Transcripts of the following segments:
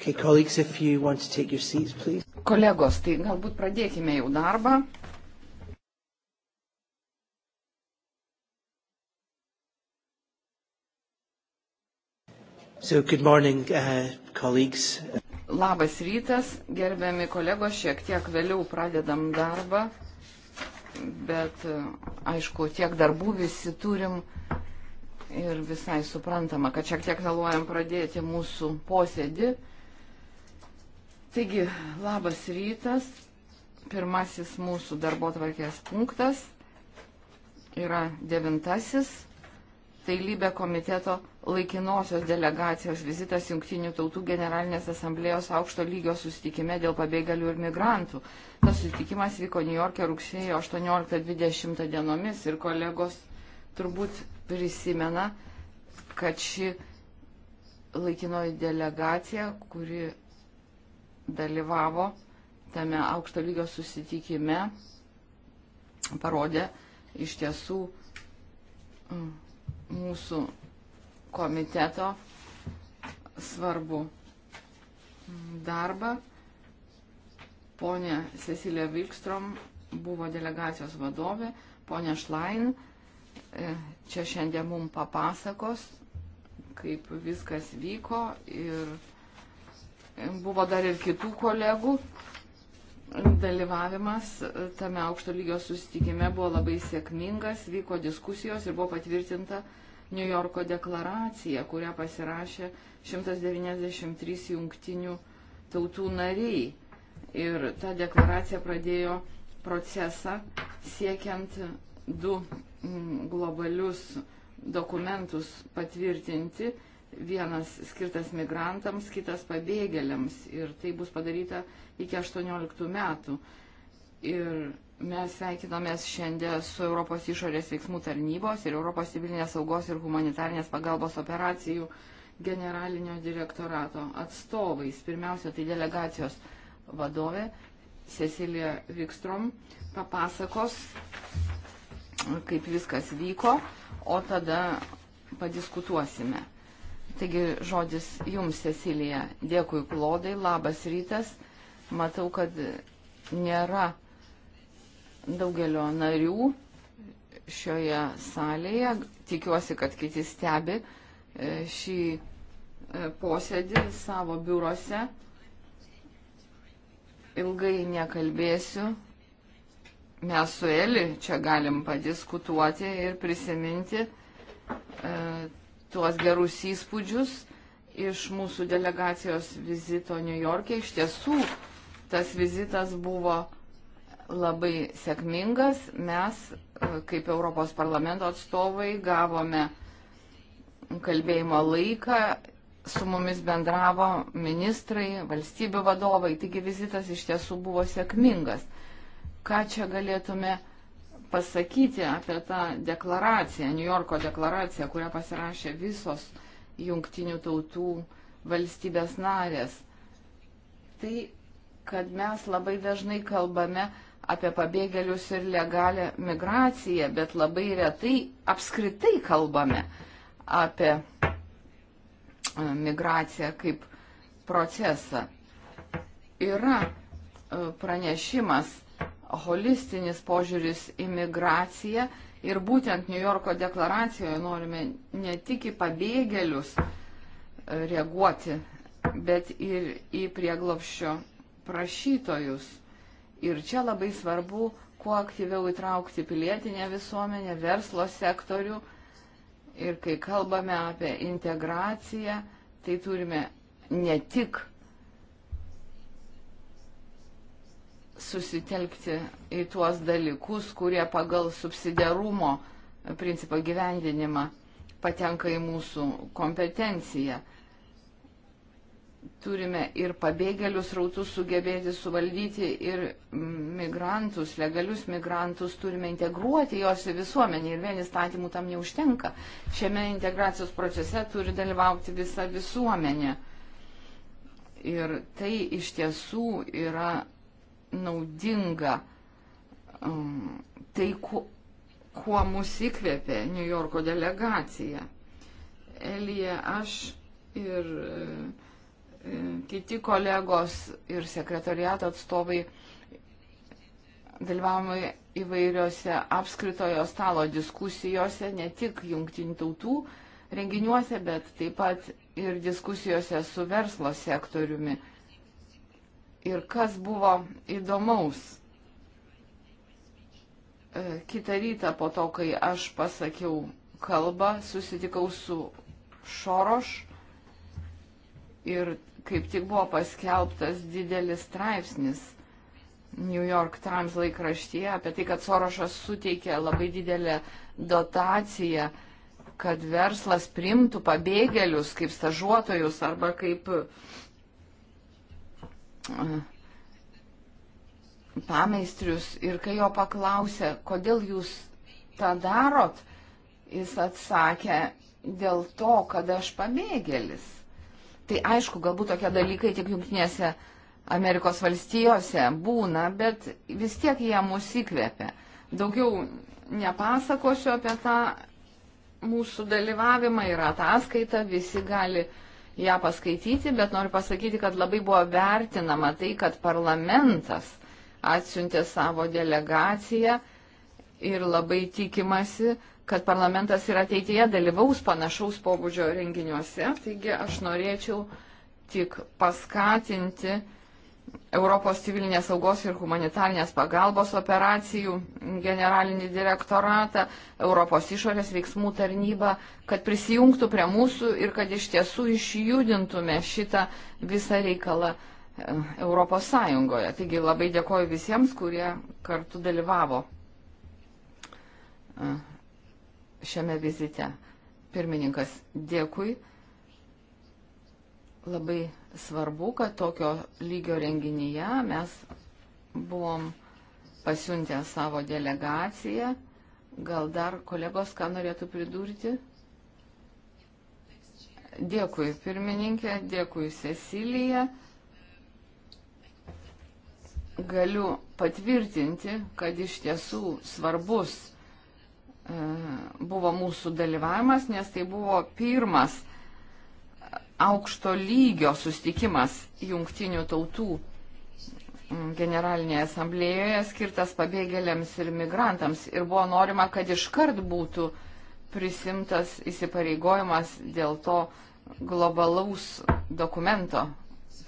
Okay, colleagues, if you want to take your seats, please. Kolegos, tai galbūt pradėkime jau darbą. So, good morning, uh, colleagues. Labas rytas, gerbiami kolegos, šiek tiek vėliau pradedam darbą, bet uh, aišku, tiek darbų visi turim ir visai suprantama, kad šiek tiek vėluojam pradėti mūsų posėdį. Taigi, labas rytas. Pirmasis mūsų darbo tvarkės punktas yra devintasis. Tai lybė komiteto laikinosios delegacijos vizitas Junktinių tautų generalinės asamblėjos aukšto lygio susitikime dėl pabėgalių ir migrantų. Tas susitikimas vyko New York'e rugsėjo 18-20 dienomis ir kolegos turbūt prisimena, kad ši laikinoji delegacija, kuri dalyvavo tame aukšto lygio susitikime, parodė iš tiesų mm, mūsų komiteto svarbu mm, darbą. Pone Cecilija Vilkstrom buvo delegacijos vadovė, ponė Šlain e, čia šiandien mums papasakos, kaip viskas vyko ir buvo dar ir kitų kolegų. Dalyvavimas tame aukšto lygio susitikime buvo labai sėkmingas, vyko diskusijos ir buvo patvirtinta New Yorko deklaracija, kurią pasirašė 193 jungtinių tautų nariai. Ir ta deklaracija pradėjo procesą siekiant du mm, globalius dokumentus patvirtinti Vienas skirtas migrantams, kitas pabėgėliams. Ir tai bus padaryta iki 18 metų. Ir mes sveikinomės šiandien su Europos išorės veiksmų tarnybos ir Europos civilinės saugos ir humanitarnės pagalbos operacijų generalinio direktorato atstovais. Pirmiausia, tai delegacijos vadovė Cecilija Vikstrom papasakos, kaip viskas vyko, o tada padiskutuosime. Taigi žodis jums, Cecilija. Dėkui, Klodai, labas rytas. Matau, kad nėra daugelio narių šioje salėje. Tikiuosi, kad kiti stebi e, šį e, posėdį savo biurose. Ilgai nekalbėsiu. Mes su Eli čia galim padiskutuoti ir prisiminti e, tuos gerus įspūdžius iš mūsų delegacijos vizito New York'e. Iš tiesų, tas vizitas buvo labai sėkmingas. Mes, e, kaip Europos parlamento atstovai, gavome kalbėjimo laiką, su mumis bendravo ministrai, valstybių vadovai, taigi vizitas iš tiesų buvo sėkmingas. Ką čia galėtume pasakyti apie tą deklaraciją, New Yorko deklaraciją, kurią pasirašė visos jungtinių tautų valstybės narės. Tai, kad mes labai dažnai kalbame apie pabėgėlius ir legalę migraciją, bet labai retai apskritai kalbame apie e, migraciją kaip procesą. Yra e, pranešimas holistinis požiūris į migraciją ir būtent New Yorko deklaracijoje norime ne tik į pabėgėlius e, reaguoti, bet ir į prieglopščio prašytojus. Ir čia labai svarbu, kuo aktyviau įtraukti pilietinę visuomenę, verslo sektorių. Ir kai kalbame apie integraciją, tai turime ne tik susitelkti į tuos dalykus, kurie pagal subsidiarumo principo gyvendinimą patenka į mūsų kompetenciją. Turime ir pabėgėlius rautus sugebėti suvaldyti, ir migrantus, legalius migrantus turime integruoti jos į visuomenį ir vien įstatymų tam neužtenka. Šiame integracijos procese turi dalyvauti visa visuomenė. Ir tai iš tiesų yra naudinga um, tai, kuo, kuo mus įkvėpė New Yorko delegacija. Elija, aš ir e, e, kiti kolegos ir sekretariato atstovai dalyvavome įvairiose apskritojo stalo diskusijose, ne tik jungtinių tautų renginiuose, bet taip pat ir diskusijose su verslo sektoriumi ir kas buvo įdomaus. E, Kita rytą po to, kai aš pasakiau kalbą, susitikau su Šoroš ir kaip tik buvo paskelbtas didelis straipsnis New York Times laikraštyje apie tai, kad Sorošas suteikė labai didelę dotaciją, kad verslas primtų pabėgėlius kaip stažuotojus arba kaip uh, pameistrius ir kai jo paklausė, kodėl jūs tą darot, jis atsakė, dėl to, kad aš pabėgėlis. Tai aišku, galbūt tokie dalykai tik jungtinėse Amerikos valstijose būna, bet vis tiek jie mus įkvėpia. Daugiau nepasakosiu apie tą mūsų dalyvavimą ir ataskaitą, visi gali uh, ją paskaityti, bet noriu pasakyti, kad labai buvo vertinama tai, kad parlamentas atsiuntė savo delegaciją ir labai tikimasi, kad parlamentas ir ateityje dalyvaus panašaus pobūdžio renginiuose. Taigi aš norėčiau tik paskatinti Europos civilinės saugos ir humanitarnės pagalbos operacijų generalinį direktoratą, Europos išorės veiksmų tarnybą, kad prisijungtų prie mūsų ir kad iš tiesų išjudintume šitą visą reikalą e, Europos Sąjungoje. Taigi labai dėkoju visiems, kurie kartu dalyvavo e, šiame vizite. Pirmininkas, dėkui. Labai svarbu, kad tokio lygio renginyje mes buvom pasiuntę savo delegaciją. Gal dar kolegos ką norėtų pridurti? Dėkui pirmininkė, dėkui Cecilija. Galiu patvirtinti, kad iš tiesų svarbus e, buvo mūsų dalyvavimas, nes tai buvo pirmas aukšto lygio sustikimas jungtinių tautų mm, generalinėje asamblėjoje skirtas pabėgėliams ir migrantams ir buvo norima, kad iškart būtų prisimtas įsipareigojimas dėl to globalaus dokumento,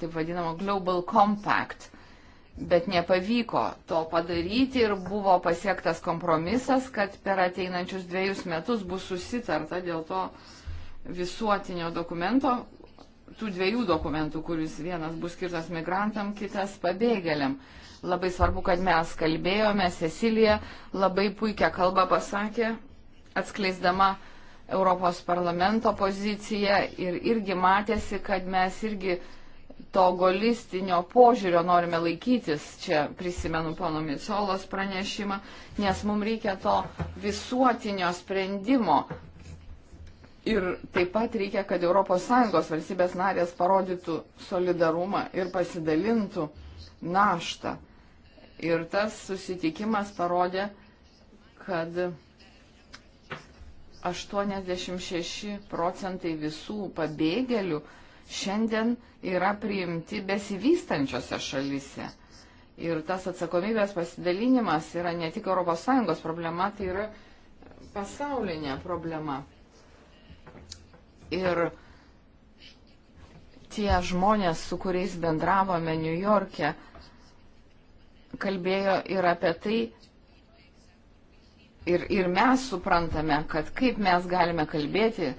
taip vadinamo Global Compact. Bet nepavyko to padaryti ir buvo pasiektas kompromisas, kad per ateinančius dviejus metus bus susitarta dėl to visuotinio dokumento, tų dviejų dokumentų, kuris vienas bus skirtas migrantam, kitas pabėgėliam. Labai svarbu, kad mes kalbėjome, Cecilija labai puikią kalbą pasakė, atskleisdama Europos parlamento poziciją ir irgi matėsi, kad mes irgi to golistinio požiūrio norime laikytis. Čia prisimenu pono Micolos pranešimą, nes mums reikia to visuotinio sprendimo, Ir taip pat reikia, kad ES valstybės narės parodytų solidarumą ir pasidalintų naštą. Ir tas susitikimas parodė, kad 86 procentai visų pabėgėlių šiandien yra priimti besivystančiose šalise. Ir tas atsakomybės pasidalinimas yra ne tik ES problema, tai yra pasaulinė problema ir tie žmonės, su kuriais bendravome New York'e, kalbėjo ir apie tai, ir, ir mes suprantame, kad kaip mes galime kalbėti,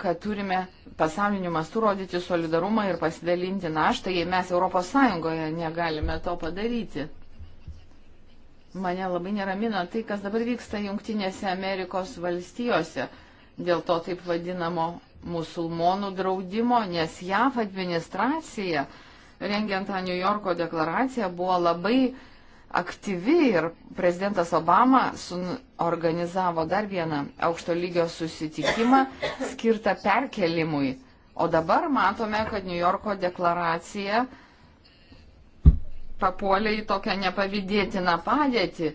kad turime pasauliniu mastu rodyti solidarumą ir pasidalinti naštą, jei mes ES negalime to padaryti. Mane labai neramina tai, kas dabar vyksta Junktinėse Amerikos valstijose dėl to taip vadinamo musulmonų draudimo, nes JAV administracija, rengiant tą New Yorko deklaraciją, buvo labai aktyvi ir prezidentas Obama organizavo dar vieną aukšto lygio susitikimą skirtą perkelimui. O dabar matome, kad New Yorko deklaracija papuolė į tokią nepavydėtiną padėtį,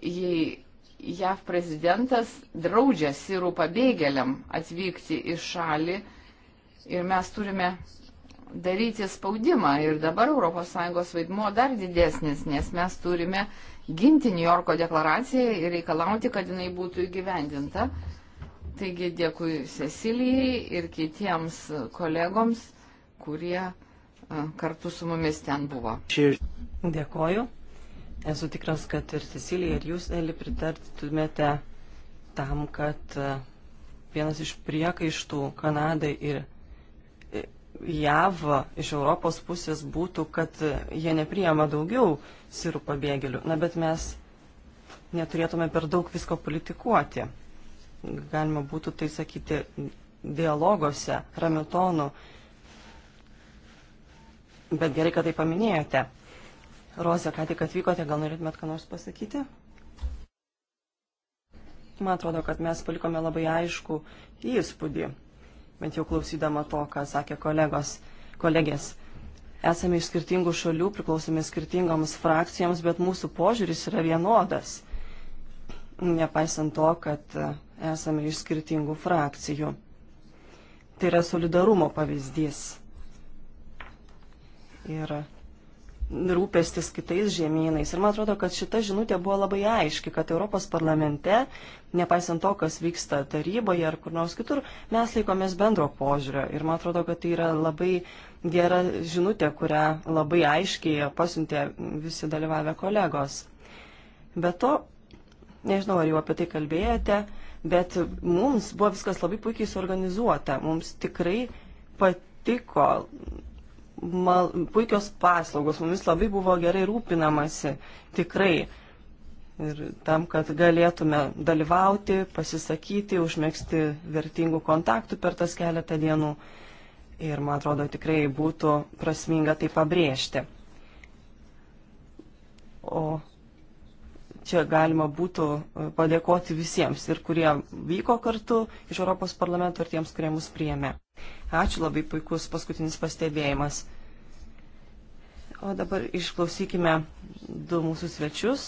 jei JAV prezidentas draudžia sirų pabėgėliam atvykti į šalį ir mes turime daryti spaudimą. Ir dabar ES vaidmuo dar didesnis, nes mes turime ginti New Yorko deklaraciją ir reikalauti, kad jinai būtų įgyvendinta. Taigi dėkui Cecilijai ir kitiems kolegoms, kurie kartu su mumis ten buvo. Dėkoju. Esu tikras, kad ir Cecilija, ir jūs, Eli, pritartumėte tam, kad e, vienas iš priekaištų Kanadai ir e, JAV iš Europos pusės būtų, kad e, jie nepriema daugiau sirų pabėgėlių. Na, bet mes neturėtume per daug visko politikuoti. Galima būtų tai sakyti dialoguose, ramiu tonu. Bet gerai, kad tai paminėjote. Rozė, ką tik atvykote, gal norėtumėt ką nors pasakyti? Man atrodo, kad mes palikome labai aišku įspūdį, bent jau klausydama to, ką sakė kolegos, kolegės. Esame iš skirtingų šalių, priklausome skirtingoms frakcijoms, bet mūsų požiūris yra vienodas, nepaisant to, kad esame iš skirtingų frakcijų. Tai yra solidarumo pavyzdys. Ir rūpestis kitais žemynais. Ir man atrodo, kad šita žinutė buvo labai aiški, kad Europos parlamente, nepaisant to, kas vyksta taryboje ar kur nors kitur, mes laikomės bendro požiūrio. Ir man atrodo, kad tai yra labai gera žinutė, kurią labai aiškiai pasiuntė visi dalyvavę kolegos. Be to, nežinau, ar jau apie tai kalbėjote, bet mums buvo viskas labai puikiai suorganizuota. Mums tikrai patiko mal, puikios paslaugos, mumis labai buvo gerai rūpinamasi, tikrai. Ir tam, kad galėtume dalyvauti, pasisakyti, užmėgsti vertingų kontaktų per tas keletą dienų. Ir man atrodo, tikrai būtų prasminga tai pabrėžti. O čia galima būtų e, padėkoti visiems ir kurie vyko kartu iš Europos parlamento ir tiems, kurie mus priėmė. Ačiū labai puikus paskutinis pastebėjimas. O dabar išklausykime du mūsų svečius.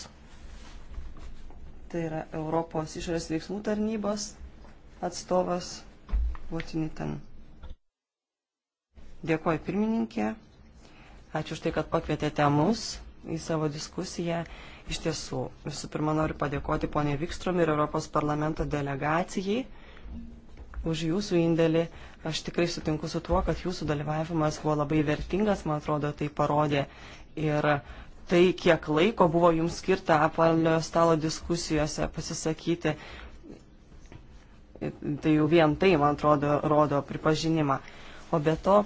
Tai yra Europos išorės veiksmų tarnybos atstovas Votinitan. Dėkuoju pirmininkė. Ačiū už tai, kad pakvietėte mus į savo diskusiją. Iš tiesų, visų pirma, noriu padėkoti ponė Vikstrom ir Europos parlamento delegacijai už jūsų indėlį. Aš tikrai sutinku su tuo, kad jūsų dalyvavimas buvo labai vertingas, man atrodo, tai parodė. Ir tai, kiek laiko buvo jums skirta apalio stalo diskusijose pasisakyti, tai jau vien tai, man atrodo, rodo pripažinimą. O be to,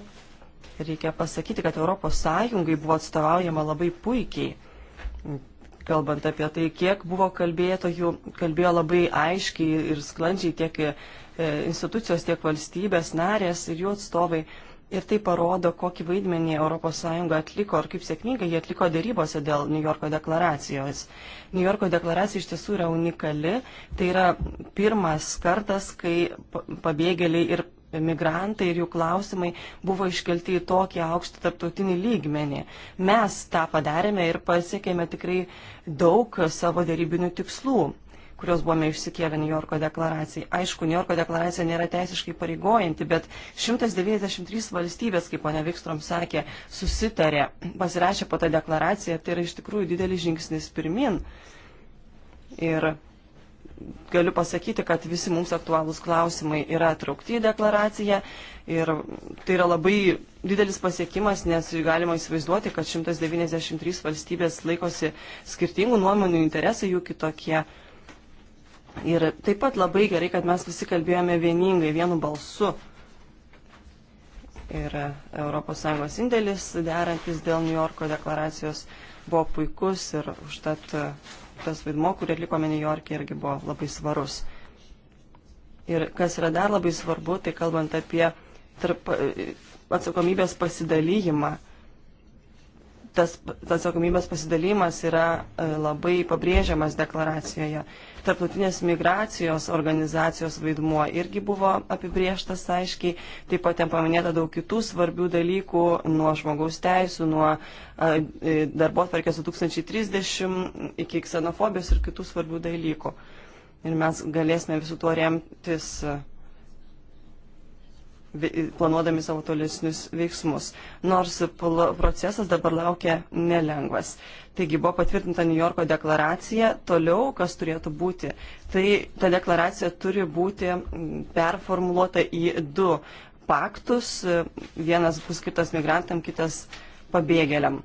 reikia pasakyti, kad ES buvo atstovaujama labai puikiai kalbant apie tai, kiek buvo kalbėtojų, kalbėjo labai aiškiai ir sklandžiai tiek E, institucijos, tiek valstybės narės ir jų atstovai. Ir tai parodo, kokį vaidmenį ES atliko ir kaip sėkmingai jie atliko dėrybose dėl New Yorko deklaracijos. New Yorko deklaracija iš tiesų yra unikali. Tai yra pirmas kartas, kai pabėgėliai ir migrantai ir jų klausimai buvo iškelti į tokį aukštą tarptautinį lygmenį. Mes tą padarėme ir pasiekėme tikrai daug savo darybinių tikslų kurios buvome išsikėlę New Yorko deklaracijai. Aišku, New Yorko deklaracija nėra teisiškai pareigojanti, bet 193 valstybės, kaip ponia Vikstrom sakė, susitarė, pasirašė po tą deklaraciją, tai yra iš tikrųjų didelis žingsnis pirmin. Ir galiu pasakyti, kad visi mums aktualūs klausimai yra traukti į deklaraciją ir tai yra labai didelis pasiekimas, nes galima įsivaizduoti, kad 193 valstybės laikosi skirtingų nuomonių interesai jų kitokie. Ir taip pat labai gerai, kad mes visi kalbėjome vieningai, vienu balsu. Ir ES indėlis derantis dėl New Yorko deklaracijos buvo puikus ir užtat e, tas vaidmo, kurį atlikome New York'e, irgi buvo labai svarus. Ir kas yra dar labai svarbu, tai kalbant apie tarp, e, atsakomybės pasidalyjimą. Tas, tas atsakomybės pasidalymas yra e, labai pabrėžiamas deklaracijoje tarptautinės migracijos organizacijos vaidmuo irgi buvo apibrieštas aiškiai, taip pat ten paminėta daug kitų svarbių dalykų nuo žmogaus teisų, nuo darbo atvarkės 2030 iki ksenofobijos ir kitų svarbių dalykų. Ir mes galėsime visų tuo remtis planuodami savo tolesnius veiksmus. Nors procesas dabar laukia nelengvas. Taigi buvo patvirtinta New Yorko deklaracija, toliau kas turėtų būti. Tai ta deklaracija turi būti performuluota į du paktus. Vienas bus skirtas migrantam, kitas pabėgėliam.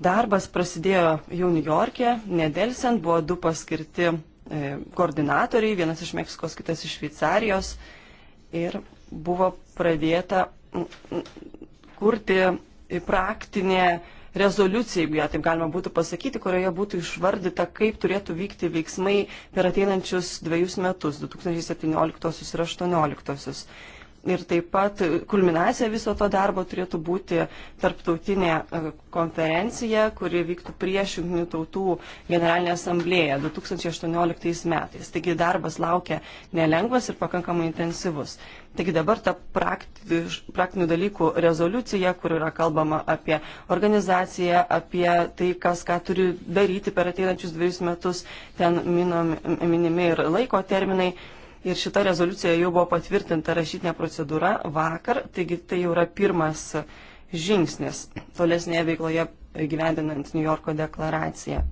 Darbas prasidėjo jau New York'e, nedelsiant buvo du paskirti e, koordinatoriai, vienas iš Meksikos, kitas iš Šveicarijos. Ir buvo pradėta kurti praktinė rezoliucija, jeigu ją taip galima būtų pasakyti, kurioje būtų išvardyta, kaip turėtų vykti veiksmai per ateinančius dviejus metus, 2017 ir 2018. Ir taip pat kulminacija viso to darbo turėtų būti tarptautinė e, konferencija, kuri vyktų prieš Junktinių tautų generalinę asamblėją 2018 metais. Taigi darbas laukia nelengvas ir pakankamai intensyvus. Taigi dabar ta praktiš, praktinių dalykų rezoliucija, kur yra kalbama apie organizaciją, apie tai, kas ką turi daryti per ateinančius dviejus metus, ten minom, minimi ir laiko terminai. Ir šita rezoliucija jau buvo patvirtinta rašytinė procedūra vakar, taigi tai jau yra pirmas žingsnis tolesnėje veikloje gyvendinant New Yorko deklaraciją.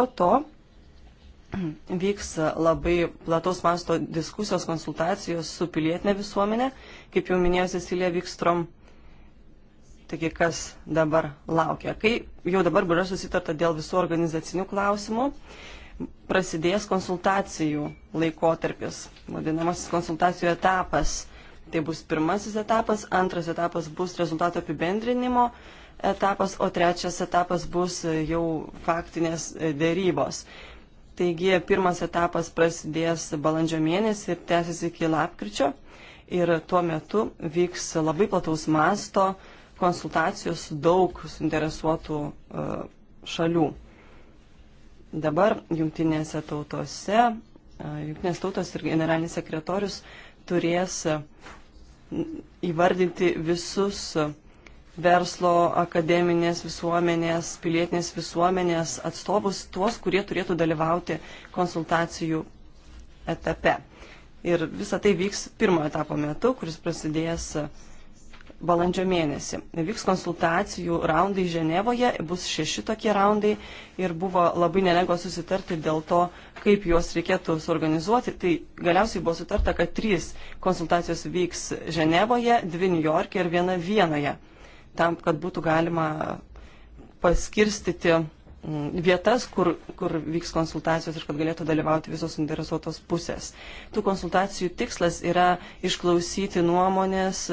Po to vyks labai plataus masto diskusijos, konsultacijos su pilietinė visuomenė, kaip jau minėjo Cecilija Vikstrom. Taigi, kas dabar laukia? Kai jau dabar yra susitarta dėl visų organizacinių klausimų, prasidės konsultacijų laikotarpis, vadinamasis konsultacijų etapas. Tai bus pirmasis etapas, antras etapas bus rezultato apibendrinimo etapas, o trečias etapas bus jau faktinės dėrybos. Taigi pirmas etapas prasidės balandžio mėnesį ir tęsis iki lapkričio. Ir tuo metu vyks labai plataus masto konsultacijos su daug suinteresuotų e, šalių. Dabar jungtinėse tautose, e, jungtinės tautos ir generalinis sekretorius turės įvardinti visus verslo, akademinės visuomenės, pilietinės visuomenės atstovus, tuos, kurie turėtų dalyvauti konsultacijų etape. Ir visa tai vyks pirmojo etapo metu, kuris prasidės balandžio mėnesį. Vyks konsultacijų raundai Ženevoje, bus šeši tokie raundai ir buvo labai nelengva susitarti dėl to, kaip juos reikėtų suorganizuoti. Tai galiausiai buvo sutarta, kad trys konsultacijos vyks Ženevoje, dvi Niujorke ir viena Vienoje tam, kad būtų galima paskirstyti mm, vietas, kur, kur vyks konsultacijos ir kad galėtų dalyvauti visos interesuotos pusės. Tų konsultacijų tikslas yra išklausyti nuomonės,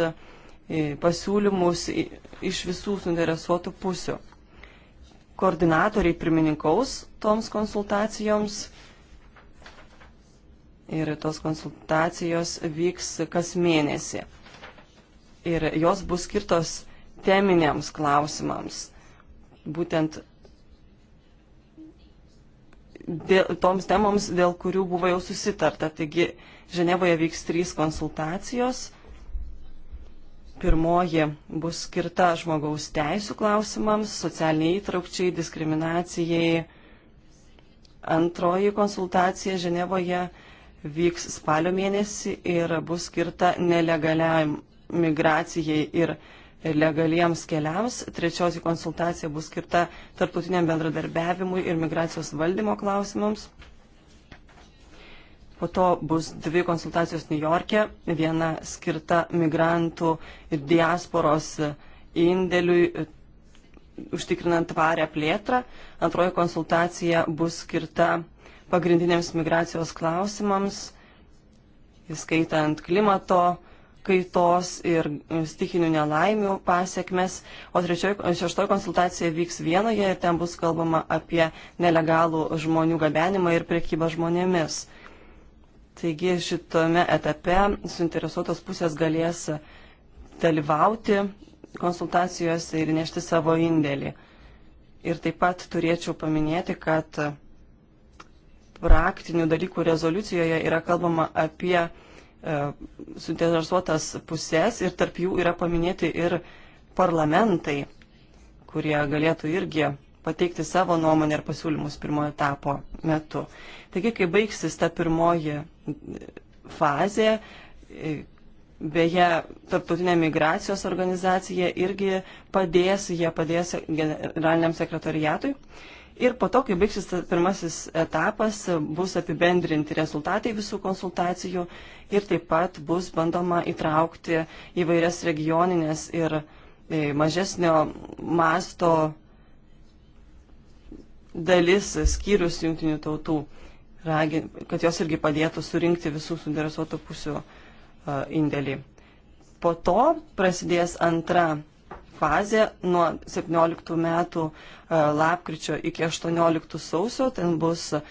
pasiūlymus iš visų suinteresuotų pusių. Koordinatoriai pirmininkaus toms konsultacijoms ir tos konsultacijos vyks kas mėnesį. Ir jos bus skirtos teminiams klausimams. Būtent dėl, toms temoms, dėl kurių buvo jau susitarta. Taigi Ženevoje vyks trys konsultacijos. Pirmoji bus skirta žmogaus teisų klausimams, socialiniai įtraukčiai, diskriminacijai. Antroji konsultacija Ženevoje vyks spalio mėnesį ir bus skirta nelegaliam migracijai ir migracijai legaliems keliams. Trečioji konsultacija bus skirta tarptautiniam bendradarbiavimui ir migracijos valdymo klausimams. Po to bus dvi konsultacijos New York'e, viena skirta migrantų ir diasporos indėliui e, užtikrinant tvarę plėtrą. Antroji konsultacija bus skirta pagrindiniams migracijos klausimams, įskaitant klimato kaitos ir stichinių nelaimių pasiekmes, o šeštoji konsultacija vyks vienoje ir ten bus kalbama apie nelegalų žmonių gabenimą ir priekybą žmonėmis. Taigi šitame etape suinteresuotos pusės galės dalyvauti konsultacijose ir nešti savo indėlį. Ir taip pat turėčiau paminėti, kad praktinių dalykų rezoliucijoje yra kalbama apie E, suinteresuotas pusės ir tarp jų yra paminėti ir parlamentai, kurie galėtų irgi pateikti savo nuomonę ir pasiūlymus pirmojo etapo metu. Taigi, kai baigsis ta pirmoji fazė, e, beje, tarptautinė migracijos organizacija irgi padės, jie padės generaliniam sekretariatui. Ir po to, kai baigsis pirmasis etapas, bus apibendrinti rezultatai visų konsultacijų ir taip pat bus bandoma įtraukti įvairias regioninės ir e, mažesnio masto dalis skyrius jungtinių tautų, kad jos irgi padėtų surinkti visų suinteresuotų pusių e, indėlį. Po to prasidės antra fazė nuo 17 metų e, lapkričio iki 18 sausio. Ten bus e,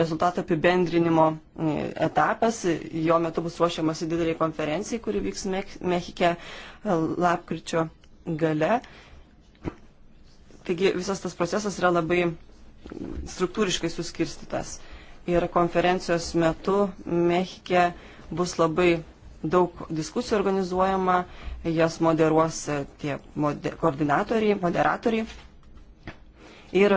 rezultato apibendrinimo e, etapas. Jo metu bus ruošiamasi dideliai konferencijai, kuri vyks Mechike lapkričio gale. Taigi visas tas procesas yra labai struktūriškai suskirstytas. Ir konferencijos metu Mechike bus labai daug diskusijų organizuojama, jas moderuos tie moder, koordinatoriai, moderatoriai. Ir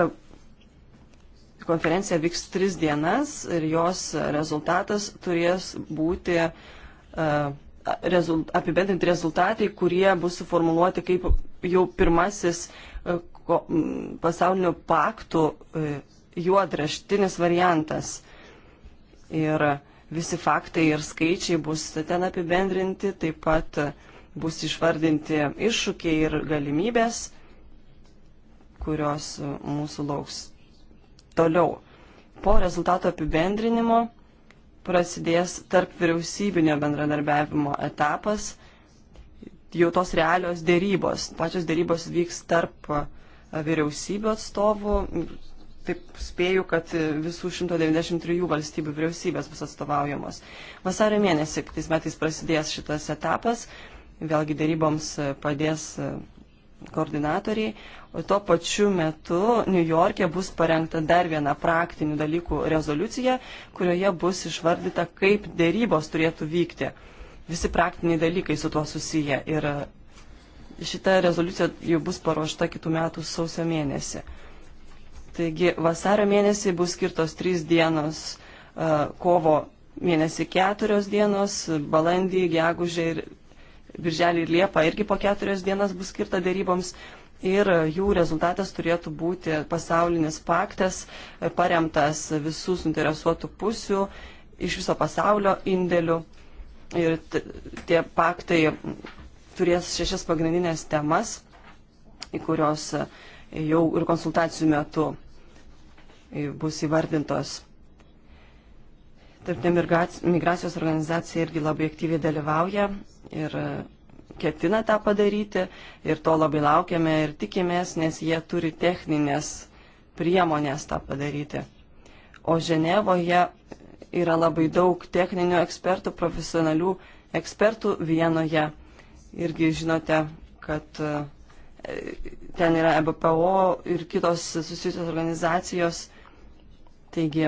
konferencija vyks tris dienas ir jos rezultatas turės būti uh, rezult, apibendrinti rezultatai, kurie bus suformuluoti kaip jau pirmasis uh, ko, m, pasaulinio paktų uh, juodraštinis variantas. Ir uh, visi faktai ir skaičiai bus ten apibendrinti, taip pat bus išvardinti iššūkiai ir galimybės, kurios mūsų lauks toliau. Po rezultato apibendrinimo prasidės tarp vyriausybinio bendradarbiavimo etapas, jau tos realios dėrybos. Pačios dėrybos vyks tarp vyriausybių atstovų, taip spėju, kad visų 193 valstybių vyriausybės bus atstovaujamos. Vasario mėnesį, kitais metais prasidės šitas etapas, vėlgi daryboms padės koordinatoriai, o tuo pačiu metu New York'e bus parengta dar viena praktinių dalykų rezoliucija, kurioje bus išvardyta, kaip dėrybos turėtų vykti. Visi praktiniai dalykai su tuo susiję ir šita rezoliucija jau bus paruošta kitų metų sausio mėnesį. Taigi vasario mėnesį bus skirtos trys dienos, e, kovo mėnesį keturios dienos, balandį, gegužę ir birželį ir liepą irgi po keturias dienas bus skirta dėryboms. Ir jų rezultatas turėtų būti pasaulinis paktas, e, paremtas visų suinteresuotų pusių iš viso pasaulio indėlių. Ir tie paktai turės šešias pagrindinės temas, į kurios jau ir konsultacijų metu bus įvardintos. Tarptinė migracijos organizacija irgi labai aktyviai dalyvauja ir e, ketina tą padaryti ir to labai laukiame ir tikimės, nes jie turi techninės priemonės tą padaryti. O Ženevoje yra labai daug techninių ekspertų, profesionalių ekspertų vienoje. Irgi žinote, kad e, ten yra EBPO ir kitos susijusios organizacijos Taigi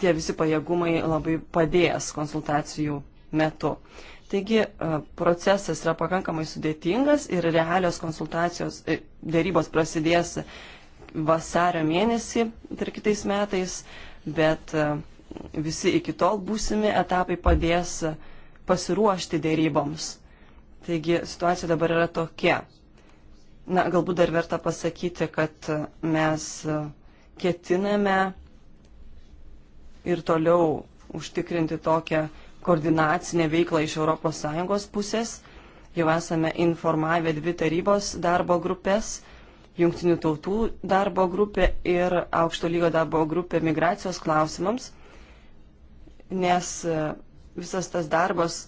tie visi pajėgumai labai padės konsultacijų metu. Taigi e, procesas yra pakankamai sudėtingas ir realios konsultacijos e, dėrybos prasidės vasario mėnesį ir kitais metais, bet e, visi iki tol būsimi etapai padės pasiruošti dėryboms. Taigi situacija dabar yra tokia. Na, galbūt dar verta pasakyti, kad mes ketiname ir toliau užtikrinti tokią koordinacinę veiklą iš ES pusės. Jau esame informavę dvi tarybos darbo grupės - Junktinių tautų darbo grupė ir aukšto lygio darbo grupė migracijos klausimams, nes e, visas tas darbas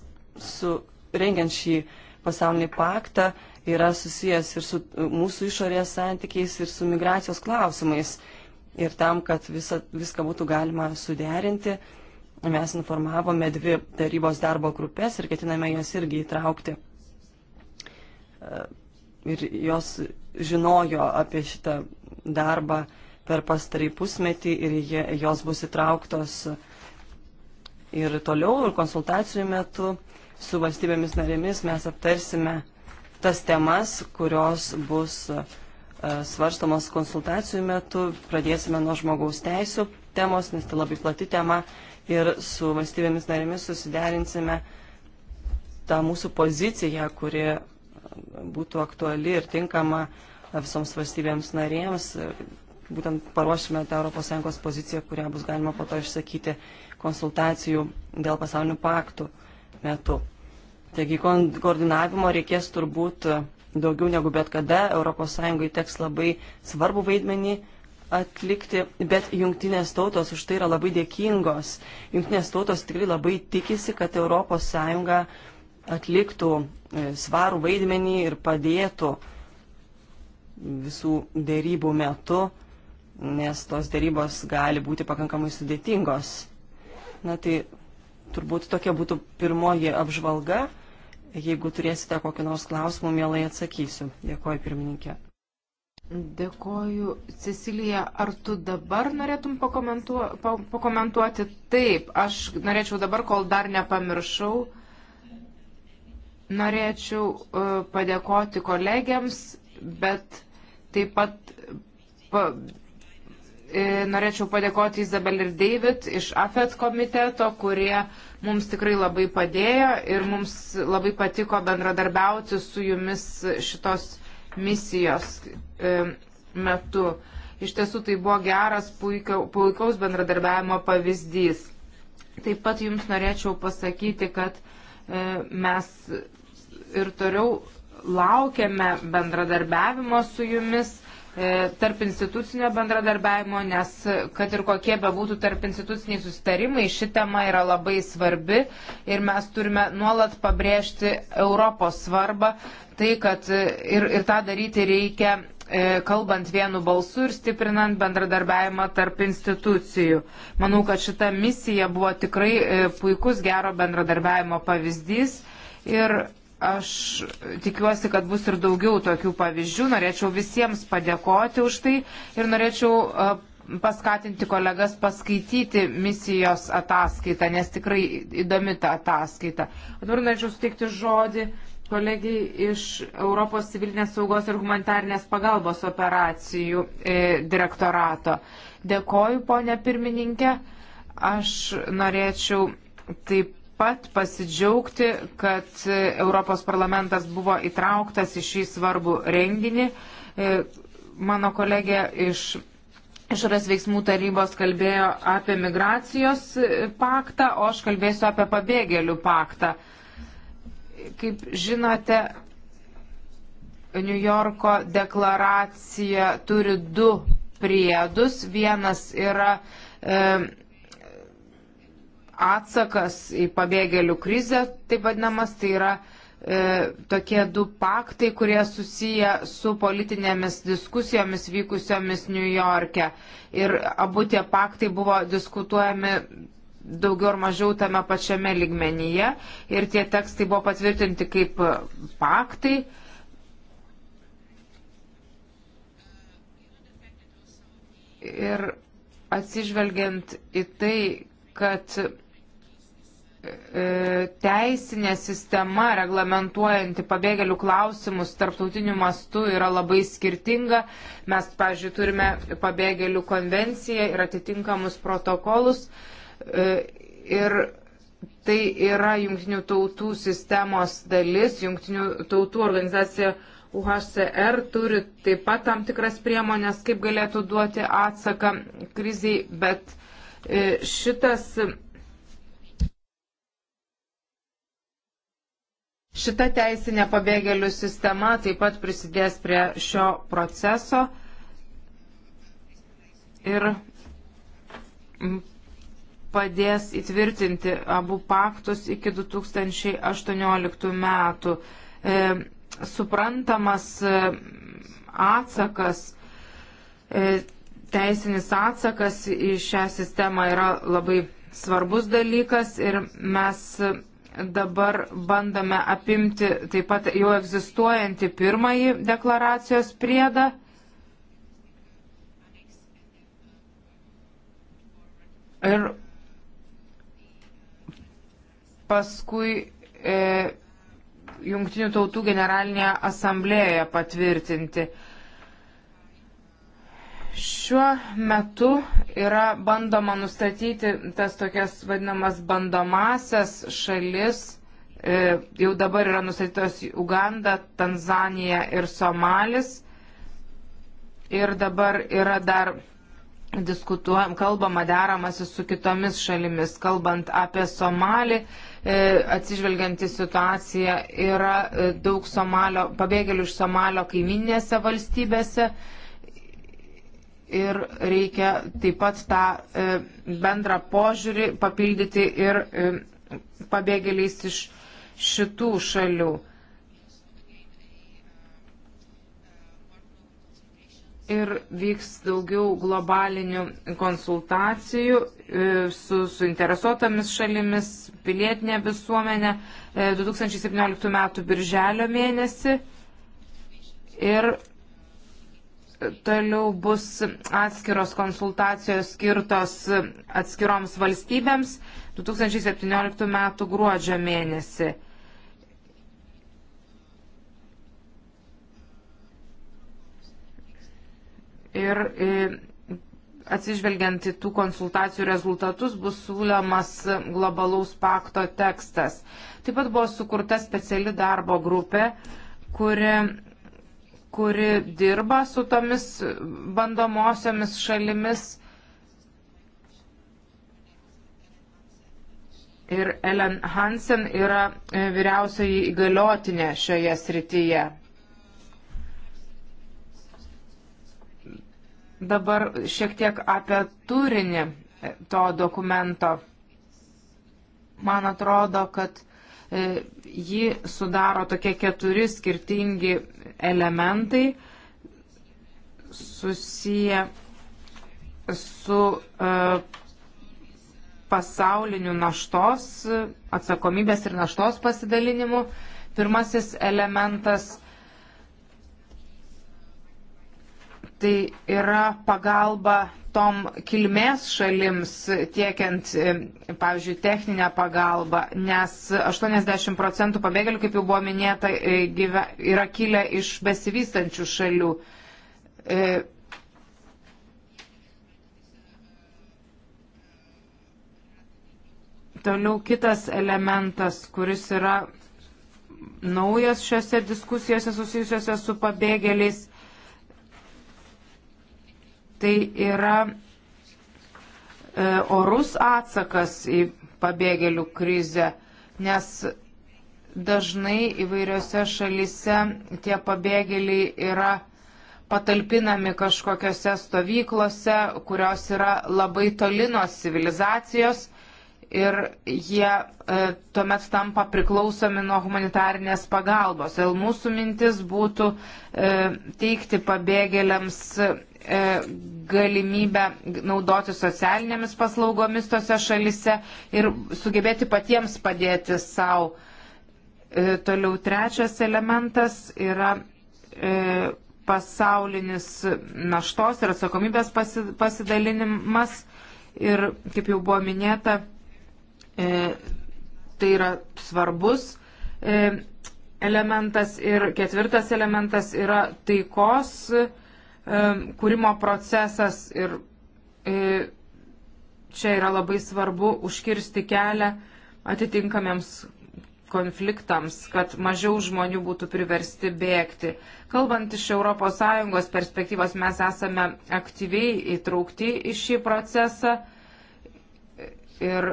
su rengiant šį pasaulinį paktą yra susijęs ir su e, mūsų išorės santykiais, ir su migracijos klausimais ir tam, kad visa, viską būtų galima suderinti, mes informavome dvi tarybos darbo grupės ir ketiname jas irgi įtraukti. E, ir jos žinojo apie šitą darbą per pastarį pusmetį ir jie, jos bus įtrauktos ir toliau, ir konsultacijų metu su valstybėmis narėmis mes aptarsime tas temas, kurios bus uh, E, svarstomos konsultacijų metu. Pradėsime nuo žmogaus teisų temos, nes tai labai plati tema ir su valstybėmis narėmis susiderinsime tą mūsų poziciją, kuri būtų aktuali ir tinkama visoms valstybėms narėms. Būtent paruošime tą ES poziciją, kurią bus galima po to išsakyti konsultacijų dėl pasaulinių paktų metu. Taigi koordinavimo reikės turbūt daugiau negu bet kada. ES teks labai svarbu vaidmenį atlikti, bet jungtinės tautos už tai yra labai dėkingos. Jungtinės tautos tikrai labai tikisi, kad ES atliktų e, svarų vaidmenį ir padėtų visų dėrybų metu, nes tos dėrybos gali būti pakankamai sudėtingos. Na tai turbūt tokia būtų pirmoji apžvalga. Jeigu turėsite kokį nors klausimą, mielai atsakysiu. Dėkoju, pirmininkė. Dėkoju, Cecilija. Ar tu dabar norėtum pakomentuo, pa, pakomentuoti? Taip, aš norėčiau dabar, kol dar nepamiršau, norėčiau uh, padėkoti kolegiams, bet taip pat pa, e, norėčiau padėkoti Izabel ir David iš AFET komiteto, kurie uh, mums tikrai labai padėjo ir mums labai patiko bendradarbiauti su jumis šitos misijos e, metu. Iš tiesų tai buvo geras puikaus bendradarbiavimo pavyzdys. Taip pat jums norėčiau pasakyti, kad e, mes ir toliau laukiame bendradarbiavimo su jumis E, tarp institucinio bendradarbiavimo, nes kad ir kokie bebūtų tarp instituciniai susitarimai, ši tema yra labai svarbi ir mes turime nuolat pabrėžti Europos svarbą, tai kad e, ir, ir tą daryti reikia e, kalbant vienu balsu ir stiprinant bendradarbiavimą tarp institucijų. Manau, kad šita misija buvo tikrai puikus gero bendradarbiavimo pavyzdys ir Aš tikiuosi, kad bus ir daugiau tokių pavyzdžių. Norėčiau visiems padėkoti už tai ir norėčiau e, paskatinti kolegas paskaityti misijos ataskaitą, nes tikrai įdomi ta ataskaita. O dabar norėčiau suteikti žodį kolegijai iš Europos civilinės saugos ir humanitarnės pagalbos operacijų e, direktorato. Dėkoju, ponė pirmininkė. Aš norėčiau taip pat pasidžiaugti, kad Europos parlamentas buvo įtrauktas į šį svarbų renginį. E, mano kolegė iš Išorės veiksmų tarybos kalbėjo apie migracijos paktą, o aš kalbėsiu apie pabėgėlių paktą. Kaip žinote, New Yorko deklaracija turi du priedus. Vienas yra e, atsakas į pabėgėlių krizę, taip vadinamas, tai yra e, tokie du paktai, kurie susiję su politinėmis diskusijomis vykusiomis New York'e. Ir abu tie paktai buvo diskutuojami daugiau ar mažiau tame pačiame ligmenyje ir tie tekstai buvo patvirtinti kaip paktai. Ir atsižvelgiant į tai, kad E, teisinė sistema reglamentuojanti pabėgėlių klausimus tarptautiniu mastu yra labai skirtinga. Mes, pavyzdžiui, turime pabėgėlių konvenciją ir atitinkamus protokolus. E, ir tai yra jungtinių tautų sistemos dalis. Jungtinių tautų organizacija UHCR turi taip pat tam tikras priemonės, kaip galėtų duoti atsaką kriziai, bet e, šitas Šita teisinė pabėgėlių sistema taip pat prisidės prie šio proceso ir padės įtvirtinti abu paktus iki 2018 metų. E, suprantamas e, atsakas, e, teisinis atsakas į šią sistemą yra labai svarbus dalykas ir mes dabar bandome apimti taip pat jau egzistuojantį pirmąjį deklaracijos priedą. Ir paskui e, Jungtinių tautų generalinėje asamblėje patvirtinti. E, Šiuo metu yra bandoma nustatyti tas tokias vadinamas bandomasias šalis. E, jau dabar yra nustatytos Uganda, Tanzanija ir Somalis. Ir dabar yra dar diskutuojam, kalbama deramasi su kitomis šalimis, kalbant apie Somalį, e, atsižvelgiant į situaciją, yra e, daug Somalio, pabėgėlių iš Somalio kaiminėse valstybėse ir reikia taip pat tą e, bendrą požiūrį papildyti ir e, pabėgėliais iš šitų šalių. ir vyks daugiau globalinių konsultacijų e, su suinteresuotomis šalimis, pilietinė visuomenė 2017 m. birželio mėnesį. Ir Toliau bus atskiros konsultacijos skirtos atskiroms valstybėms 2017 m. gruodžio mėnesį. Ir e, atsižvelgiant į tų konsultacijų rezultatus bus siūliamas globalaus pakto tekstas. Taip pat buvo sukurta speciali darbo grupė, kuri kuri dirba su tomis bandomosiomis šalimis. Ir Ellen Hansen yra e, vyriausioji įgaliotinė šioje srityje. Dabar šiek tiek apie turinį e, to dokumento. Man atrodo, kad E, ji sudaro tokie keturi skirtingi elementai susiję su e, pasauliniu naštos, atsakomybės ir naštos pasidalinimu. Pirmasis elementas tai yra pagalba tom kilmės šalims tiekiant, e, pavyzdžiui, techninę pagalbą, nes 80 procentų pabėgėlių, kaip jau buvo minėta, e, yra kilę iš besivystančių šalių. E, toliau kitas elementas, kuris yra naujas šiuose diskusijose susijusiuose su pabėgėliais Tai yra e, orus atsakas į pabėgėlių krizę, nes dažnai įvairiose šalise tie pabėgėliai yra patalpinami kažkokiose stovyklose, kurios yra labai toli nuo civilizacijos ir jie e, tuomet tampa priklausomi nuo humanitarnės pagalbos. Ir mūsų mintis būtų e, teikti pabėgėliams E, galimybę naudoti socialinėmis paslaugomis tose šalise ir sugebėti patiems padėti savo. E, toliau trečias elementas yra e, pasaulinis naštos ir atsakomybės pasidalinimas. Ir kaip jau buvo minėta, tai yra svarbus elementas. Ir ketvirtas elementas yra taikos E, kūrimo procesas ir e, čia yra labai svarbu užkirsti kelią atitinkamiems konfliktams, kad mažiau žmonių būtų priversti bėgti. Kalbant iš ES perspektyvos, mes esame aktyviai įtraukti į šį procesą ir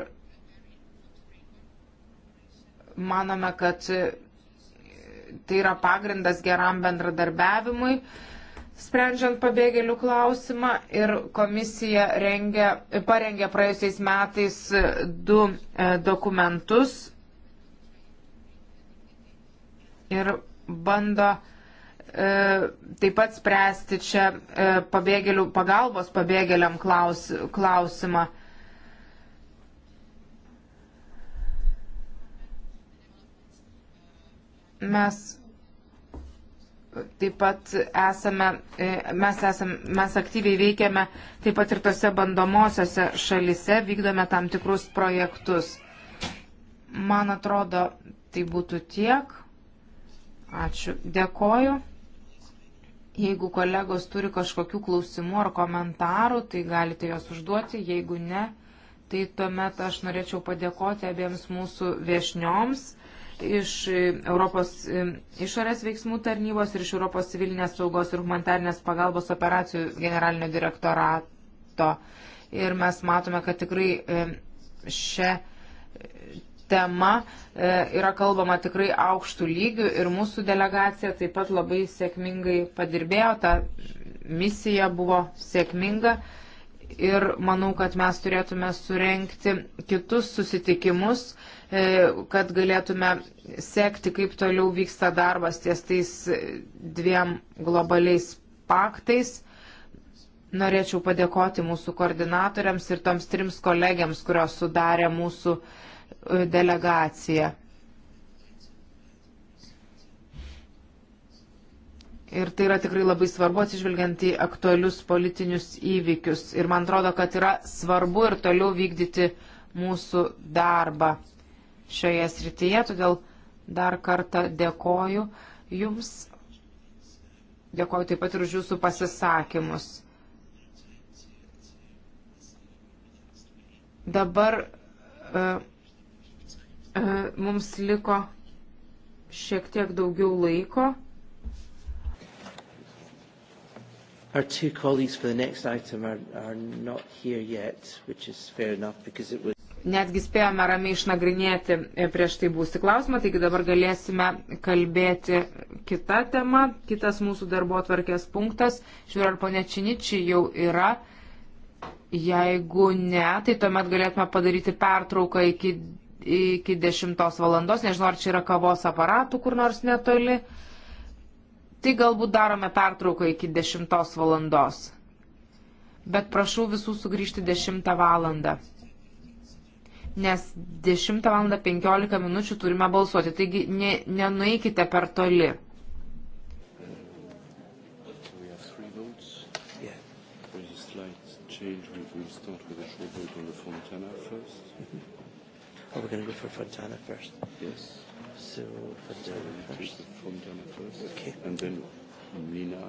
manome, kad tai yra pagrindas geram bendradarbiavimui sprendžiant pabėgėlių klausimą ir komisija rengė, parengė praėjusiais metais du e, dokumentus ir bando e, taip pat spręsti čia e, pabėgėlių pagalbos pabėgėliam klaus, klausimą. Mes Taip pat esame, e, mes, esame, mes aktyviai veikiame taip pat ir tose bandomosiose šalise, vykdome tam tikrus projektus. Man atrodo, tai būtų tiek. Ačiū. Dėkoju. Jeigu kolegos turi kažkokių klausimų ar komentarų, tai galite juos užduoti. Jeigu ne, tai tuomet aš norėčiau padėkoti abiems mūsų viešnioms iš e, Europos e, išorės veiksmų tarnybos ir iš Europos civilinės saugos ir humanitarnės pagalbos operacijų generalinio direktorato. Ir mes matome, kad tikrai e, šią tema yra kalbama tikrai aukštų lygių ir mūsų delegacija taip pat labai sėkmingai padirbėjo, ta misija buvo sėkminga ir manau, kad mes turėtume surenkti kitus susitikimus E, kad galėtume sekti, kaip toliau vyksta darbas ties tais dviem globaliais paktais. Norėčiau padėkoti mūsų koordinatoriams ir toms trims kolegiams, kurios sudarė mūsų e, delegaciją. Ir tai yra tikrai labai svarbu atsižvelgiant į aktualius politinius įvykius. Ir man atrodo, kad yra svarbu ir toliau vykdyti mūsų darbą šioje srityje, todėl dar kartą dėkoju Jums. Dėkoju taip pat ir už Jūsų pasisakymus. Dabar uh, uh, mums liko šiek tiek daugiau laiko. Our two colleagues for the next item are, are not here yet, which is fair enough because it was netgi spėjome ramiai išnagrinėti e, prieš tai būsti klausimą, taigi dabar galėsime kalbėti kitą temą, kitas mūsų darbo atvarkės punktas. Žiūrėjau, ar ponė Činičiai jau yra. Jeigu ne, tai tuomet galėtume padaryti pertrauką iki, iki 10 valandos, nežinau, ar čia yra kavos aparatų kur nors netoli. Tai galbūt darome pertrauką iki 10 valandos. Bet prašau visų sugrįžti 10 valandą nes 10 val. 15 minučių turime balsuoti, taigi ne, nenueikite per toli. Oh, we're going to go for Fontana first. Yes. So Fontana first. Fontana first. Okay. And then Nina.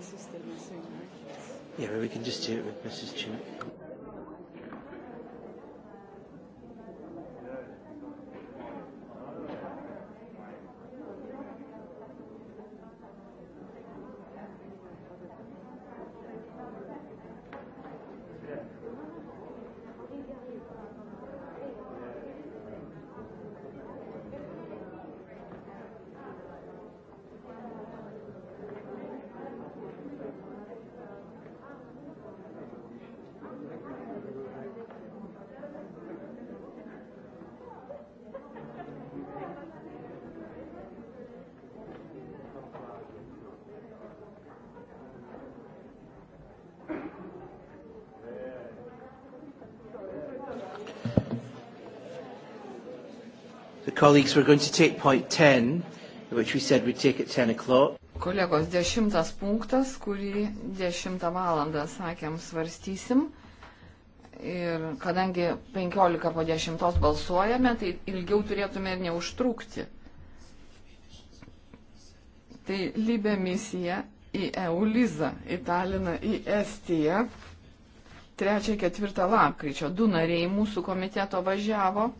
assisted Mr. Mark. Yeah, but we can just do it with Mrs. Chinook. Colleagues, we're going to take point 10, which we said we'd take at 10 o'clock. Kolegos, dešimtas punktas, kurį dešimtą valandą sakėm svarstysim. Ir kadangi 15 po 10 balsuojame, tai ilgiau turėtume ir neužtrukti. Tai Libė misija į Eulizą, į Taliną, į Estiją. 3-4 lapkričio du nariai mūsų komiteto važiavo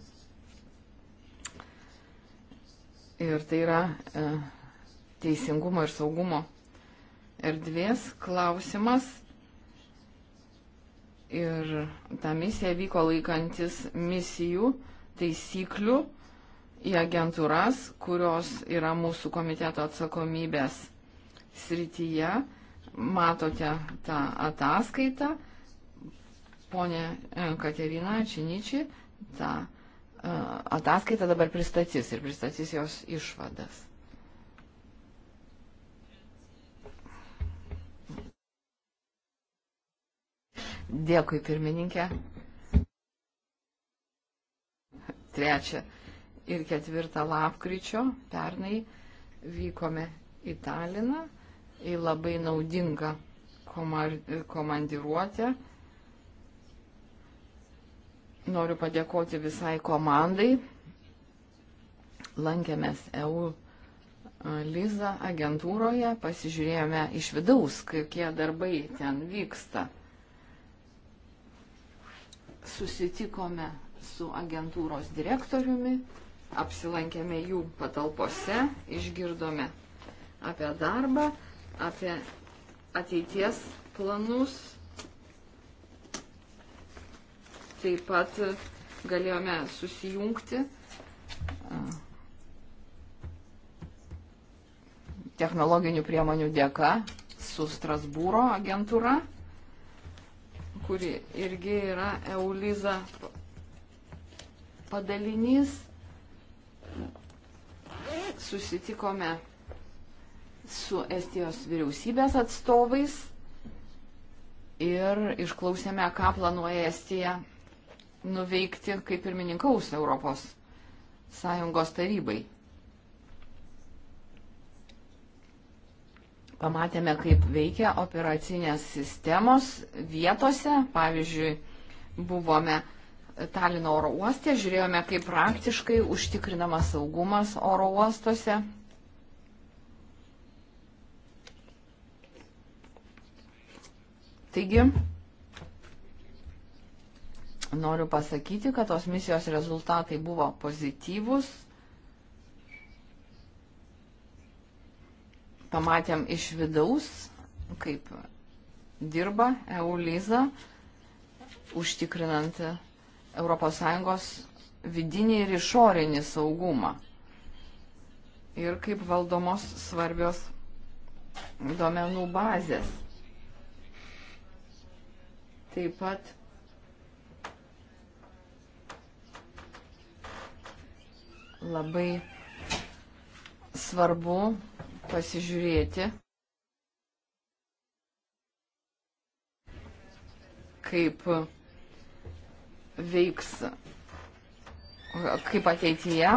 Ir tai yra e, teisingumo ir saugumo erdvės klausimas. Ir ta misija vyko laikantis misijų taisyklių į agentūras, kurios yra mūsų komiteto atsakomybės srityje. Matote tą ataskaitą. Pone e, Katerina Činičiai tą ataskaitą dabar pristatys ir pristatys jos išvadas. Dėkui, pirmininkė. Trečia ir ketvirtą lapkričio pernai vykome į Taliną į labai naudingą komandiruotę. Noriu padėkoti visai komandai. Lankėmės EU e, Liza agentūroje, pasižiūrėjome iš vidaus, kokie darbai ten vyksta. Susitikome su agentūros direktoriumi, apsilankėme jų patalpose, išgirdome apie darbą, apie ateities planus Taip pat galėjome susijungti technologinių priemonių dėka su Strasbūro agentūra, kuri irgi yra Euliza padalinys. Susitikome su Estijos vyriausybės atstovais ir išklausėme, ką planuoja Estija nuveikti, kaip pirmininkaus Europos Sąjungos tarybai. Pamatėme, kaip veikia operacinės sistemos vietose. Pavyzdžiui, buvome Talino oro uoste, žiūrėjome, kaip praktiškai užtikrinamas saugumas oro uostuose. Taigi, Noriu pasakyti, kad tos misijos rezultatai buvo pozityvus. Pamatėm iš vidaus, kaip dirba EULIZA, užtikrinant ES vidinį ir išorinį saugumą. Ir kaip valdomos svarbios duomenų bazės. Taip pat labai svarbu pasižiūrėti, kaip veiks, kaip ateityje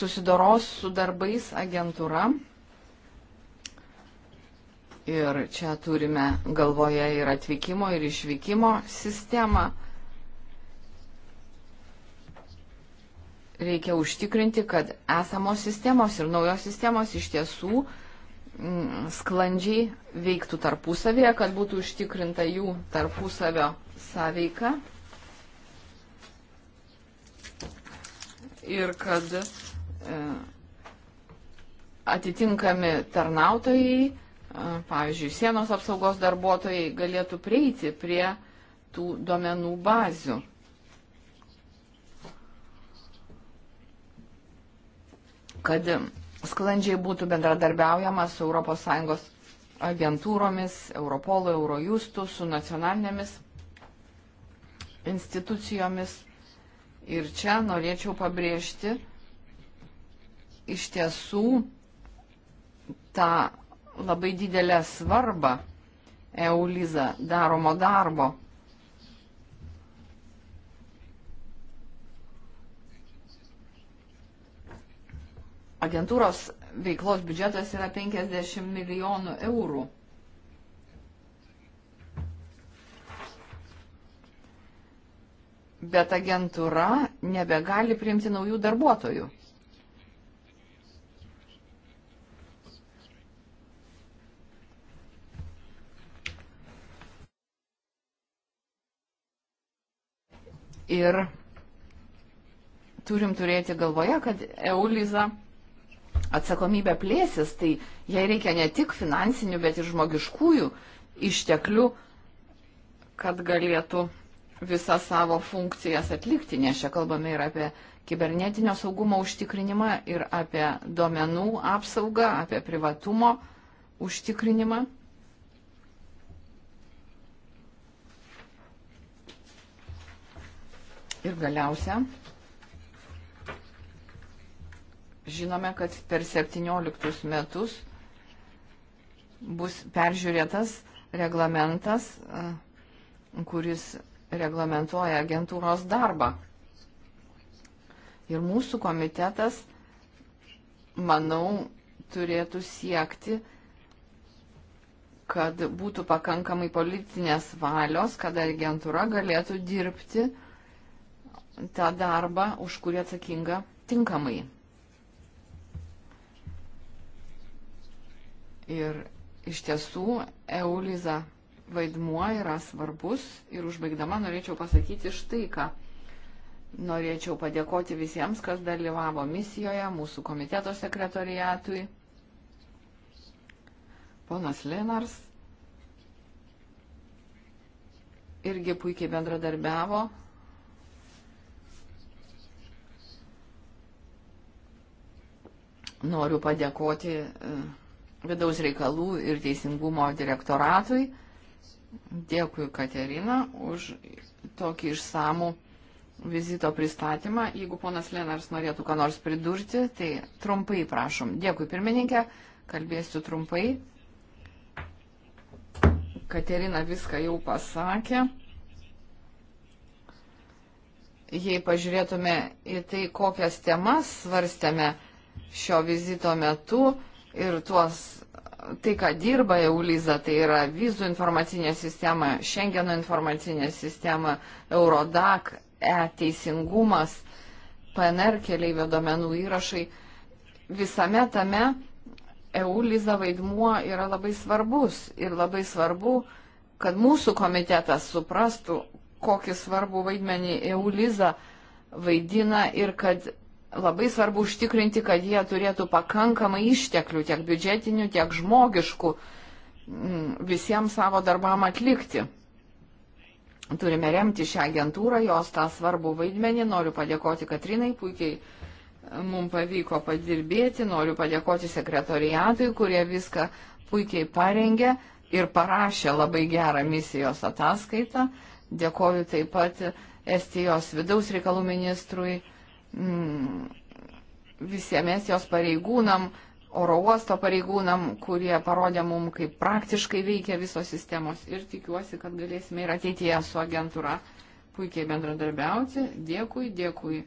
susidoros su darbais agentūra. Ir čia turime galvoje ir atvykimo, ir išvykimo sistemą. reikia užtikrinti, kad esamos sistemos ir naujos sistemos iš tiesų mm, sklandžiai veiktų tarpusavėje, kad būtų užtikrinta jų tarpusavio sąveika ir kad e, atitinkami tarnautojai, e, pavyzdžiui, sienos apsaugos darbuotojai galėtų prieiti prie tų duomenų bazių. kad sklandžiai būtų bendradarbiaujama su ES agentūromis, Europolo, Eurojustų, su nacionalinėmis institucijomis. Ir čia norėčiau pabrėžti iš tiesų tą labai didelę svarbą EULIZA daromo darbo agentūros veiklos biudžetas yra 50 milijonų eurų. Bet agentūra nebegali priimti naujų darbuotojų. Ir turim turėti galvoje, kad Euliza atsakomybė plėsis, tai jai reikia ne tik finansinių, bet ir žmogiškųjų išteklių, kad galėtų visą savo funkcijas atlikti, nes čia kalbame ir apie kibernetinio saugumo užtikrinimą, ir apie duomenų apsaugą, apie privatumo užtikrinimą. Ir galiausia, Žinome, kad per 17 metus bus peržiūrėtas reglamentas, e, kuris reglamentuoja agentūros darbą. Ir mūsų komitetas, manau, turėtų siekti, kad būtų pakankamai politinės valios, kad agentūra galėtų dirbti tą darbą, už kurį atsakinga tinkamai. Ir iš tiesų Euliza vaidmuo yra svarbus ir užbaigdama norėčiau pasakyti štai ką. Norėčiau padėkoti visiems, kas dalyvavo misijoje, mūsų komiteto sekretoriatui. Ponas Lenars irgi puikiai bendradarbiavo. Noriu padėkoti uh, vidaus reikalų ir teisingumo direktoratui. Dėkui, Katerina, už tokį išsamų vizito pristatymą. Jeigu ponas Lenars norėtų ką nors pridurti, tai trumpai prašom. Dėkui, pirmininkė, kalbėsiu trumpai. Katerina viską jau pasakė. Jei pažiūrėtume į tai, kokias temas svarstėme šio vizito metu, ir tuos, tai, ką dirba EULIZA, tai yra vizų informacinė sistema, Schengeno informacinė sistema, Eurodac, e-teisingumas, PNR keliaivio domenų įrašai. Visame tame EULIZA vaidmuo yra labai svarbus ir labai svarbu, kad mūsų komitetas suprastų, kokį svarbų vaidmenį EULIZA vaidina ir kad Labai svarbu užtikrinti, kad jie turėtų pakankamai išteklių, tiek biudžetinių, tiek žmogiškų, mm, visiems savo darbam atlikti. Turime remti šią agentūrą, jos tą svarbų vaidmenį. Noriu padėkoti Katrinai, puikiai e, mums pavyko padirbėti, noriu padėkoti sekretoriatui, kurie viską puikiai parengė ir parašė labai gerą misijos ataskaitą. Dėkoju taip pat Estijos vidaus reikalų ministrui mm, visiems jos pareigūnam, oro uosto pareigūnam, kurie parodė mums, kaip praktiškai veikia visos sistemos. Ir tikiuosi, kad galėsime ir ateityje su agentūra puikiai bendradarbiauti. Dėkui, dėkui.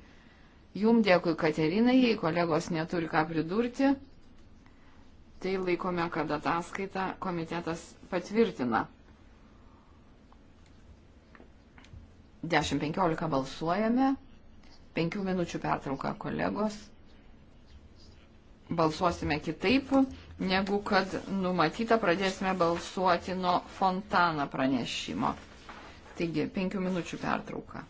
Jum dėkui Katerinai, jei kolegos neturi ką pridurti, tai laikome, kad ataskaitą komitetas patvirtina. 10-15 balsuojame. Penkių minučių pertrauka, kolegos. Balsuosime kitaip, negu kad numatyta, pradėsime balsuoti nuo fontana pranešimo. Taigi, penkių minučių pertrauka.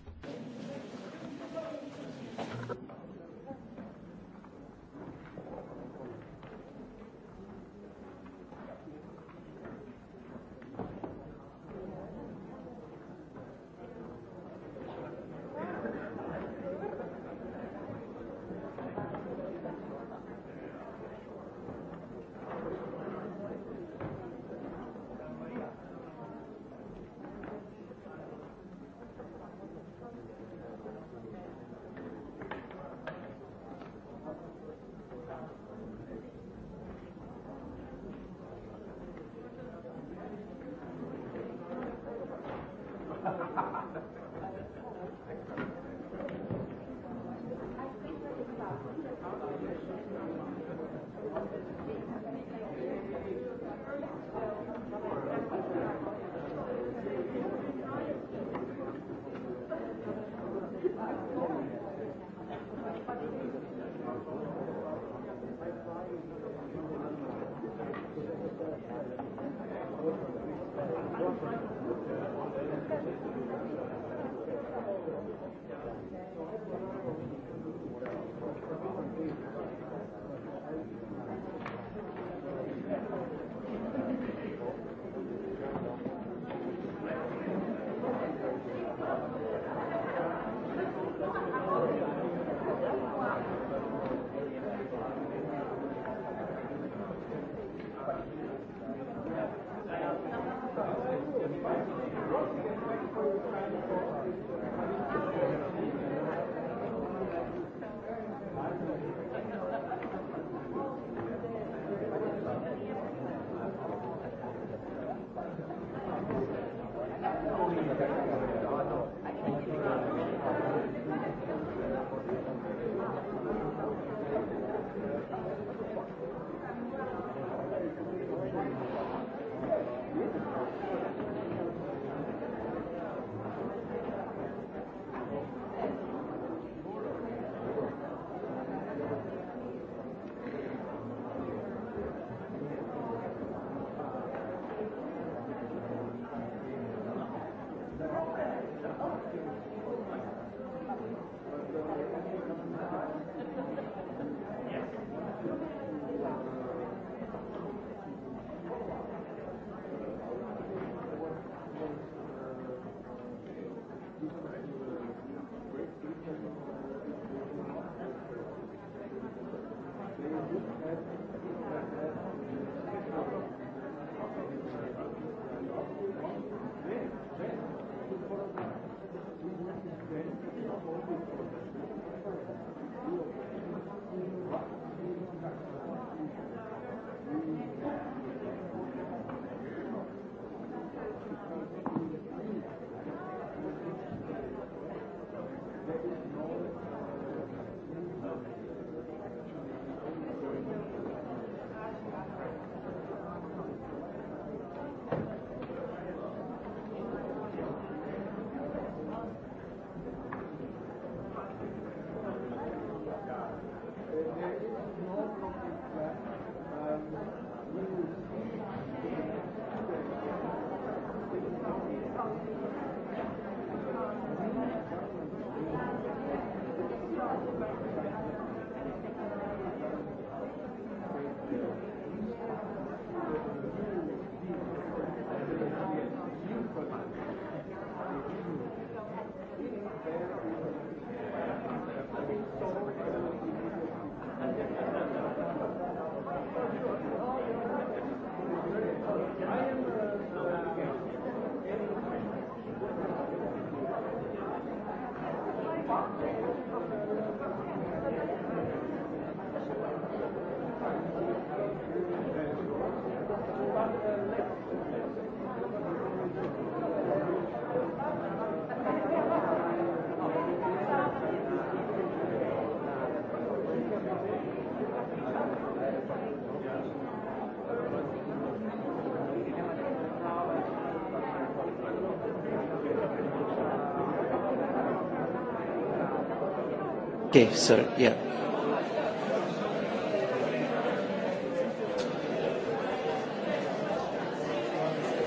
Okay, sir, yeah.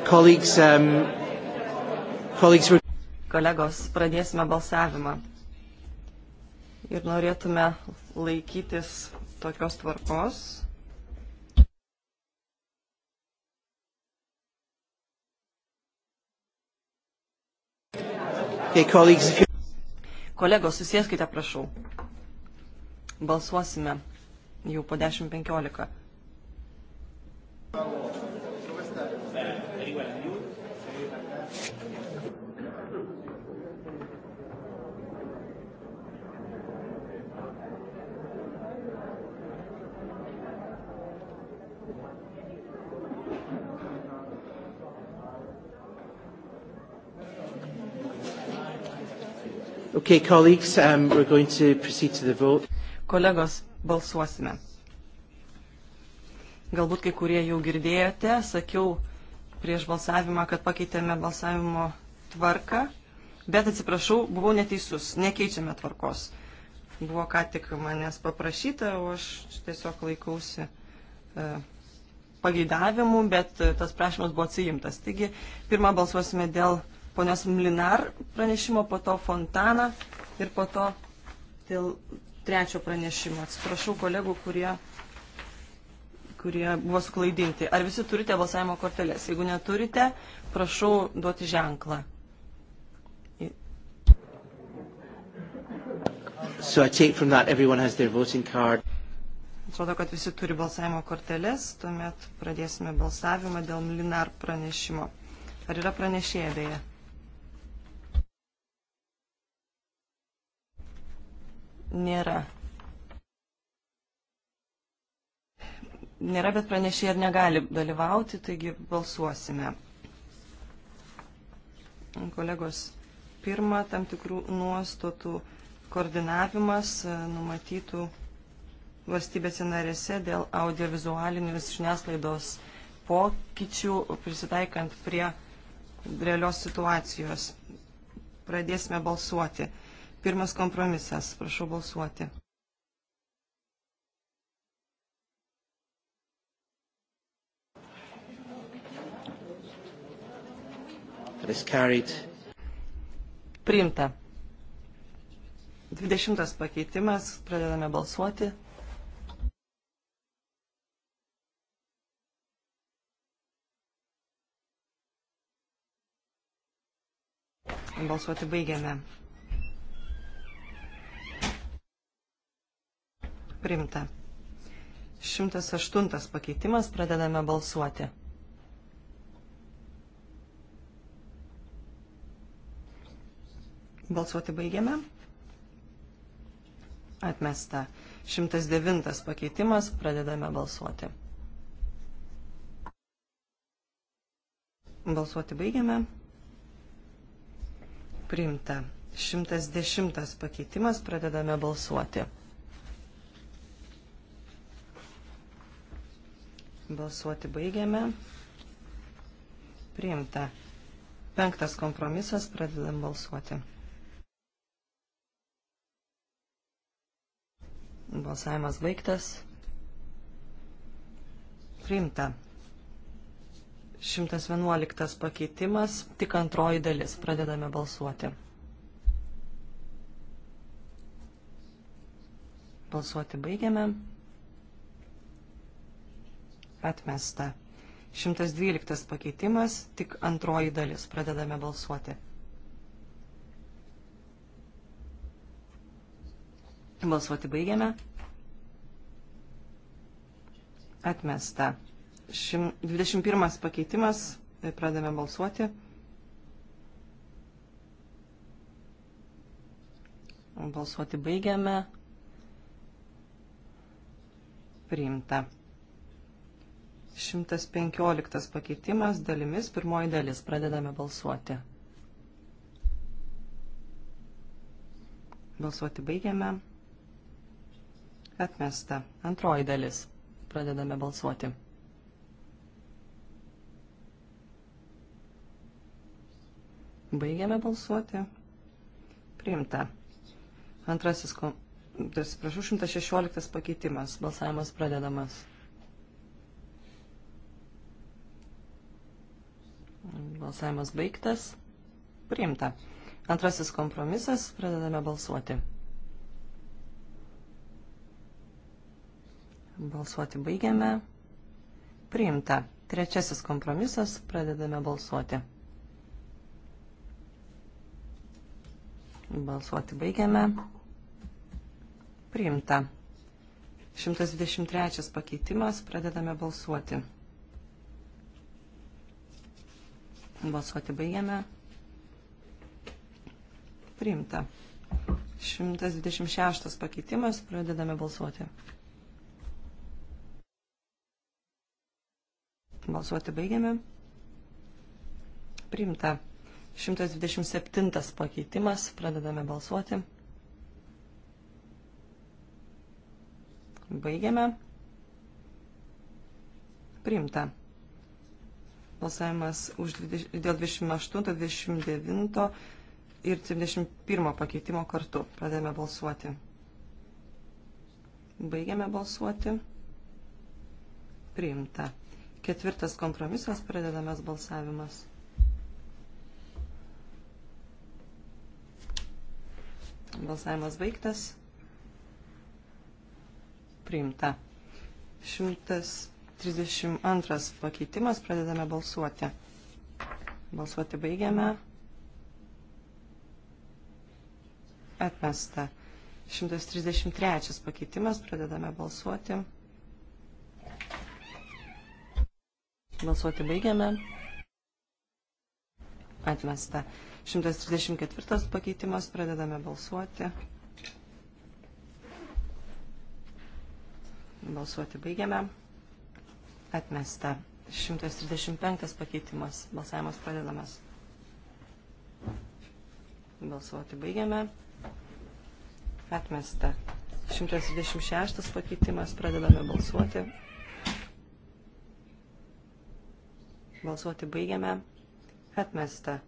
Colleagues, um, colleagues were... Kolegos, pradėsime balsavimą. Ir norėtume laikytis tokios tvarkos, Okay, colleagues, if you Kolegos, susieskite, prašau. Balsuosime jau po 10.15. Okay, colleagues, um, we're going to proceed to the vote. Kolegos, balsuosime. Galbūt kai kurie jau girdėjote, sakiau prieš balsavimą, kad pakeitėme balsavimo tvarką, bet atsiprašau, buvau neteisus, nekeičiame tvarkos. Buvo ką tik manęs paprašyta, o aš tiesiog laikausi. Uh, pageidavimų, bet tas prašymas buvo atsijimtas. Taigi, pirmą balsuosime dėl ponios Mlinar pranešimo, po to Fontana ir po to dėl trečio pranešimo. Atsiprašau kolegų, kurie, kurie buvo suklaidinti. Ar visi turite balsavimo korteles? Jeigu neturite, prašau duoti ženklą. So I take from that everyone has their voting card. Atrodo, kad visi turi balsavimo korteles, tuomet pradėsime balsavimą dėl Mlinar pranešimo. Ar yra pranešėja beje? nėra. Nėra, bet pranešė ir negali dalyvauti, taigi balsuosime. Kolegos, pirma, tam tikrų nuostatų koordinavimas e, numatytų valstybėse narėse dėl audiovizualinės žiniasklaidos pokyčių prisitaikant prie realios situacijos. Pradėsime balsuoti. Pirmas kompromisas. Prašau balsuoti. Priimta. 20 pakeitimas. Pradedame balsuoti. Balsuoti baigiame. Primta. 108 pakeitimas, pradedame balsuoti. Balsuoti baigiame. Atmesta. 109 pakeitimas, pradedame balsuoti. Balsuoti baigiame. Priimta. 110 pakeitimas, pradedame balsuoti. Balsuoti baigiame. Priimta. Penktas kompromisas, pradedam balsuoti. Balsavimas baigtas. Priimta. 111 pakeitimas, tik antroji dalis. Pradedame balsuoti. Balsuoti baigiame atmesta. 112 pakeitimas, tik antroji dalis. Pradedame balsuoti. Balsuoti baigiame. Atmesta. 21 pakeitimas, tai pradame balsuoti. Balsuoti baigiame. Priimta. 115 pakeitimas dalimis, pirmoji dalis. Pradedame balsuoti. Balsuoti baigiame. Atmesta. Antroji dalis. Pradedame balsuoti. Baigiame balsuoti. Priimta. Antrasis, atsiprašau, 116 pakeitimas. Balsavimas pradedamas. Balsavimas baigtas. Priimta. Antrasis kompromisas. Pradedame balsuoti. Balsuoti baigiame. Priimta. Trečiasis kompromisas. Pradedame balsuoti. Balsuoti baigiame. Priimta. 123 pakeitimas. Pradedame balsuoti. Balsuoti baigiame. Priimta. 126 pakeitimas, pradedame balsuoti. Balsuoti baigiame. Priimta. 127 pakeitimas, pradedame balsuoti. Baigiame. Priimta. Balsavimas už 20, dėl 28, 29 ir 71 pakeitimo kartu. Pradėjome balsuoti. Baigiame balsuoti. Priimta. Ketvirtas kompromisas pradedamas balsavimas. Balsavimas baigtas. Priimta. 100. 32 pakeitimas, pradedame balsuoti. Balsuoti baigiame. Atmesta. 133 pakeitimas, pradedame balsuoti. Balsuoti baigiame. Atmesta. 134 pakeitimas, pradedame balsuoti. Balsuoti baigiame. Atmesta. 135 pakeitimas. Balsavimas pradedamas. Balsuoti baigiame. Atmesta. 126 pakeitimas. Pradedame balsuoti. Balsuoti baigiame. Atmesta.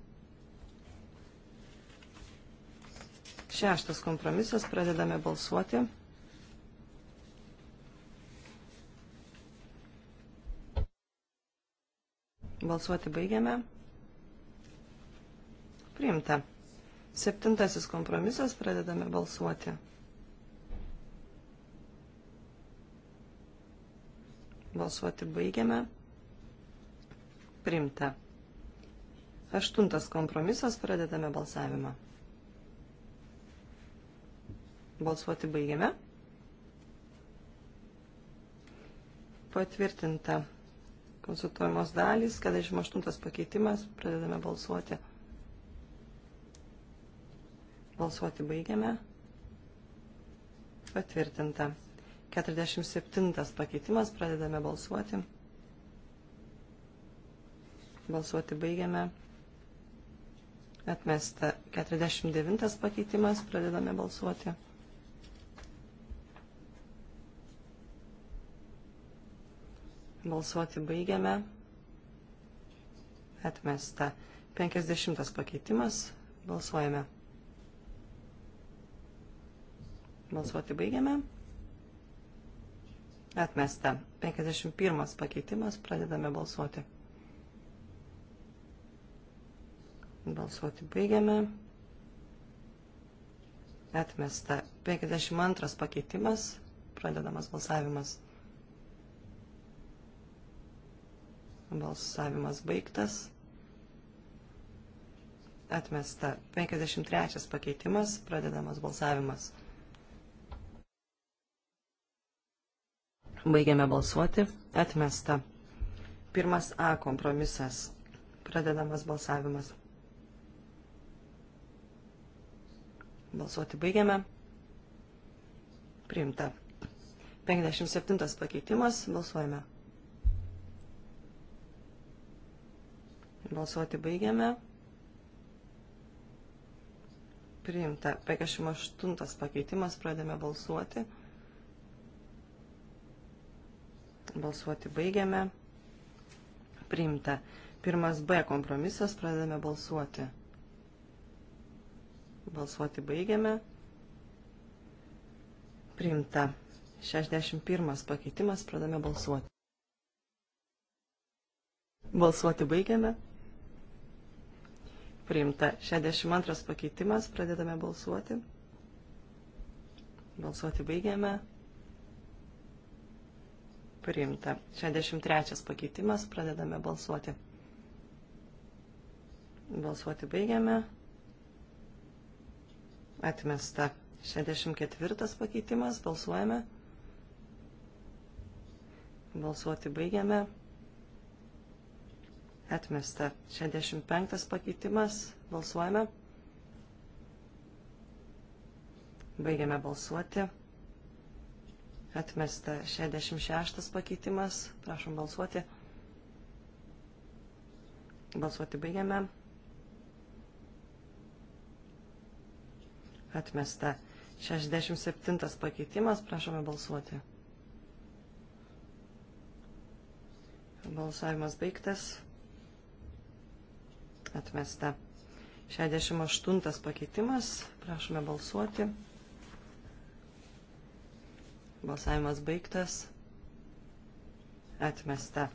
Šeštas kompromisas. Pradedame balsuoti. Balsuoti baigiame. Priimta. Septintasis kompromisas pradedame balsuoti. Balsuoti baigiame. Priimta. Aštuntas kompromisas pradedame balsavimą. Balsuoti baigiame. Patvirtinta konsultuojamos dalys, 48 pakeitimas, pradedame balsuoti. Balsuoti baigiame. Patvirtinta. 47 pakeitimas, pradedame balsuoti. Balsuoti baigiame. Atmesta 49 pakeitimas, pradedame balsuoti. Balsuoti baigiame. Atmesta. 50 pakeitimas. Balsuojame. Balsuoti baigiame. Atmesta. 51 pakeitimas. Pradedame balsuoti. Balsuoti baigiame. Atmesta. 52 pakeitimas. Pradedamas balsavimas. Balsavimas baigtas. Atmesta. 53 pakeitimas. Pradedamas balsavimas. Baigiame balsuoti. Atmesta. Pirmas A kompromisas. Pradedamas balsavimas. Balsuoti baigiame. Priimta. 57 pakeitimas. Balsuojame. Balsuoti baigiame. Priimta. 58 pakeitimas. Pradėme balsuoti. Balsuoti baigiame. Priimta. Pirmas B kompromisas. Pradėme balsuoti. Balsuoti baigiame. Priimta. 61 pakeitimas. Pradėme balsuoti. Balsuoti baigiame priimta. 62 pakeitimas, pradedame balsuoti. Balsuoti baigiame. Priimta. 63 pakeitimas, pradedame balsuoti. Balsuoti baigiame. Atmesta. 64 pakeitimas, balsuojame. Balsuoti baigiame. Atmesta. 65 pakeitimas. Balsuojame. Baigiame balsuoti. Atmesta. 66 pakeitimas. Prašom balsuoti. Balsuoti baigiame. Atmesta. 67 pakeitimas. Prašome balsuoti. Balsavimas baigtas atmesta. 68 pakeitimas, prašome balsuoti. Balsavimas baigtas, atmesta.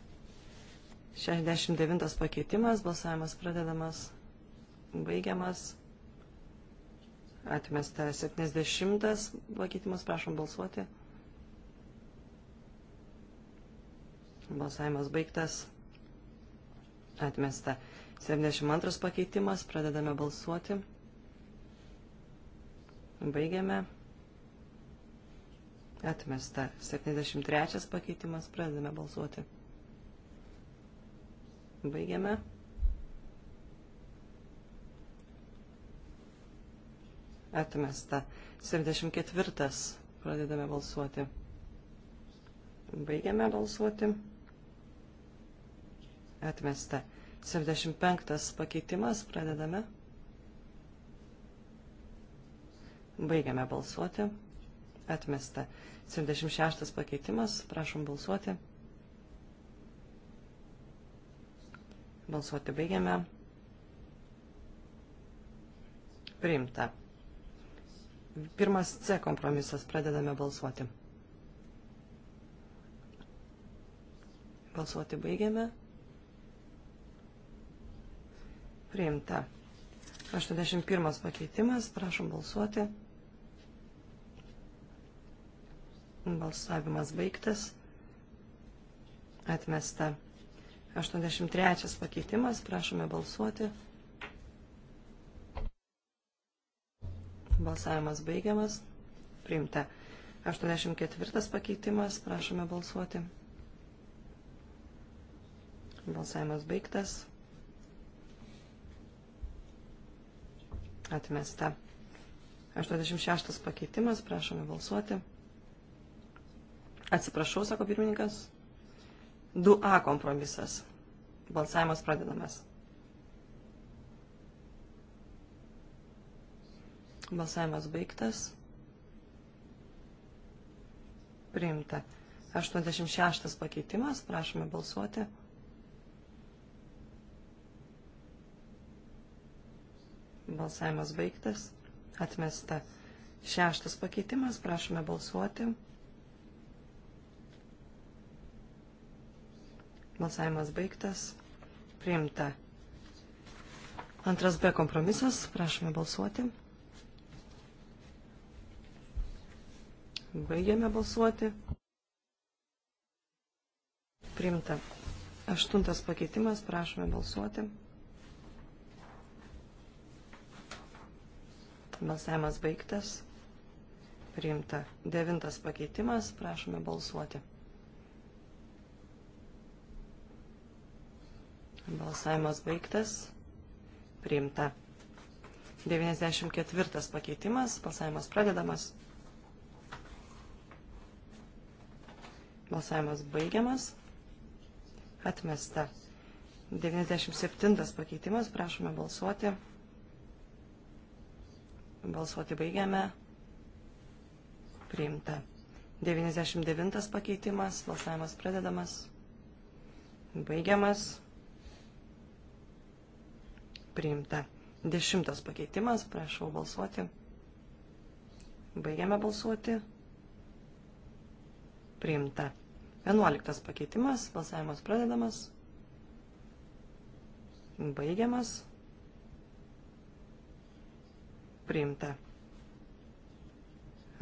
69 pakeitimas, balsavimas pradedamas, baigiamas, atmesta. 70 pakeitimas, prašom balsuoti. Balsavimas baigtas, atmesta. 72 pakeitimas, pradedame balsuoti. Baigiame. Atmesta. 73 pakeitimas, pradedame balsuoti. Baigiame. Atmesta. 74 pradedame balsuoti. Baigiame balsuoti. Atmesta. 75 pakeitimas, pradedame. Baigiame balsuoti. Atmesta. 76 pakeitimas, prašom balsuoti. Balsuoti baigiame. Priimta. Pirmas C kompromisas, pradedame balsuoti. Balsuoti baigiame. priimta. 81 pakeitimas, prašom balsuoti. Balsavimas baigtas. Atmesta. 83 pakeitimas, prašome balsuoti. Balsavimas baigiamas. Priimta. 84 pakeitimas, prašome balsuoti. Balsavimas baigtas. atmesta. 86 pakeitimas, prašome balsuoti. Atsiprašau, sako pirmininkas. 2A kompromisas. Balsavimas pradedamas. Balsavimas baigtas. Priimta. 86 pakeitimas, prašome balsuoti. Balsavimas baigtas. Atmesta. Šeštas pakeitimas. Prašome balsuoti. Balsavimas baigtas. Priimta. Antras B kompromisas. Prašome balsuoti. Baigiame balsuoti. Primta. Aštuntas pakeitimas. Prašome balsuoti. Balsavimas baigtas. Priimta. Devintas pakeitimas. Prašome balsuoti. Balsavimas baigtas. Priimta. 94 pakeitimas. Balsavimas pradedamas. Balsavimas baigiamas. Atmesta. 97 pakeitimas. Prašome balsuoti. Balsuoti. Balsuoti baigiame. Priimta. 99 pakeitimas. Balsavimas pradedamas. Baigiamas. Priimta. Dešimtas pakeitimas. Prašau balsuoti. Baigiame balsuoti. Priimta. Vienuoliktas pakeitimas. Balsavimas pradedamas. Baigiamas priimta.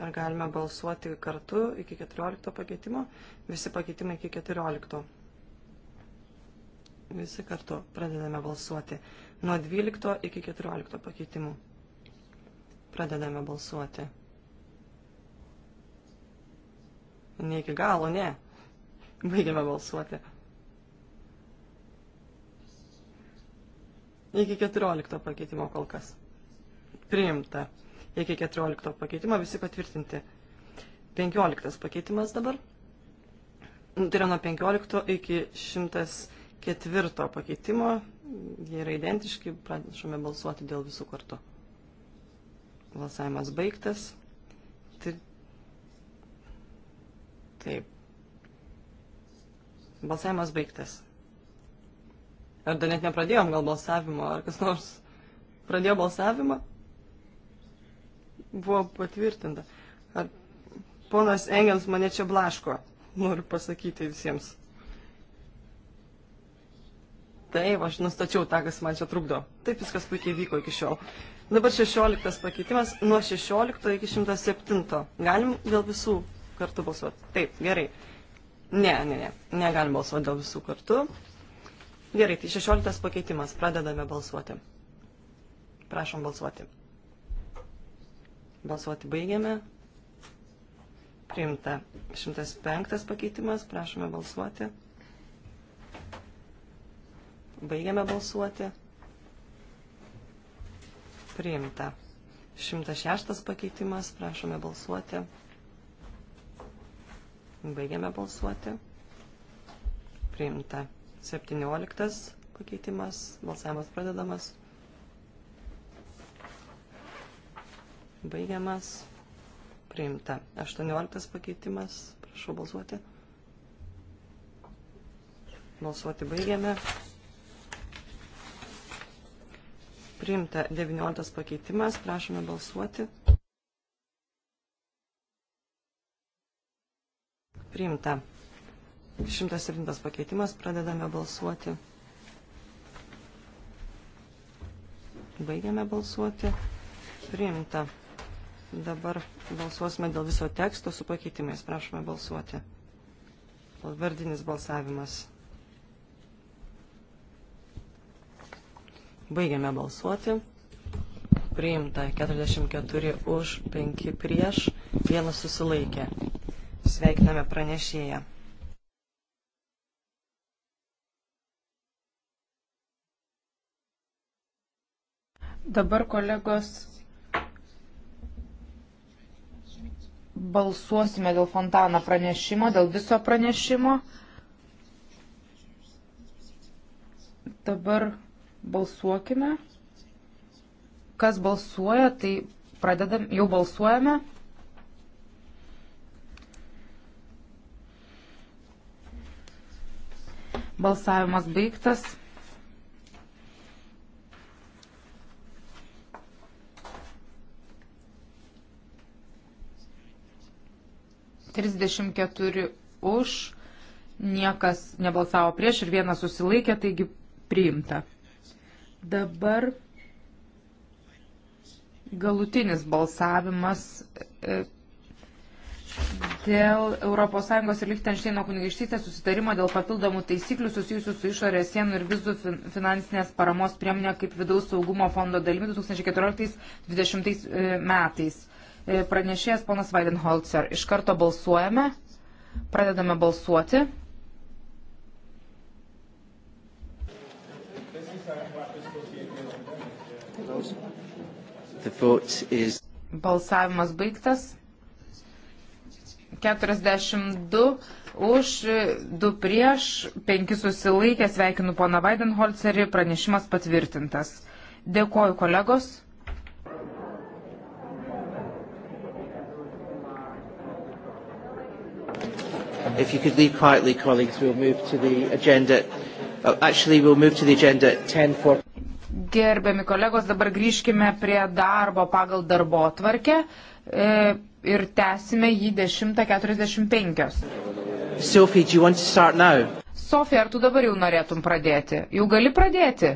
Ar galime balsuoti kartu iki 14 pakeitimo? Visi pakeitimai iki 14. Visi kartu pradedame balsuoti. Nuo 12 iki 14 pakeitimų. Pradedame balsuoti. Ne iki galo, ne. Baigiame balsuoti. Iki 14 pakeitimo kol kas priimta. Iki 14 pakeitimo visi patvirtinti. 15 pakeitimas dabar. Nu, tai yra nuo 15 iki 104 pakeitimo. Jie yra identiški, pradėšome balsuoti dėl visų kartu. Balsavimas baigtas. Taip. Balsavimas baigtas. Ar dar net nepradėjom gal balsavimo, ar kas nors pradėjo balsavimą? buvo patvirtinta. Ar ponas Engels mane čia blaško, noriu pasakyti visiems. Taip, aš nustačiau tą, kas man čia trukdo. Taip viskas puikiai vyko iki šiol. Dabar 16 pakeitimas, nuo 16 iki 107. Galim dėl visų kartu balsuoti? Taip, gerai. Ne, ne, ne, negalim balsuoti dėl visų kartu. Gerai, tai 16 pakeitimas, pradedame balsuoti. Prašom balsuoti. Balsuoti baigiame. Priimta 105 pakeitimas. Prašome balsuoti. Baigiame balsuoti. Priimta. 106 pakeitimas. Prašome balsuoti. Baigiame balsuoti. Priimta. 17 pakeitimas. Balsavimas pradedamas. Baigiamas. Priimta. 18 pakeitimas. Prašau balsuoti. Balsuoti baigiame. Priimta 19 pakeitimas. Prašome balsuoti. Priimta. 107 pakeitimas. Pradedame balsuoti. Baigiame balsuoti. Priimta. Dabar balsuosime dėl viso teksto su pakeitimais. Prašome balsuoti. Vardinis balsavimas. Baigiame balsuoti. Priimta 44 už, 5 prieš, vienas susilaikė. Sveikiname pranešėją. Dabar kolegos balsuosime dėl Fontano pranešimo, dėl viso pranešimo. Dabar balsuokime. Kas balsuoja, tai pradedam, jau balsuojame. Balsavimas baigtas. 34 už, niekas nebalsavo prieš ir vienas susilaikė, taigi priimta. Dabar galutinis balsavimas e, dėl ES ir Lichtenšteino kunigaikštystės susitarimo dėl papildomų taisyklių susijusių su išorės sienų ir vizų finansinės paramos priemonė kaip vidaus saugumo fondo dalimi 2014-2020 e, metais. E, pranešėjas ponas Weidenholzer. Iš karto balsuojame. Pradedame balsuoti. Is... Balsavimas baigtas. 42 už, 2 prieš, 5 susilaikė, sveikinu poną Vaidenholcerį, pranešimas patvirtintas. Dėkoju kolegos. If you could leave quietly, colleagues, we'll move to the agenda. Oh, actually, we'll move to the agenda at 10.40. Gerbiami kolegos, dabar grįžkime prie darbo pagal darbo tvarkę e, ir tęsime jį 10.45. Sophie, do you want to start now? Sofija, ar tu dabar jau norėtum pradėti? Jau gali pradėti?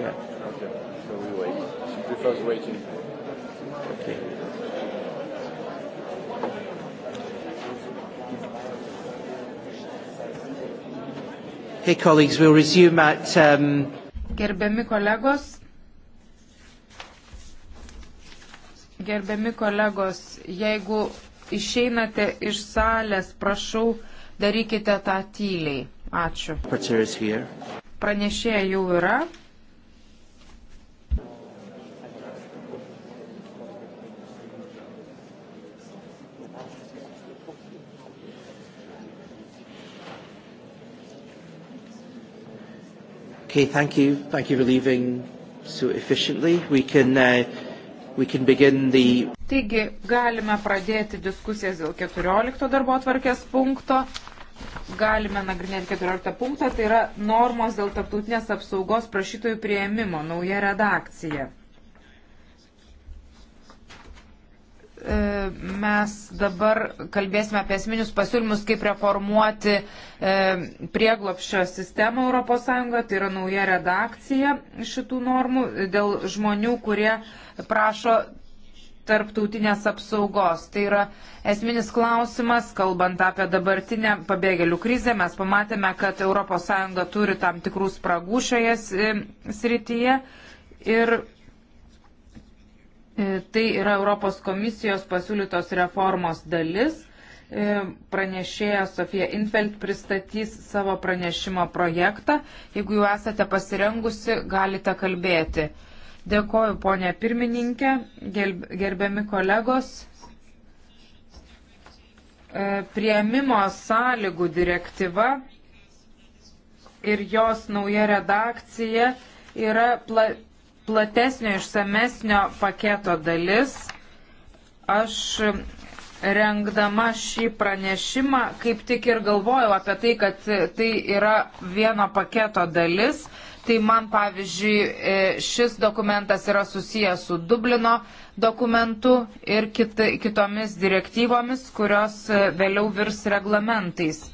Yeah. Okay. So we wait. She prefers waiting. Hey colleagues, we'll resume at. Um... Gerbiami kolegos, gerbiami kolegos, jeigu išeinate iš salės, prašau, darykite tą tyliai. Ačiū. Pranešėja jau yra. Okay, thank you. Thank you for leaving so efficiently. We can, uh, we can begin the... Taigi, galime pradėti diskusijas dėl 14 darbo atvarkės punkto. Galime nagrinėti 14 punktą, tai yra normos dėl tarptautinės apsaugos prašytojų prieimimo, nauja redakcija. E, mes dabar kalbėsime apie esminius pasiūlymus, kaip reformuoti e, prieglopščio sistemą ES, tai yra nauja redakcija šitų normų e, dėl žmonių, kurie prašo tarptautinės apsaugos. Tai yra esminis klausimas, kalbant apie dabartinę pabėgėlių krizę, mes pamatėme, kad ES turi tam tikrų spragų šioje srityje. Ir E, tai yra Europos komisijos pasiūlytos reformos dalis. E, pranešėja Sofija Infeld pristatys savo pranešimo projektą. Jeigu jau esate pasirengusi, galite kalbėti. Dėkoju, ponė pirmininkė, gerbiami kolegos. E, Prieimimo sąlygų direktyva ir jos nauja redakcija yra pla platesnio išsamesnio paketo dalis. Aš rengdama šį pranešimą kaip tik ir galvojau apie tai, kad tai yra vieno paketo dalis. Tai man pavyzdžiui e, šis dokumentas yra susijęs su Dublino dokumentu ir kitomis direktyvomis, kurios e, vėliau virs reglamentais.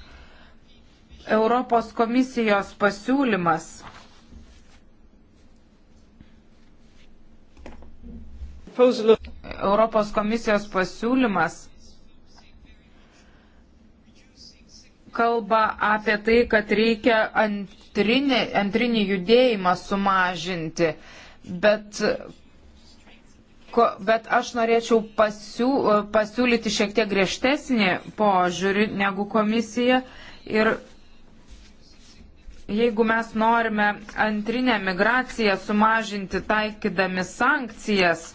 Europos komisijos pasiūlymas proposal... Europos komisijos pasiūlymas kalba apie tai, kad reikia antrinį, antrinį judėjimą sumažinti, bet, ko, bet aš norėčiau pasiū, pasiūlyti šiek tiek griežtesnį požiūrį negu komisija ir jeigu mes norime antrinę migraciją sumažinti taikydami sankcijas,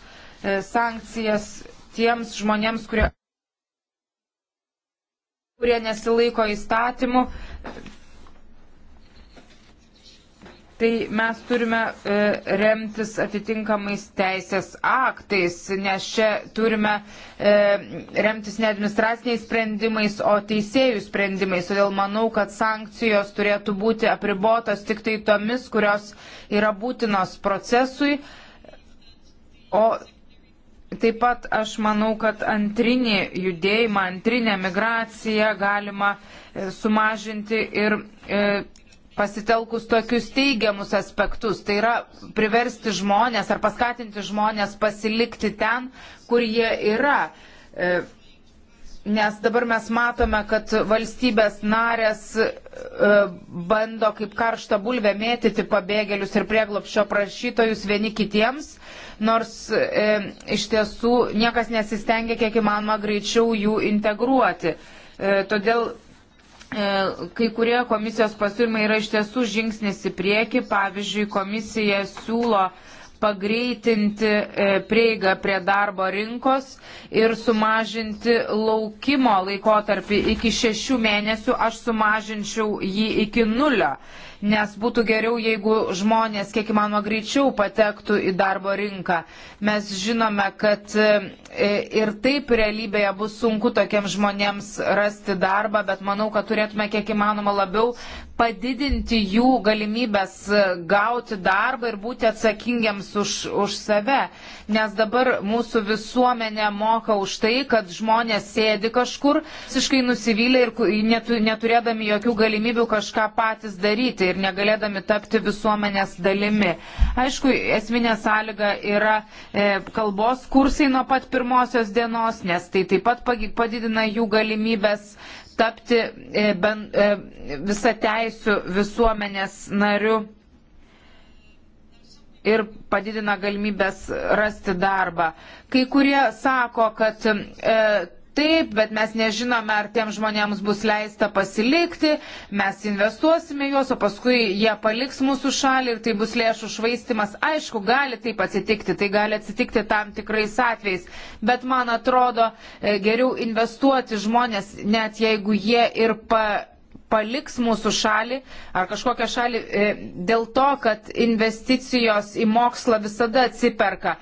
E, sankcijas tiems žmonėms, kurie, kurie nesilaiko įstatymų. Tai mes turime e, remtis atitinkamais teisės aktais, nes čia turime e, remtis ne administraciniais sprendimais, o teisėjų sprendimais. Todėl manau, kad sankcijos turėtų būti apribotos tik tai tomis, kurios yra būtinos procesui. O Taip pat aš manau, kad antrinį judėjimą, antrinę migraciją galima e, sumažinti ir e, pasitelkus tokius teigiamus aspektus. Tai yra priversti žmonės ar paskatinti žmonės pasilikti ten, kur jie yra. E, nes dabar mes matome, kad valstybės narės bando kaip karštą bulvę mėtyti pabėgėlius ir prieglopščio prašytojus vieni kitiems nors e, iš tiesų niekas nesistengia kiek įmanoma greičiau jų integruoti. E, todėl e, Kai kurie komisijos pasiūlymai yra iš tiesų žingsnis į priekį, pavyzdžiui, komisija siūlo uh, pagreitinti e, prieigą prie darbo rinkos ir sumažinti laukimo laikotarpį iki šešių mėnesių, aš sumažinčiau jį iki nulio, nes būtų geriau, jeigu žmonės kiek įmanoma greičiau patektų į darbo rinką. Mes žinome, kad e, e, ir taip realybėje bus sunku tokiems žmonėms rasti darbą, bet manau, kad turėtume kiek įmanoma labiau padidinti jų galimybės gauti darbą ir būti atsakingiams už, už save. Nes dabar mūsų visuomenė moka už tai, kad žmonės sėdi kažkur, visiškai nusivylę ir netu, neturėdami jokių galimybių kažką patys daryti ir negalėdami tapti visuomenės dalimi. Aišku, esminė sąlyga yra e, kalbos kursai nuo pat pirmosios dienos, nes tai taip pat padidina jų galimybės tapti e, ben, e, visateisių visuomenės nariu ir padidina galimybės rasti darbą. Kai kurie sako, kad e, Taip, bet mes nežinome, ar tiem žmonėms bus leista pasilikti, mes investuosime juos, o paskui jie paliks mūsų šalį ir tai bus lėšų švaistimas. Aišku, gali taip atsitikti, tai gali atsitikti tam tikrais atvejais, bet man atrodo, e, geriau investuoti žmonės, net jeigu jie ir pa, paliks mūsų šalį ar kažkokią šalį e, dėl to, kad investicijos į mokslą visada atsiperka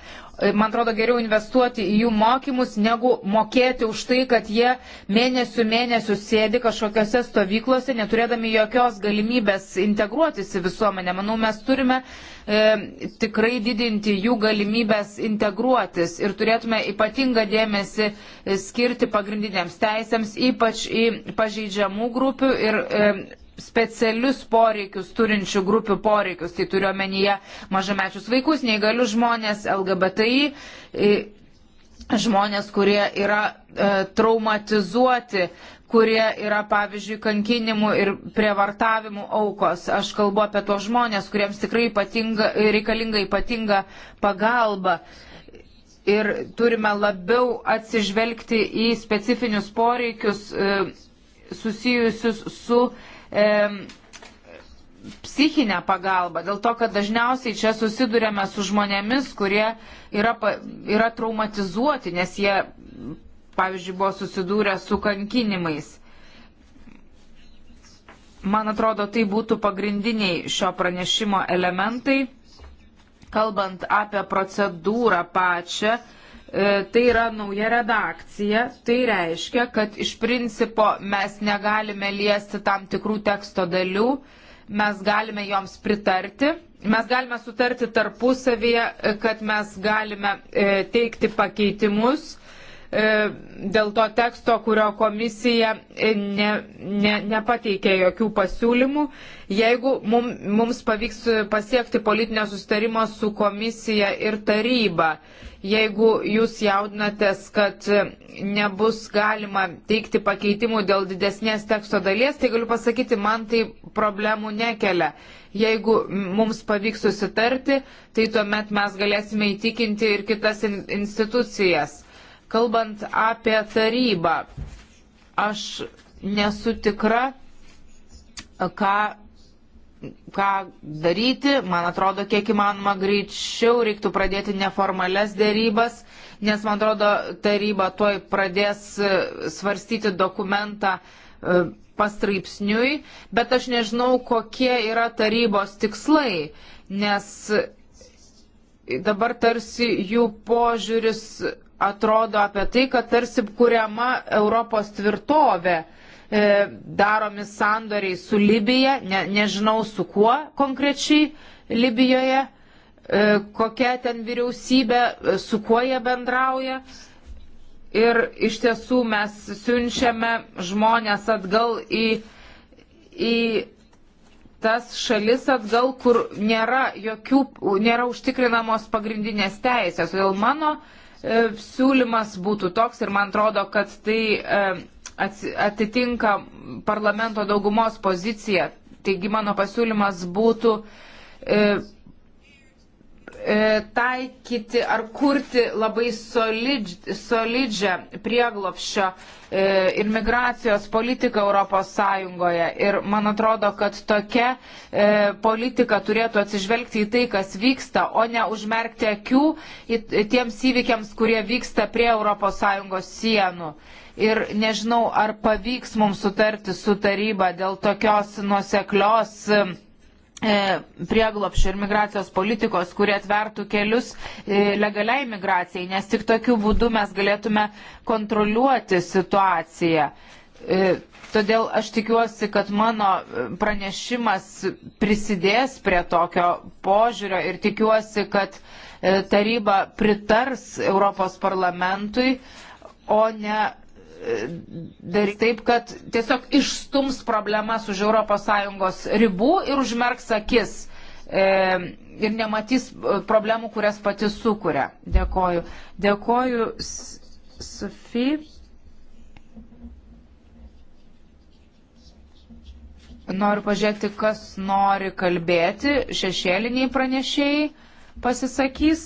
man atrodo, geriau investuoti į jų mokymus, negu mokėti už tai, kad jie mėnesių mėnesių sėdi kažkokiose stovyklose, neturėdami jokios galimybės integruotis į visuomenę. Manau, mes turime e, tikrai didinti jų galimybės integruotis ir turėtume ypatingą dėmesį e, skirti pagrindiniams teisėms, ypač į pažeidžiamų grupių ir e, specialius poreikius turinčių grupių poreikius, tai turiu omenyje mažamečius vaikus, neįgalius žmonės, LGBTI, žmonės, kurie yra e, traumatizuoti, kurie yra, pavyzdžiui, kankinimų ir prievartavimų aukos. Aš kalbu apie tos žmonės, kuriems tikrai ypatinga, reikalinga ypatinga pagalba. Ir turime labiau atsižvelgti į specifinius poreikius e, susijusius su e, e, psichinę pagalbą, dėl to, kad dažniausiai čia susidurėme su žmonėmis, kurie yra, yra traumatizuoti, nes jie, pavyzdžiui, buvo susidūrę su kankinimais. Man atrodo, tai būtų pagrindiniai šio pranešimo elementai, kalbant apie procedūrą pačią E, tai yra nauja redakcija, tai reiškia, kad iš principo mes negalime liesti tam tikrų teksto dalių, mes galime joms pritarti, mes galime sutarti tarpusavyje, e, kad mes galime e, teikti pakeitimus E, dėl to teksto, kurio komisija ne, ne, nepateikė jokių pasiūlymų. Jeigu mum, mums pavyks pasiekti politinio sustarimo su komisija ir taryba, jeigu jūs jaudinatės, kad nebus galima teikti pakeitimų dėl didesnės teksto dalies, tai galiu pasakyti, man tai problemų nekelia. Jeigu mums pavyks susitarti, tai tuomet mes galėsime įtikinti ir kitas institucijas Kalbant apie tarybą, aš nesu tikra, ką, ką daryti. Man atrodo, kiek įmanoma greičiau reiktų pradėti neformales dėrybas, nes man atrodo, taryba tuoj pradės e, svarstyti dokumentą e, pastraipsniui, bet aš nežinau, kokie yra tarybos tikslai, nes dabar tarsi jų požiūris atrodo apie tai, kad tarsi kuriama Europos tvirtovė, e, daromi sandoriai su Libija, ne, nežinau su kuo konkrečiai Libijoje, e, kokia ten vyriausybė, e, su kuo jie bendrauja. Ir iš tiesų mes siunčiame žmonės atgal į, į tas šalis atgal, kur nėra, jokių, nėra užtikrinamos pagrindinės teisės. Todėl mano uh, E, siūlymas būtų toks ir man atrodo, kad tai e, atitinka parlamento daugumos poziciją. Taigi mano pasiūlymas būtų e, E, taikyti ar kurti labai solid, solidžią prieglopščio e, ir migracijos politiką Europos Sąjungoje. Ir man atrodo, kad tokia e, politika turėtų atsižvelgti į tai, kas vyksta, o ne užmerkti akių tiems įvykiams, kurie vyksta prie Europos Sąjungos sienų ir nežinau, ar pavyks mums sutarti su taryba dėl tokios nuseklios E, prieglopšio ir migracijos politikos, kurie atvertų kelius e, legaliai migracijai, nes tik tokiu būdu mes galėtume kontroliuoti situaciją. E, todėl aš tikiuosi, kad mano pranešimas prisidės prie tokio požiūrio ir tikiuosi, kad taryba pritars Europos parlamentui, o ne daryti taip, kad tiesiog išstums problemas už ES ribų ir užmerks akis e, ir nematys e, problemų, kurias pati sukuria. Dėkoju. Dėkoju, Sofi. Noriu pažiūrėti, kas nori kalbėti. Šešėliniai pranešėjai pasisakys.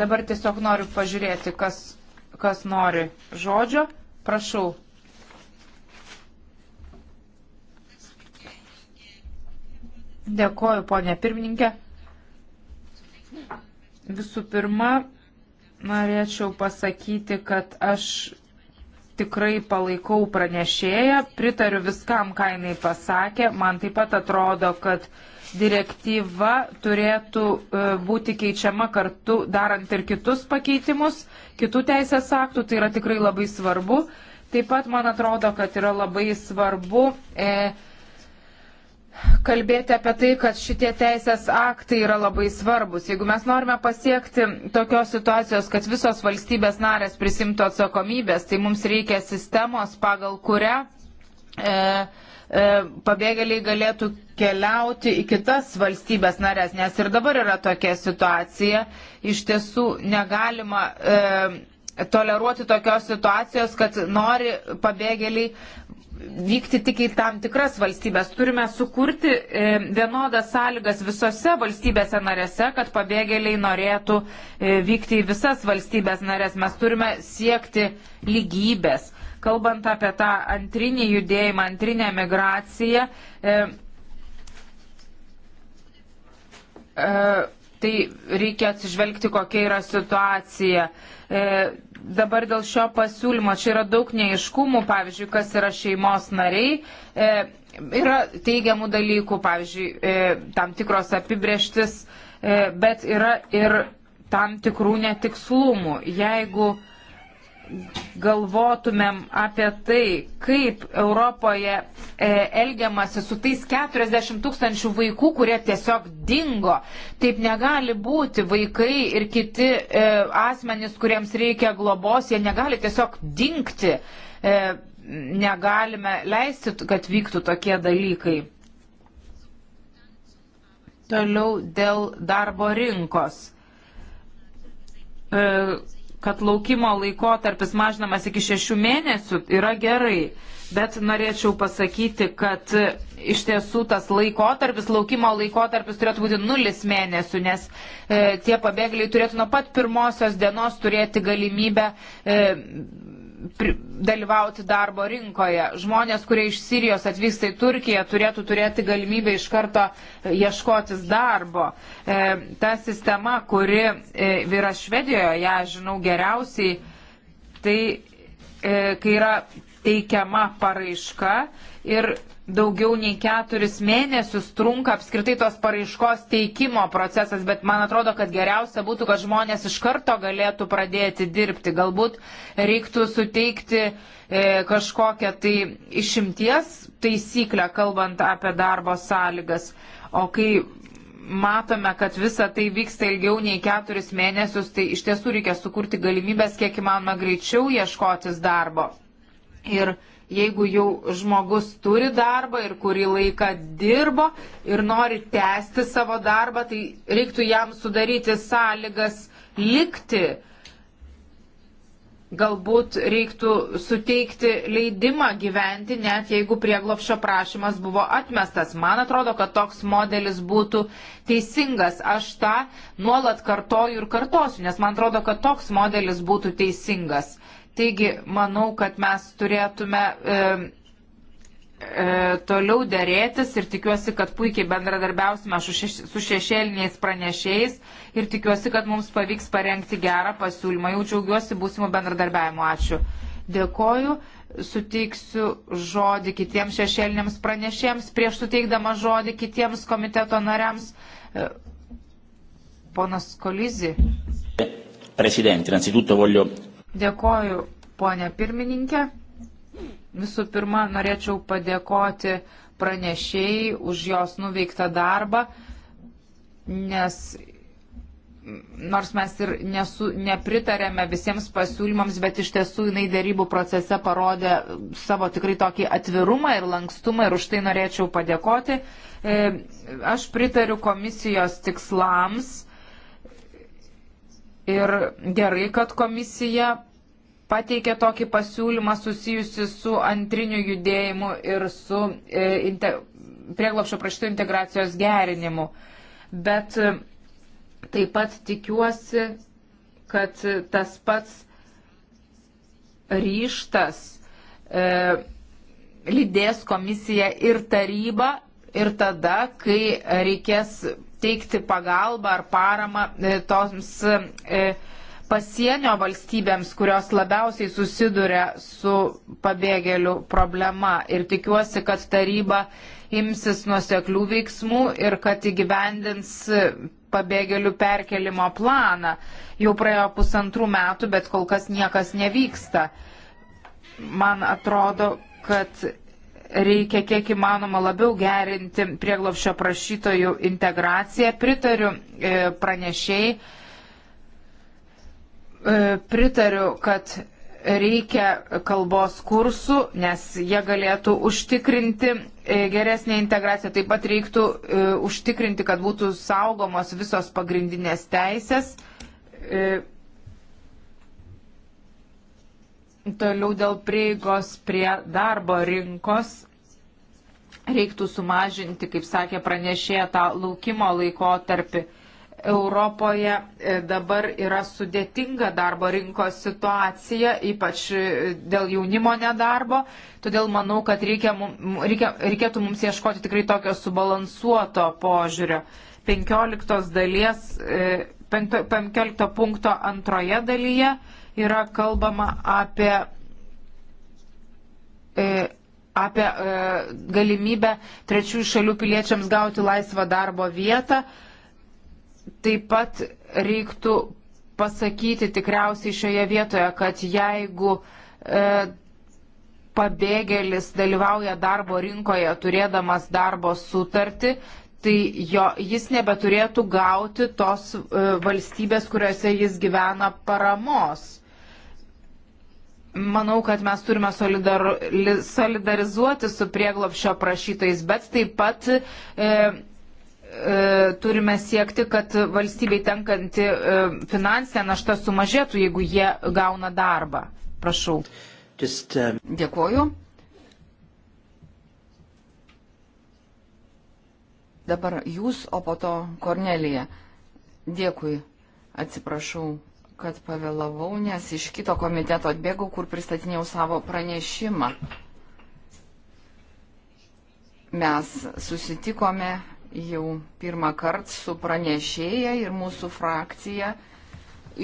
Dabar tiesiog noriu pažiūrėti, kas kas nori žodžio, prašau. Dėkoju, ponė pirmininkė. Visų pirma, norėčiau pasakyti, kad aš tikrai palaikau pranešėją, pritariu viskam, ką jinai pasakė. Man taip pat atrodo, kad uh, direktyva turėtų e, būti keičiama kartu darant ir kitus pakeitimus, kitų teisės aktų, tai yra tikrai labai svarbu. Taip pat man atrodo, kad yra labai svarbu e, kalbėti apie tai, kad šitie teisės aktai yra labai svarbus. Jeigu mes norime pasiekti tokios situacijos, kad visos valstybės narės prisimtų atsakomybės, tai mums reikia sistemos, pagal kurią e, E, pabėgėliai galėtų keliauti į kitas valstybės narės, nes ir dabar yra tokia situacija. Iš tiesų negalima e, toleruoti tokios situacijos, kad nori pabėgėliai vykti tik į tam tikras valstybės. Turime sukurti e, vienodas sąlygas visose valstybėse narėse, kad pabėgėliai norėtų e, vykti į visas valstybės narės. Mes turime siekti lygybės. Kalbant apie tą antrinį judėjimą, antrinę migraciją, e, e, tai reikia atsižvelgti, kokia yra situacija. E, dabar dėl šio pasiūlymo, čia yra daug neiškumų, pavyzdžiui, kas yra šeimos nariai. E, yra teigiamų dalykų, pavyzdžiui, e, tam tikros apibrieštis, e, bet yra ir tam tikrų netikslumų. Jeigu e, galvotumėm apie tai, kaip Europoje e, elgiamasi su tais 40 tūkstančių vaikų, kurie tiesiog dingo. Taip negali būti. Vaikai ir kiti e, asmenys, kuriems reikia globos, jie negali tiesiog dinkti. E, negalime leisti, kad vyktų tokie dalykai. Toliau dėl darbo rinkos. E, kad laukimo laikotarpis mažinamas iki šešių mėnesių yra gerai, bet norėčiau pasakyti, kad iš tiesų tas laikotarpis, laukimo laikotarpis turėtų būti nulis mėnesių, nes e, tie pabėgėliai turėtų nuo pat pirmosios dienos turėti galimybę e, dalyvauti darbo rinkoje. Žmonės, kurie iš Sirijos atvyksta į Turkiją, turėtų turėti galimybę iš karto e, ieškotis darbo. E, ta sistema, kuri e, yra Švedijoje, ją žinau geriausiai, tai e, kai yra teikiama paraiška ir daugiau nei keturis mėnesius trunka apskritai tos paraiškos teikimo procesas, bet man atrodo, kad geriausia būtų, kad žmonės iš karto galėtų pradėti dirbti. Galbūt reiktų suteikti e, kažkokią tai išimties taisyklę, kalbant apie darbo sąlygas. O kai matome, kad visa tai vyksta ilgiau nei keturis mėnesius, tai iš tiesų reikia sukurti galimybės kiek įmanoma greičiau ieškotis darbo. Ir jeigu jau žmogus turi darbą ir kurį laiką dirbo ir nori tęsti savo darbą, tai reiktų jam sudaryti sąlygas likti. Galbūt reiktų suteikti leidimą gyventi, net jeigu prieglopšio prašymas buvo atmestas. Man atrodo, kad toks modelis būtų teisingas. Aš tą nuolat kartoju ir kartosiu, nes man atrodo, kad toks modelis būtų teisingas. Taigi, manau, kad mes turėtume e, e, toliau dėrėtis ir tikiuosi, kad puikiai bendradarbiausime su šešėliniais pranešėjais ir tikiuosi, kad mums pavyks parengti gerą pasiūlymą. Jau džiaugiuosi būsimo bendradarbiavimo. Ačiū. Dėkoju suteiksiu žodį kitiems šešėliniams pranešėjams, prieš suteikdama žodį kitiems komiteto nariams. E, ponas Kolizi. Presidente, innanzitutto voglio Dėkoju, ponė pirmininkė. Visų pirma, norėčiau padėkoti pranešėjai už jos nuveiktą darbą, nes nors mes ir nesu, nepritarėme visiems pasiūlymams, bet iš tiesų jinai dėrybų procese parodė savo tikrai tokį atvirumą ir lankstumą ir už tai norėčiau padėkoti. E, aš pritariu komisijos tikslams Ir gerai, kad komisija pateikė tokį pasiūlymą susijusi su antriniu judėjimu ir su e, inte, prieglopšio prašytų integracijos gerinimu. Bet e, taip pat tikiuosi, kad tas pats ryštas e, lydės komisiją ir tarybą ir tada, kai reikės teikti pagalbą ar paramą e, toms e, pasienio valstybėms, kurios labiausiai susiduria su pabėgėlių problema. Ir tikiuosi, kad taryba imsis nuoseklių veiksmų ir kad įgyvendins pabėgėlių perkelimo planą. Jau praėjo pusantrų metų, bet kol kas niekas nevyksta. Man atrodo, kad reikia kiek įmanoma labiau gerinti prieglopšio prašytojų integraciją. Pritariu e, pranešiai, e, pritariu, kad reikia kalbos kursų, nes jie galėtų užtikrinti e, geresnę integraciją. Taip pat reiktų užtikrinti, kad būtų saugomos visos pagrindinės teisės. Toliau dėl prieigos prie darbo rinkos reiktų sumažinti, kaip sakė pranešėja, tą laukimo laikotarpį. Europoje e, dabar yra sudėtinga darbo rinkos situacija, ypač e, dėl jaunimo nedarbo. Todėl manau, kad reikia, reikia, reikėtų mums ieškoti tikrai tokio subalansuoto požiūrio. 15 dalies, 15 e, punkto antroje dalyje yra kalbama apie, e, apie e, galimybę trečiųjų šalių piliečiams gauti laisvą darbo vietą. Taip pat reiktų pasakyti tikriausiai šioje vietoje, kad jeigu e, pabėgėlis dalyvauja darbo rinkoje turėdamas darbo sutartį, tai jo, jis nebeturėtų gauti tos valstybės, kuriuose jis gyvena paramos. Manau, kad mes turime solidar, solidarizuoti su prieglopšio prašytais, bet taip pat e, e, turime siekti, kad valstybei tenkanti e, finansinė našta sumažėtų, jeigu jie gauna darbą. Prašau. Just, um... Dėkuoju. Dabar jūs, o po to Kornelija. Dėkui. Atsiprašau kad pavėlavau, nes iš kito komiteto atbėgau, kur pristatinėjau savo pranešimą. Mes susitikome jau pirmą kartą su pranešėja ir mūsų frakcija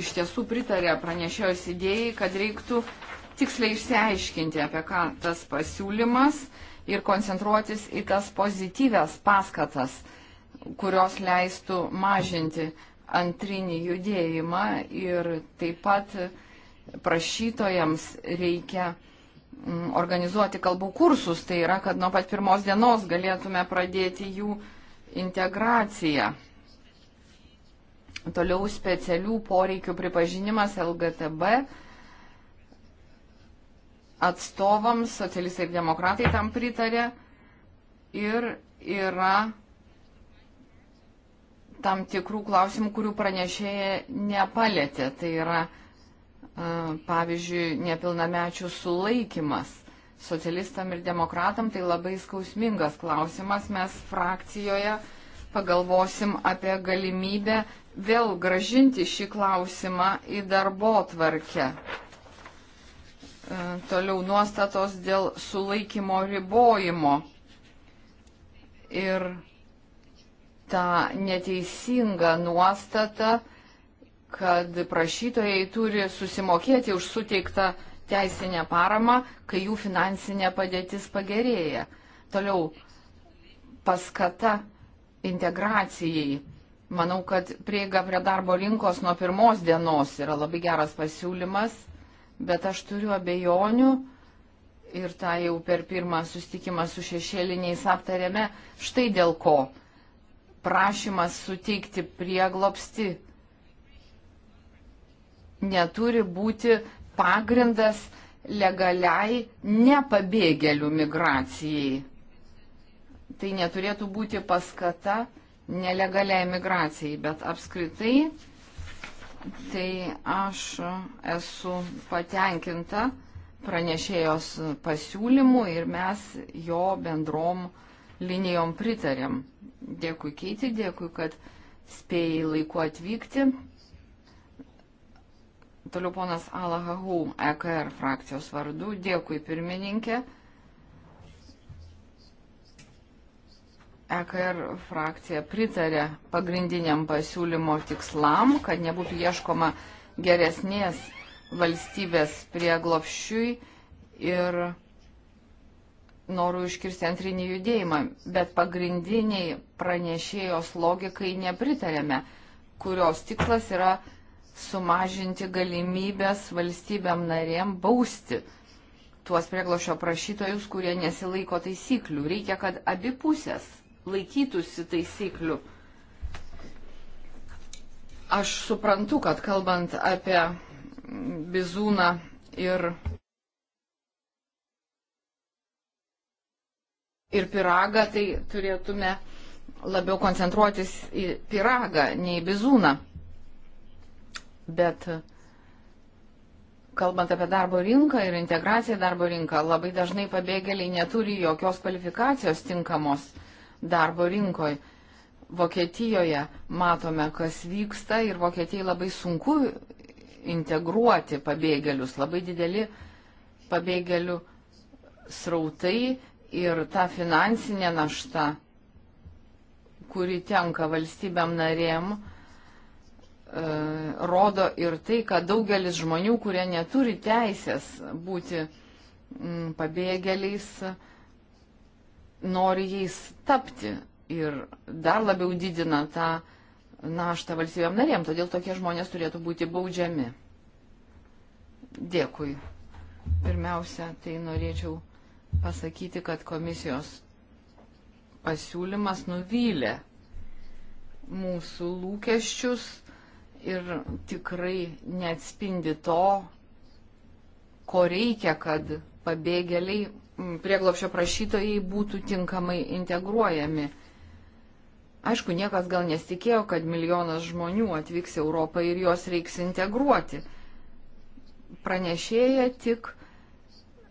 iš tiesų pritarė pranešėjos idėjai, kad reiktų tiksliai išsiaiškinti, apie ką tas pasiūlymas ir koncentruotis į tas pozityves paskatas, kurios leistų mažinti antrinį judėjimą ir taip pat prašytojams reikia mm, organizuoti kalbų kursus, tai yra, kad nuo pat pirmos dienos galėtume pradėti jų integraciją. Toliau specialių poreikių pripažinimas LGTB atstovams, socialistai ir demokratai tam pritarė ir yra tam tikrų klausimų, kurių pranešėja nepalėtė. Tai yra, e, pavyzdžiui, nepilnamečių sulaikimas. Socialistam ir demokratam tai labai skausmingas klausimas. Mes frakcijoje pagalvosim apie galimybę vėl gražinti šį klausimą į darbo tvarkę. E, toliau nuostatos dėl sulaikymo ribojimo. Ir tą neteisingą nuostatą, kad prašytojai turi susimokėti už suteiktą teisinę paramą, kai jų finansinė padėtis pagerėja. Toliau paskata integracijai. Manau, kad prieiga prie darbo rinkos nuo pirmos dienos yra labai geras pasiūlymas, bet aš turiu abejonių ir tą jau per pirmą sustikimą su šešėliniais aptarėme, štai dėl ko prašymas suteikti prieglopsti neturi būti pagrindas legaliai nepabėgėlių migracijai. Tai neturėtų būti paskata nelegaliai migracijai, bet apskritai tai aš esu patenkinta pranešėjos pasiūlymu ir mes jo bendrom uh, linijom pritarėm. Dėkui Keiti, dėkui, kad spėjai laiku atvykti. Toliau ponas Alahahu, EKR frakcijos vardu. Dėkui pirmininkė. EKR frakcija pritarė pagrindiniam pasiūlymo tikslam, kad nebūtų ieškoma geresnės valstybės prieglopščiui ir norų iškirsti antrinį judėjimą, bet pagrindiniai pranešėjos logikai nepritarėme, kurios tikslas yra sumažinti galimybės valstybėm narėm bausti tuos prieglošio prašytojus, kurie nesilaiko taisyklių. Reikia, kad abi pusės laikytųsi taisyklių. Aš suprantu, kad kalbant apie bizūną ir ir piragą, tai turėtume labiau koncentruotis į piragą, nei į bizūną. Bet kalbant apie darbo rinką ir integraciją į darbo rinką, labai dažnai pabėgėliai neturi jokios kvalifikacijos tinkamos darbo rinkoje. Vokietijoje matome, kas vyksta ir Vokietijai labai sunku integruoti pabėgėlius, labai dideli pabėgėlių srautai ir ta finansinė našta, kuri tenka valstybėm narėm, e, rodo ir tai, kad daugelis žmonių, kurie neturi teisės būti mm, pabėgėliais, nori jais tapti ir dar labiau didina tą naštą valstybėm narėm, todėl tokie žmonės turėtų būti baudžiami. Dėkui. Pirmiausia, tai norėčiau pasakyti, kad komisijos pasiūlymas nuvylė mūsų lūkesčius ir tikrai neatspindi to, ko reikia, kad pabėgėliai, prieglopšio prašytojai būtų tinkamai integruojami. Aišku, niekas gal nesitikėjo, kad milijonas žmonių atvyks Europą ir juos reiks integruoti. Pranešėja tik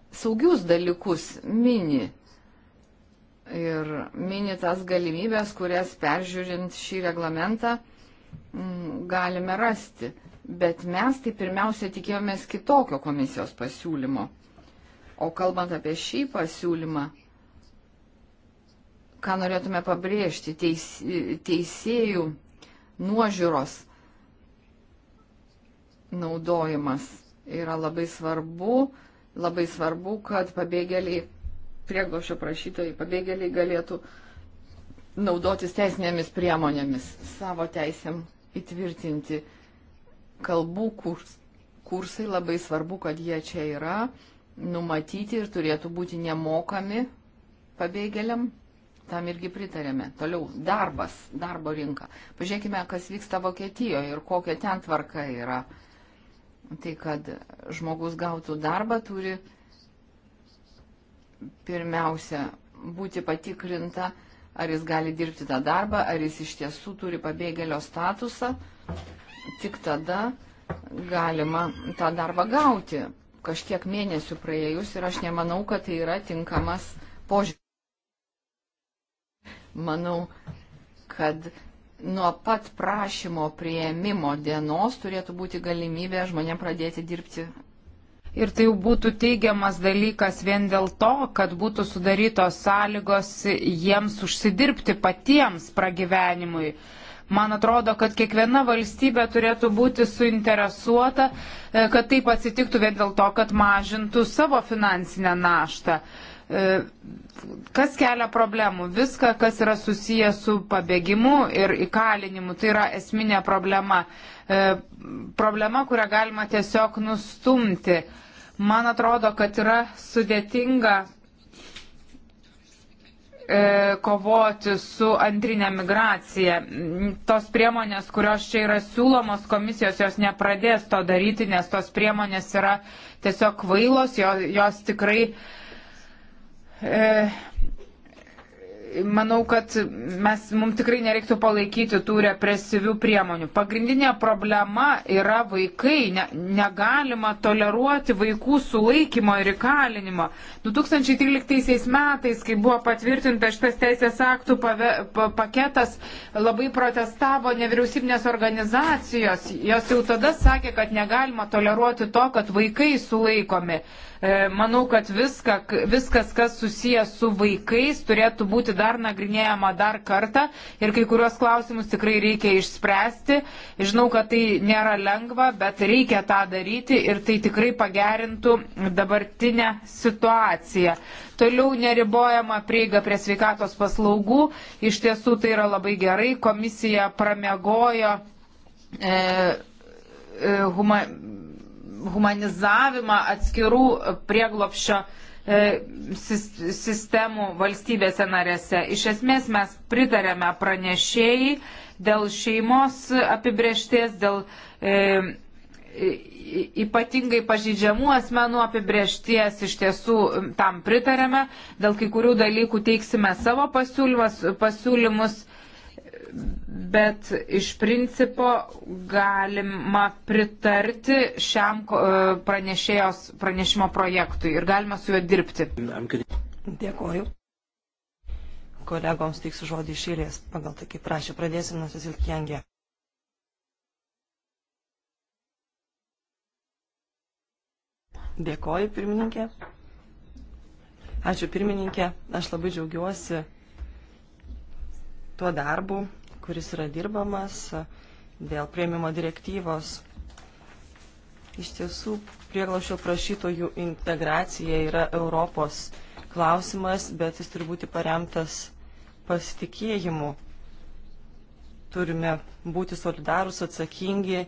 saugius dalykus mini. Ir mini tas galimybės, kurias peržiūrint šį reglamentą mm, galime rasti. Bet mes tai pirmiausia tikėjomės kitokio komisijos pasiūlymo. O kalbant apie šį pasiūlymą, ką norėtume pabrėžti, teis, teisėjų nuožiūros naudojimas yra labai svarbu, Labai svarbu, kad pabėgėliai, prieglošio prašytojai, pabėgėliai galėtų naudotis teisinėmis priemonėmis, savo teisėm įtvirtinti kalbų kurs, kursai. Labai svarbu, kad jie čia yra numatyti ir turėtų būti nemokami pabėgėliam. Tam irgi pritarėme. Toliau darbas, darbo rinka. Pažiūrėkime, kas vyksta Vokietijoje ir kokia ten tvarka yra. Uh, tai, kad žmogus gautų darbą, turi pirmiausia būti patikrinta, ar jis gali dirbti tą darbą, ar jis iš tiesų turi pabėgėlio statusą. Tik tada galima tą darbą gauti. Kažkiek mėnesių praėjus ir aš nemanau, kad tai yra tinkamas požiūris. Manau, kad nuo pat prašymo prieimimo dienos turėtų būti galimybė žmonėm pradėti dirbti. Ir tai jau būtų teigiamas dalykas vien dėl to, kad būtų sudarytos sąlygos jiems užsidirbti patiems pragyvenimui. Man atrodo, kad kiekviena valstybė turėtų būti suinteresuota, e, kad taip atsitiktų vien dėl to, kad mažintų savo finansinę naštą. E, kas kelia problemų? Viską, kas yra susiję su pabėgimu ir įkalinimu, tai yra esminė problema. E, problema, kurią galima tiesiog nustumti. Man atrodo, kad yra sudėtinga e, kovoti su antrinė migracija. Tos priemonės, kurios čia yra siūlomos komisijos, jos nepradės to daryti, nes tos priemonės yra tiesiog vailos, jos, jos tikrai uh, E, manau, kad mes, mums tikrai nereiktų palaikyti tų represyvių priemonių. Pagrindinė problema yra vaikai. Ne, negalima toleruoti vaikų sulaikymo ir įkalinimo. 2013 metais, kai buvo patvirtinta šitas teisės aktų pave, pa, paketas, labai protestavo nevyriausybinės organizacijos. Jos jau tada sakė, kad negalima toleruoti to, kad vaikai sulaikomi. E, manau, kad viską, viskas, kas susijęs su vaikais, turėtų būti dar nagrinėjama dar kartą ir kai kurios klausimus tikrai reikia išspręsti. Žinau, kad tai nėra lengva, bet reikia tą daryti ir tai tikrai pagerintų dabartinę situaciją. Toliau neribojama prieiga prie sveikatos paslaugų. Iš tiesų tai yra labai gerai. Komisija pramegojo e, e, huma, humanizavimą atskirų prieglopščio e, sistemų valstybėse narėse. Iš esmės mes pritarėme pranešėjai dėl šeimos apibriešties, dėl e, ypatingai pažydžiamų asmenų apibriešties iš tiesų tam pritarėme, dėl kai kurių dalykų teiksime savo pasiūlymus. pasiūlymus bet iš principo galima pritarti šiam e, pranešimo projektui ir galima su juo dirbti. Dėkoju. Kolegoms teiksiu žodį iš eilės, pagal tai kaip prašė. Pradėsim nuo Sesilkijangė. Dėkoju, pirmininkė. Ačiū, pirmininkė. Aš labai džiaugiuosi tuo darbu, kuris yra dirbamas e, dėl prieimimo direktyvos. Iš tiesų, prieglaušio prašytojų integracija yra Europos klausimas, bet jis turi būti paremtas pasitikėjimu. Turime būti solidarūs, atsakingi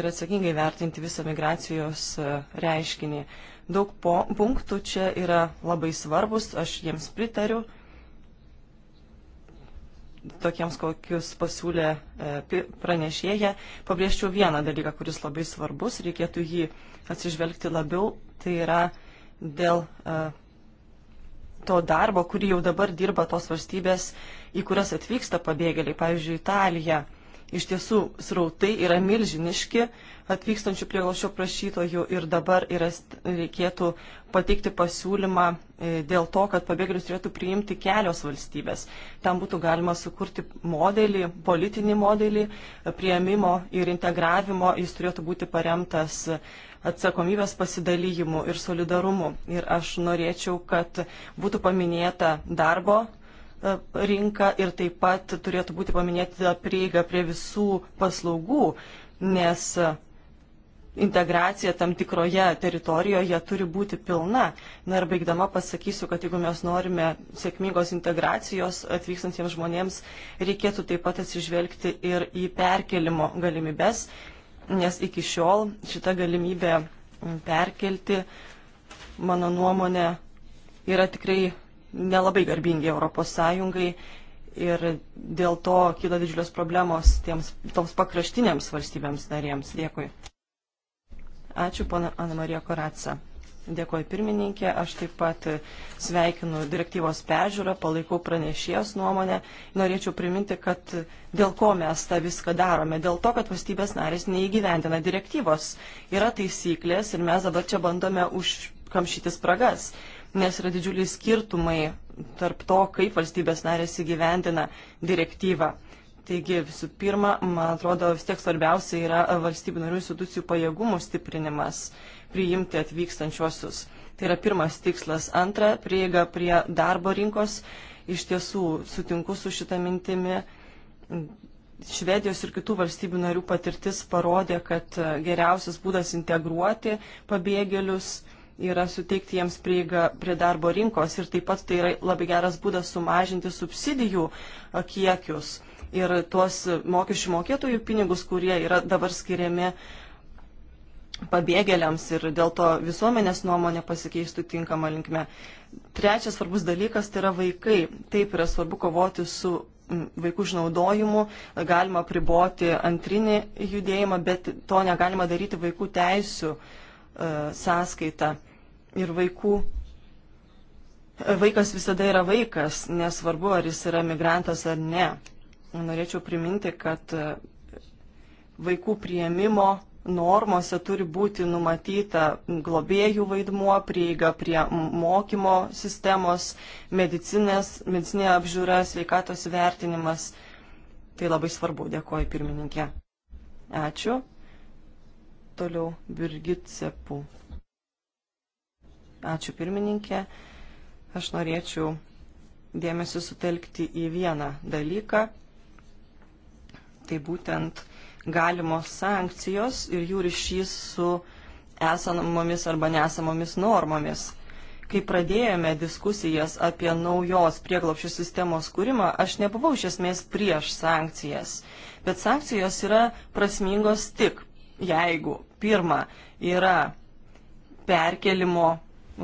ir atsakingai vertinti visą migracijos e, reiškinį. Daug po, punktų čia yra labai svarbus, aš jiems pritariu tokiems, kokius pasiūlė e, pranešėja, pabrėžčiau vieną dalyką, kuris labai svarbus, reikėtų jį atsižvelgti labiau, tai yra dėl e, to darbo, kurį jau dabar dirba tos valstybės, į kurias atvyksta pabėgėliai, pavyzdžiui, Italija. Iš tiesų, srautai yra milžiniški atvykstančių prieglošio prašytojų ir dabar yra, reikėtų pateikti pasiūlymą e, dėl to, kad pabėgėlius turėtų priimti kelios valstybės. Tam būtų galima sukurti modelį, politinį modelį prieimimo ir integravimo. Jis turėtų būti paremtas atsakomybės pasidalyjimu ir solidarumu. Ir aš norėčiau, kad būtų paminėta darbo rinką ir taip pat turėtų būti paminėta prieiga prie visų paslaugų, nes integracija tam tikroje teritorijoje turi būti pilna. Na ir baigdama pasakysiu, kad jeigu mes norime sėkmingos integracijos atvykstantiems žmonėms, reikėtų taip pat atsižvelgti ir į perkelimo galimybės, nes iki šiol šita galimybė perkelti, mano nuomonė, yra tikrai nelabai garbingi Europos Sąjungai ir dėl to kilo didžiulės problemos tiems, toms pakraštinėms valstybėms narėms. Dėkui. Ačiū, pana Ana Marija Koratsa. Dėkoju pirmininkė, aš taip pat sveikinu direktyvos pežiūrą, palaikau pranešėjos nuomonę. Norėčiau priminti, kad dėl ko mes tą viską darome. Dėl to, kad valstybės narės neįgyvendina direktyvos. Yra taisyklės ir mes dabar čia bandome užkamšyti spragas nes yra didžiuliai skirtumai tarp to, kaip valstybės narės įgyvendina direktyvą. Taigi visų pirma, man atrodo, vis tiek svarbiausia yra valstybių narių institucijų pajėgumų stiprinimas priimti atvykstančiosius. Tai yra pirmas tikslas. Antra, prieiga prie darbo rinkos. Iš tiesų sutinku su šitą mintimi. Švedijos ir kitų valstybių narių patirtis parodė, kad geriausias būdas integruoti pabėgėlius yra suteikti jiems prieigą prie darbo rinkos ir taip pat tai yra labai geras būdas sumažinti subsidijų kiekius ir tuos mokesčių mokėtojų pinigus, kurie yra dabar skiriami pabėgėliams ir dėl to visuomenės nuomonė pasikeistų tinkamą linkmę. Trečias svarbus dalykas tai yra vaikai. Taip yra svarbu kovoti su vaikų išnaudojimu, galima priboti antrinį judėjimą, bet to negalima daryti vaikų teisų uh, E, sąskaita. Ir vaikų, e, vaikas visada yra vaikas, nesvarbu, ar jis yra migrantas ar ne. Norėčiau priminti, kad e, vaikų prieimimo normose turi būti numatyta globėjų vaidmuo, prieiga prie mokymo sistemos, medicinė apžiūra, sveikatos vertinimas. Tai labai svarbu. Dėkoju pirmininkė. Ačiū. Toliau Birgit Sepu. Ačiū pirmininkė. Aš norėčiau dėmesį sutelkti į vieną dalyką. Tai būtent galimos sankcijos ir jų ryšys su esamomis arba nesamomis normomis. Kai pradėjome diskusijas apie naujos prieglopščių sistemos kūrimą, aš nebuvau iš esmės prieš sankcijas, bet sankcijos yra prasmingos tik jeigu pirma yra perkelimo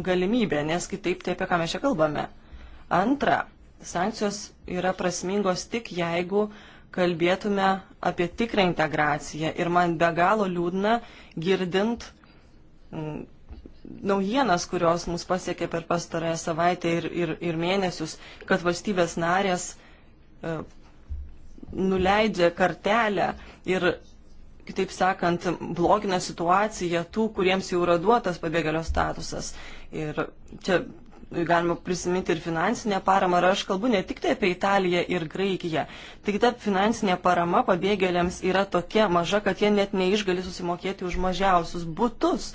galimybė, nes kitaip tai apie ką mes čia kalbame. Antra, sankcijos yra prasmingos tik jeigu kalbėtume apie tikrą integraciją. Ir man be galo liūdna girdint mm, naujienas, kurios mus pasiekė per pastarąją savaitę ir, ir, ir mėnesius, kad valstybės narės e, nuleidžia kartelę ir kitaip sakant, blogina situaciją tų, kuriems jau yra duotas pabėgėlio statusas. Ir čia galima prisiminti ir finansinę paramą, ir aš kalbu ne tik tai apie Italiją ir Graikiją. Tik ta finansinė parama pabėgėliams yra tokia maža, kad jie net neišgali susimokėti už mažiausius būtus.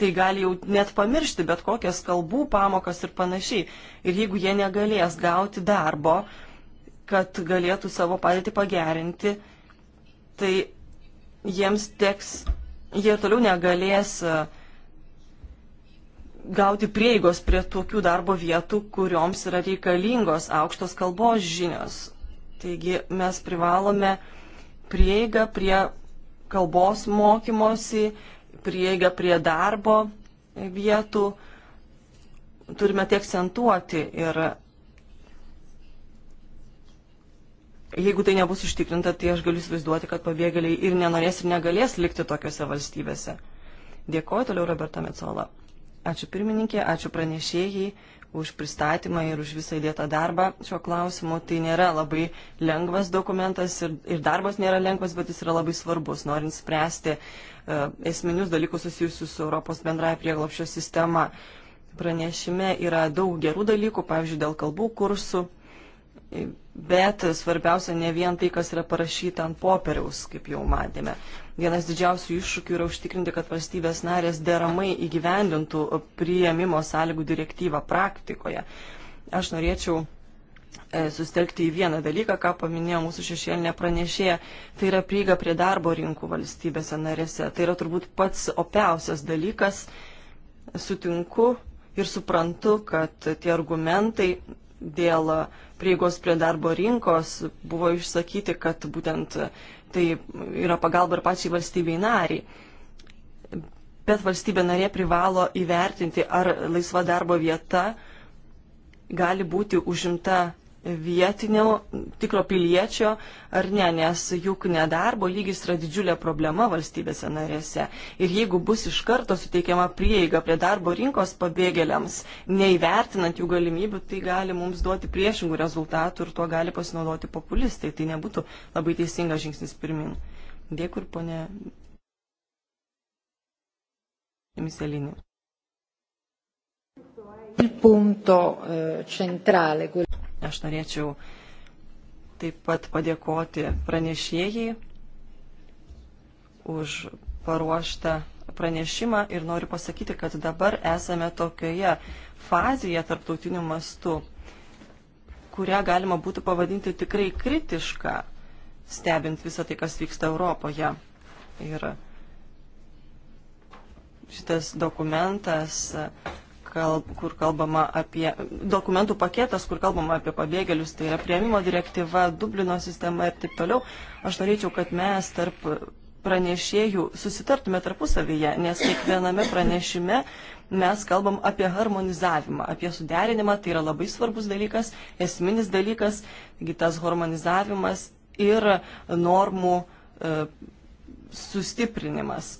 Tai gali jau net pamiršti bet kokias kalbų pamokas ir panašiai. Ir jeigu jie negalės gauti darbo, kad galėtų savo padėtį pagerinti, tai jiems teks, jie toliau negalės e, gauti prieigos prie tokių darbo vietų, kurioms yra reikalingos aukštos kalbos žinios. Taigi mes privalome prieigą prie kalbos mokymosi, prieigą prie darbo vietų turime tiek akcentuoti ir Jeigu tai nebus ištikrinta, tai aš galiu įsivaizduoti, kad pabėgėliai ir nenorės ir negalės likti tokiuose valstybėse. Dėkoju toliau Roberta Metzola. Ačiū pirmininkė, ačiū pranešėjai už pristatymą ir už visą įdėtą darbą šio klausimu. Tai nėra labai lengvas dokumentas ir, ir darbas nėra lengvas, bet jis yra labai svarbus, norint spręsti uh, esminius dalykus susijusius su Europos bendraja prieglopščio sistema. Pranešime yra daug gerų dalykų, pavyzdžiui, dėl kalbų kursų Bet svarbiausia ne vien tai, kas yra parašyta ant popieriaus, kaip jau matėme. Vienas didžiausių iššūkių yra užtikrinti, kad valstybės narės deramai įgyvendintų priėmimo sąlygų direktyvą praktikoje. Aš norėčiau e, sustelkti į vieną dalyką, ką paminėjo mūsų šešėlinė pranešėja, tai yra prieiga prie darbo rinkų valstybėse narėse. Tai yra turbūt pats opiausias dalykas. Sutinku ir suprantu, kad tie argumentai dėl uh, prieigos prie darbo rinkos buvo išsakyti, kad būtent tai yra pagalba ir pačiai valstybei nariai. Bet valstybė narė privalo įvertinti, ar laisva darbo vieta gali būti užimta vietinio tikro piliečio ar ne, nes juk nedarbo lygis yra didžiulė problema valstybėse narėse. Ir jeigu bus iš karto suteikiama prieiga prie darbo rinkos pabėgėliams, neįvertinant jų galimybių, tai gali mums duoti priešingų rezultatų ir tuo gali pasinaudoti populistai. Tai nebūtų labai teisingas žingsnis pirmin. Dėkui, ponė Miselinė. Il punto eh, centrale. Aš norėčiau taip pat padėkoti pranešėjai už paruoštą pranešimą ir noriu pasakyti, kad dabar esame tokioje fazėje tarptautiniu mastu, kurią galima būtų pavadinti tikrai kritišką, stebint visą tai, kas vyksta Europoje. Ir šitas dokumentas kalb, kur kalbama apie dokumentų paketas, kur kalbama apie pabėgėlius, tai yra prieimimo direktyva, Dublino sistema ir taip toliau. Aš norėčiau, kad mes tarp pranešėjų susitartume tarpusavyje, nes kiekviename pranešime mes kalbam apie harmonizavimą, apie suderinimą, tai yra labai svarbus dalykas, esminis dalykas, taigi tas harmonizavimas ir normų e, sustiprinimas.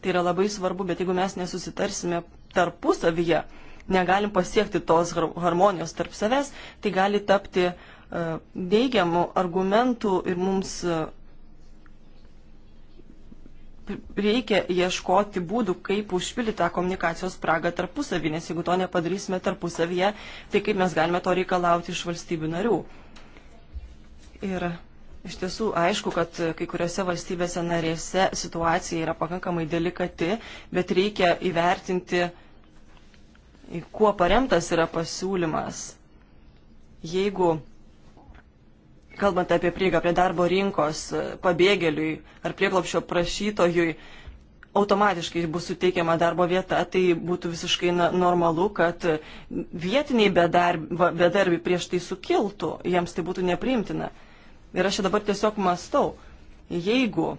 Tai yra labai svarbu, bet jeigu mes nesusitarsime tarpusavyje negalim pasiekti tos harmonijos tarp savęs, tai gali tapti e, neigiamų argumentų ir mums e, reikia ieškoti būdų, kaip užpildyti tą komunikacijos spragą tarpusavį, nes jeigu to nepadarysime tarpusavyje, tai kaip mes galime to reikalauti iš valstybių narių. Ir Iš tiesų, aišku, kad kai kuriuose valstybėse narėse situacija yra pakankamai delikati, bet reikia įvertinti, kuo paremtas yra pasiūlymas. Jeigu, kalbant apie prieigą prie darbo rinkos pabėgėliui ar prieglopšio prašytojui, automatiškai bus suteikiama darbo vieta, tai būtų visiškai normalu, kad vietiniai bedarbi, bedarbi prieš tai sukiltų, jiems tai būtų nepriimtina. Ir aš čia dabar tiesiog mastau, jeigu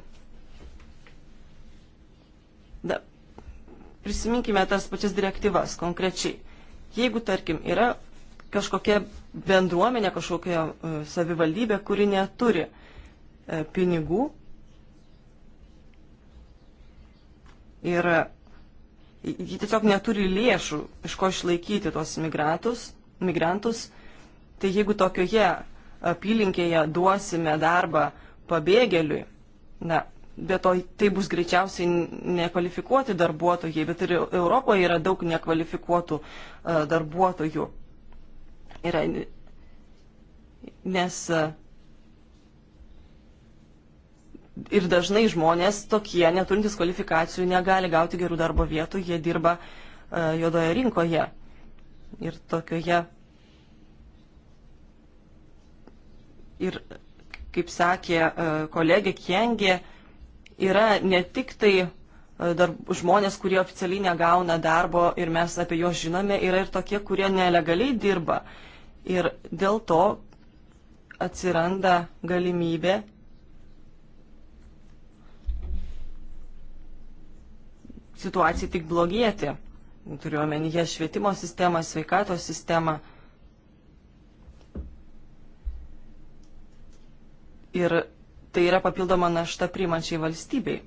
da, prisiminkime tas pačias direktyvas konkrečiai. Jeigu, tarkim, yra kažkokia bendruomenė, kažkokia uh, savivaldybė, kuri neturi uh, pinigų ir uh, ji tiesiog neturi lėšų, iš ko išlaikyti tuos migratus, migrantus, tai jeigu tokioje apylinkėje duosime darbą pabėgėliui, na, bet to tai bus greičiausiai nekvalifikuoti darbuotojai, bet ir Europoje yra daug nekvalifikuotų uh, darbuotojų. Yra, nes uh, ir dažnai žmonės tokie, neturintys kvalifikacijų, negali gauti gerų darbo vietų, jie dirba uh, juodoje rinkoje. Ir tokioje ir, kaip sakė e, kolegė Kiengė, yra ne tik tai e, darb, žmonės, kurie oficialiai negauna darbo ir mes apie juos žinome, yra ir tokie, kurie nelegaliai dirba. Ir dėl to atsiranda galimybė situacijai tik blogėti. Turiuomenyje švietimo sistemą, sveikatos sistemą. ir tai yra papildoma našta priimančiai valstybei.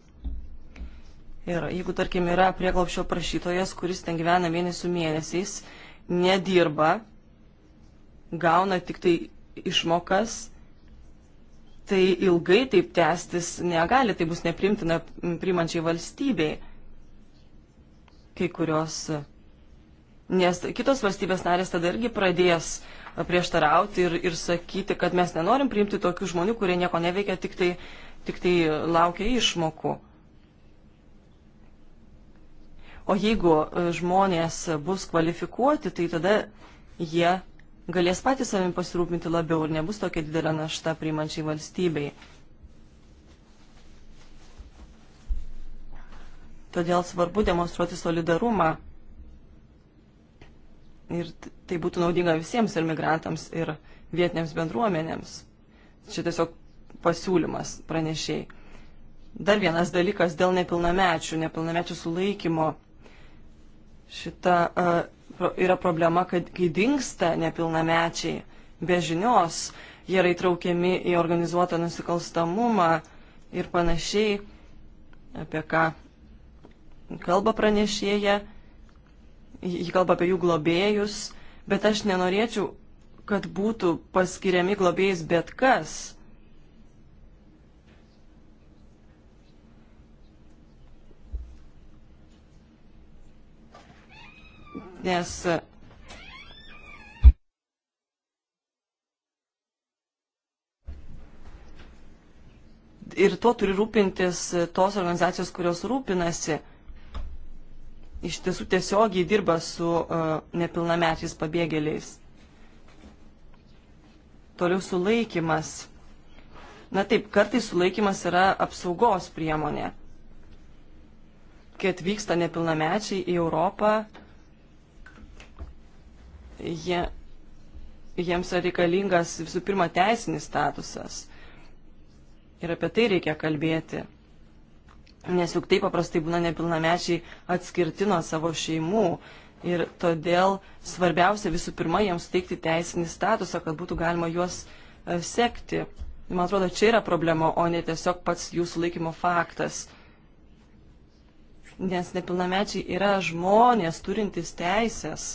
Ir jeigu, tarkim, yra prieglopšio prašytojas, kuris ten gyvena mėnesių mėnesiais, nedirba, gauna tik tai išmokas, tai ilgai taip tęstis negali, tai bus neprimtina priimančiai valstybei. Kai kurios Nes kitos valstybės narės tada irgi pradės prieštarauti ir, ir sakyti, kad mes nenorim priimti tokių žmonių, kurie nieko neveikia, tik tai, tik tai laukia išmokų. O jeigu e, žmonės bus kvalifikuoti, tai tada jie galės patys savim pasirūpinti labiau ir nebus tokia didelė našta priimančiai valstybei. Todėl svarbu demonstruoti solidarumą Ir tai būtų naudinga visiems ir migrantams, ir vietiniams bendruomenėms. Čia tiesiog pasiūlymas pranešiai. Dar vienas dalykas dėl nepilnamečių, nepilnamečių sulaikymo. Šita uh, yra problema, kad kai dinksta nepilnamečiai be žinios, jie yra įtraukiami į organizuotą nusikalstamumą ir panašiai, apie ką kalba pranešėja ji kalba apie jų globėjus, bet aš nenorėčiau, kad būtų paskiriami globėjais bet kas. Nes ir tuo turi rūpintis tos organizacijos, kurios rūpinasi iš tiesų tiesiogiai dirba su uh, nepilnamečiais pabėgėliais. Toliau sulaikimas. Na taip, kartais sulaikimas yra apsaugos priemonė. Kai atvyksta nepilnamečiai į Europą, jie, jiems yra reikalingas visų pirma teisinis statusas. Ir apie tai reikia kalbėti nes juk taip paprastai būna nepilnamečiai atskirti nuo savo šeimų. Ir todėl svarbiausia visų pirma jiems teikti teisinį statusą, kad būtų galima juos e, sekti. Man atrodo, čia yra problema, o ne tiesiog pats jų sulaikymo faktas. Nes nepilnamečiai yra žmonės turintys teisės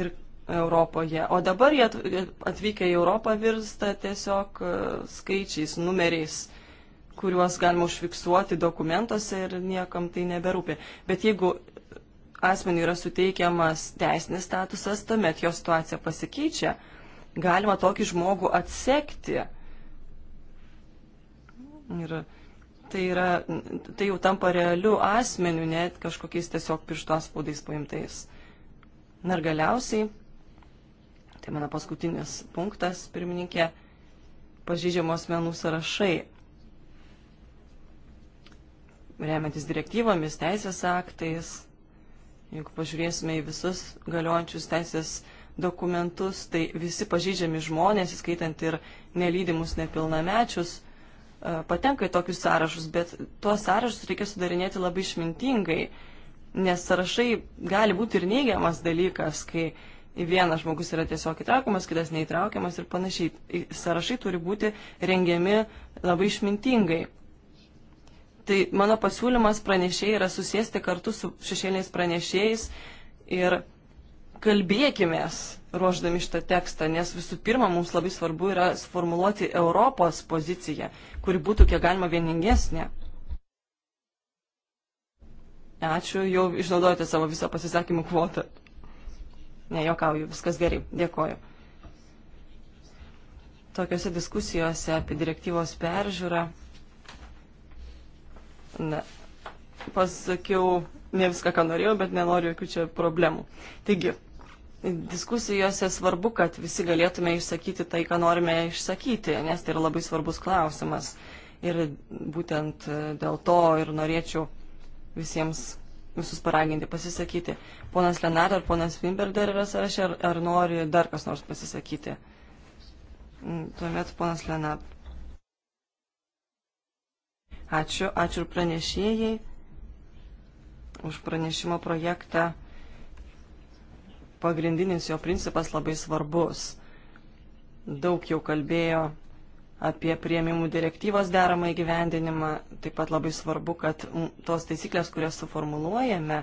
ir Europoje. O dabar jie atvykę į Europą virsta tiesiog e, skaičiais, numeriais kuriuos galima užfiksuoti dokumentuose ir niekam tai neberūpi. Bet jeigu asmeniui yra suteikiamas teisinis statusas, tuomet jo situacija pasikeičia. Galima tokį žmogų atsekti. Ir tai, yra, tai jau tampa realiu asmeniu, net kažkokiais tiesiog pirštos spaudais paimtais. Na ir galiausiai, tai mano paskutinis punktas, pirmininkė, pažydžiamos menų sąrašai remiantis direktyvomis, teisės aktais. Jeigu pažiūrėsime į visus galiojančius teisės dokumentus, tai visi pažydžiami žmonės, įskaitant ir nelydimus nepilnamečius, e, patenka į tokius sąrašus, bet tuos sąrašus reikia sudarinėti labai išmintingai, nes sąrašai gali būti ir neigiamas dalykas, kai vienas žmogus yra tiesiog įtraukiamas, kitas neįtraukiamas ir panašiai. Sąrašai turi būti rengiami labai išmintingai. Tai mano pasiūlymas pranešėjai yra susėsti kartu su šešėliais pranešėjais ir kalbėkimės ruoždami šitą tekstą, nes visų pirma mums labai svarbu yra sformuluoti Europos poziciją, kuri būtų kiek galima vieningesnė. Ačiū, jau išnaudojate savo visą pasisakymų kvotą. Ne, jokauju, viskas gerai, dėkoju. Tokiuose diskusijose apie direktyvos peržiūrą Na, pasakiau ne viską, ką norėjau, bet nenoriu jokių čia problemų. Taigi, diskusijose svarbu, kad visi galėtume išsakyti tai, ką norime išsakyti, nes tai yra labai svarbus klausimas. Ir būtent e, dėl to ir norėčiau visiems visus paraginti pasisakyti. Ponas Lenar ar ponas Wimberger yra sąraše, ar, ar nori dar kas nors pasisakyti? Mm, tuomet ponas Lenar. Ačiū, ačiū ir pranešėjai už pranešimo projektą. Pagrindinis jo principas labai svarbus. Daug jau kalbėjo apie prieimimų direktyvos deramą įgyvendinimą. Taip pat labai svarbu, kad tos taisyklės, kurias suformuluojame,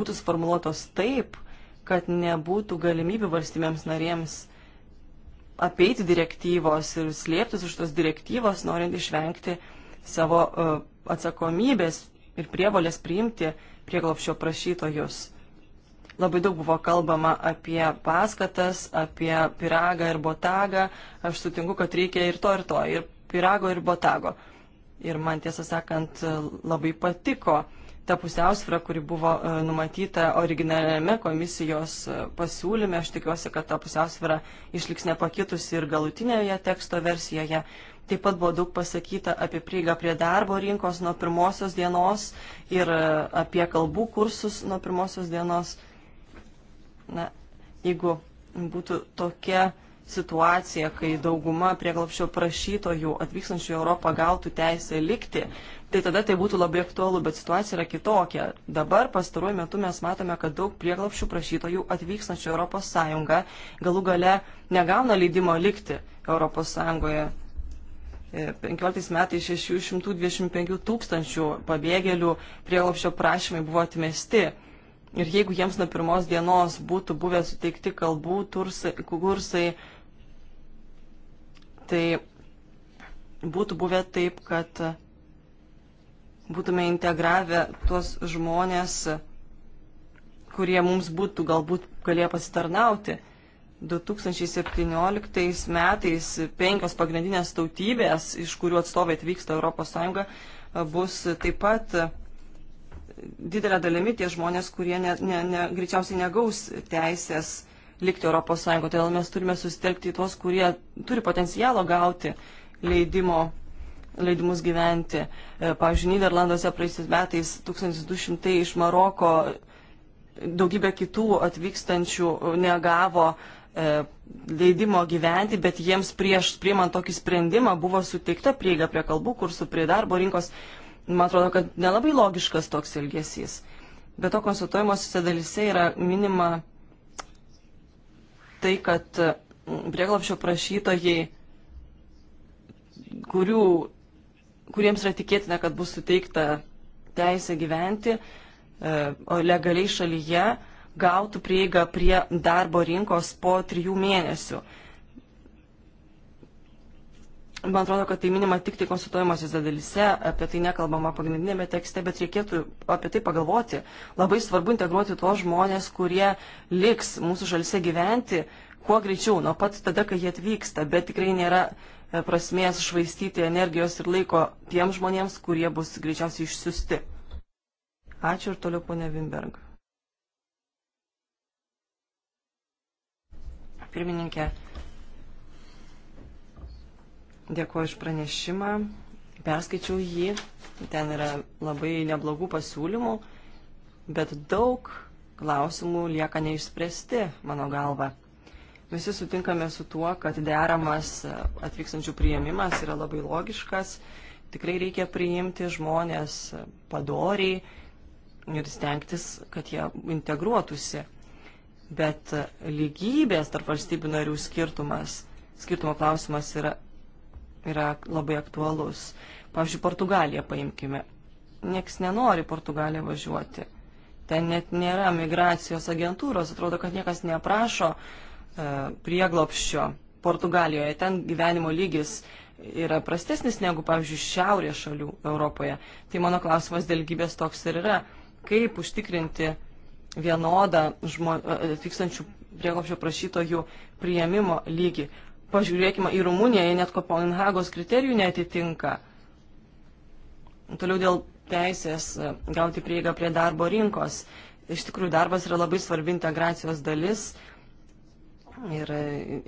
būtų sformuluotos taip, kad nebūtų galimybių valstybėms narėms apeiti direktyvos ir slėptis už tos direktyvos, norint išvengti savo e, atsakomybės ir prievolės priimti prieglopščio prašytojus. Labai daug buvo kalbama apie paskatas, apie piragą ir botagą. Aš sutinku, kad reikia ir to, ir to, ir pirago, ir botago. Ir man tiesą sakant labai patiko ta pusiausvyrą, kuri buvo e, numatyta originaliame komisijos e, pasiūlyme. Aš tikiuosi, kad ta pusiausvyrą išliks nepakitusi ir galutinėje teksto versijoje. Taip pat buvo daug pasakyta apie prieigą prie darbo rinkos nuo pirmosios dienos ir e, apie kalbų kursus nuo pirmosios dienos. Na, jeigu būtų tokia situacija, kai dauguma prieglapščio prašytojų atvykstančių į Europą gautų teisę likti, tai tada tai būtų labai aktualu, bet situacija yra kitokia. Dabar pastaruoju metu mes matome, kad daug prieglapščių prašytojų atvykstančių Europos Sąjungą galų gale negauna leidimo likti Europos Sąjungoje 15 e, metais 625 tūkstančių pabėgėlių prieglopščio prašymai buvo atmesti. Ir jeigu jiems nuo pirmos dienos būtų buvę suteikti kalbų tursai, kursai, tai būtų buvę taip, kad būtume integravę tuos žmonės, kurie mums būtų galbūt galėję pasitarnauti. 2017 metais penkios pagrindinės tautybės, iš kurių atstovai atvyksta ES, bus taip pat didelė dalimi tie žmonės, kurie ne, ne, ne, greičiausiai negaus teisės likti ES. Todėl mes turime susitelkti į tuos, kurie turi potencialo gauti leidimo, leidimus gyventi. E, pavyzdžiui, Niderlanduose praeisiais metais 1200 iš Maroko daugybė kitų atvykstančių negavo uh, E, leidimo gyventi, bet jiems prieš priimant tokį sprendimą buvo suteikta prieiga prie kalbų kursų, prie darbo rinkos. Man atrodo, kad nelabai logiškas toks elgesys. Be to konsultuojamosiose dalyse yra minima tai, kad e, prieglapšio prašytojai, kurių, kuriems yra tikėtina, kad bus suteikta teisė gyventi, e, o legaliai šalyje gautų prieigą prie darbo rinkos po trijų mėnesių. Man atrodo, kad tai minima tik tai konsultuojamosios dalyse, apie tai nekalbama pagrindinėme tekste, bet reikėtų apie tai pagalvoti. Labai svarbu integruoti tuos žmonės, kurie liks mūsų šalise gyventi kuo greičiau, nuo pat tada, kai jie atvyksta, bet tikrai nėra e, prasmės švaistyti energijos ir laiko tiems žmonėms, kurie bus greičiausiai išsiusti. Ačiū ir toliau ponė Vimberg. pirmininkė. Dėkuoju iš pranešimą, perskaičiau jį, ten yra labai neblogų pasiūlymų, bet daug klausimų lieka neišspręsti, mano galva. Visi sutinkame su tuo, kad deramas atvykstančių priėmimas yra labai logiškas, tikrai reikia priimti žmonės padoriai ir stengtis, kad jie integruotųsi bet lygybės tarp valstybių narių skirtumas, skirtumo klausimas yra, yra labai aktualus. Pavyzdžiui, Portugaliją paimkime. Niekas nenori Portugaliją važiuoti. Ten net nėra migracijos agentūros, atrodo, kad niekas neprašo e, prieglopščio Portugalijoje. Ten gyvenimo lygis yra prastesnis negu, pavyzdžiui, šiaurės šalių Europoje. Tai mano klausimas dėl lygybės toks ir yra. Kaip užtikrinti vienodą žmo, atvykstančių prieglopščio prašytojų prieimimo lygį. Pažiūrėkime į Rumuniją, jie net Kopenhagos kriterijų netitinka. Toliau dėl teisės gauti prieigą prie darbo rinkos. Iš tikrųjų, darbas yra labai svarbi integracijos dalis. Ir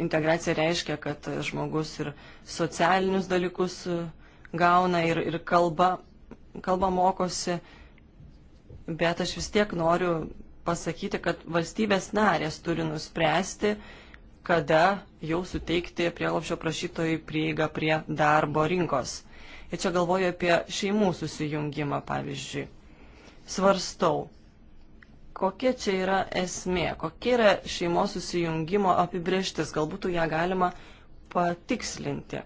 integracija reiškia, kad žmogus ir socialinius dalykus gauna ir, ir kalba, kalba mokosi, bet aš vis tiek noriu pasakyti, kad valstybės narės turi nuspręsti, kada jau suteikti prieglopšio prašytojai prieigą prie darbo rinkos. Ir čia galvoju apie šeimų susijungimą, pavyzdžiui. Svarstau, kokia čia yra esmė, kokia yra šeimos susijungimo apibrieštis, galbūt ją galima patikslinti.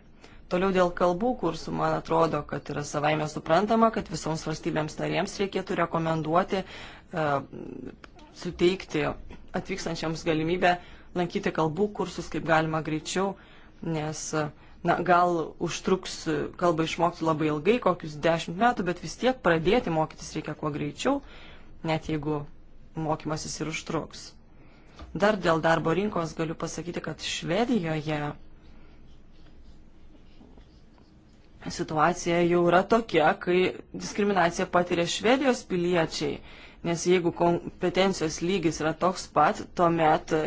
Toliau dėl kalbų kursų, man atrodo, kad yra savaime suprantama, kad visoms valstybėms narėms reikėtų rekomenduoti e, suteikti atvykstančiams galimybę lankyti kalbų kursus kaip galima greičiau, nes na, gal užtruks kalbą išmokti labai ilgai, kokius dešimt metų, bet vis tiek pradėti mokytis reikia kuo greičiau, net jeigu mokymasis ir užtruks. Dar dėl darbo rinkos galiu pasakyti, kad Švedijoje situacija jau yra tokia, kai diskriminacija patiria švedijos piliečiai, nes jeigu kompetencijos lygis yra toks pat, tuomet e,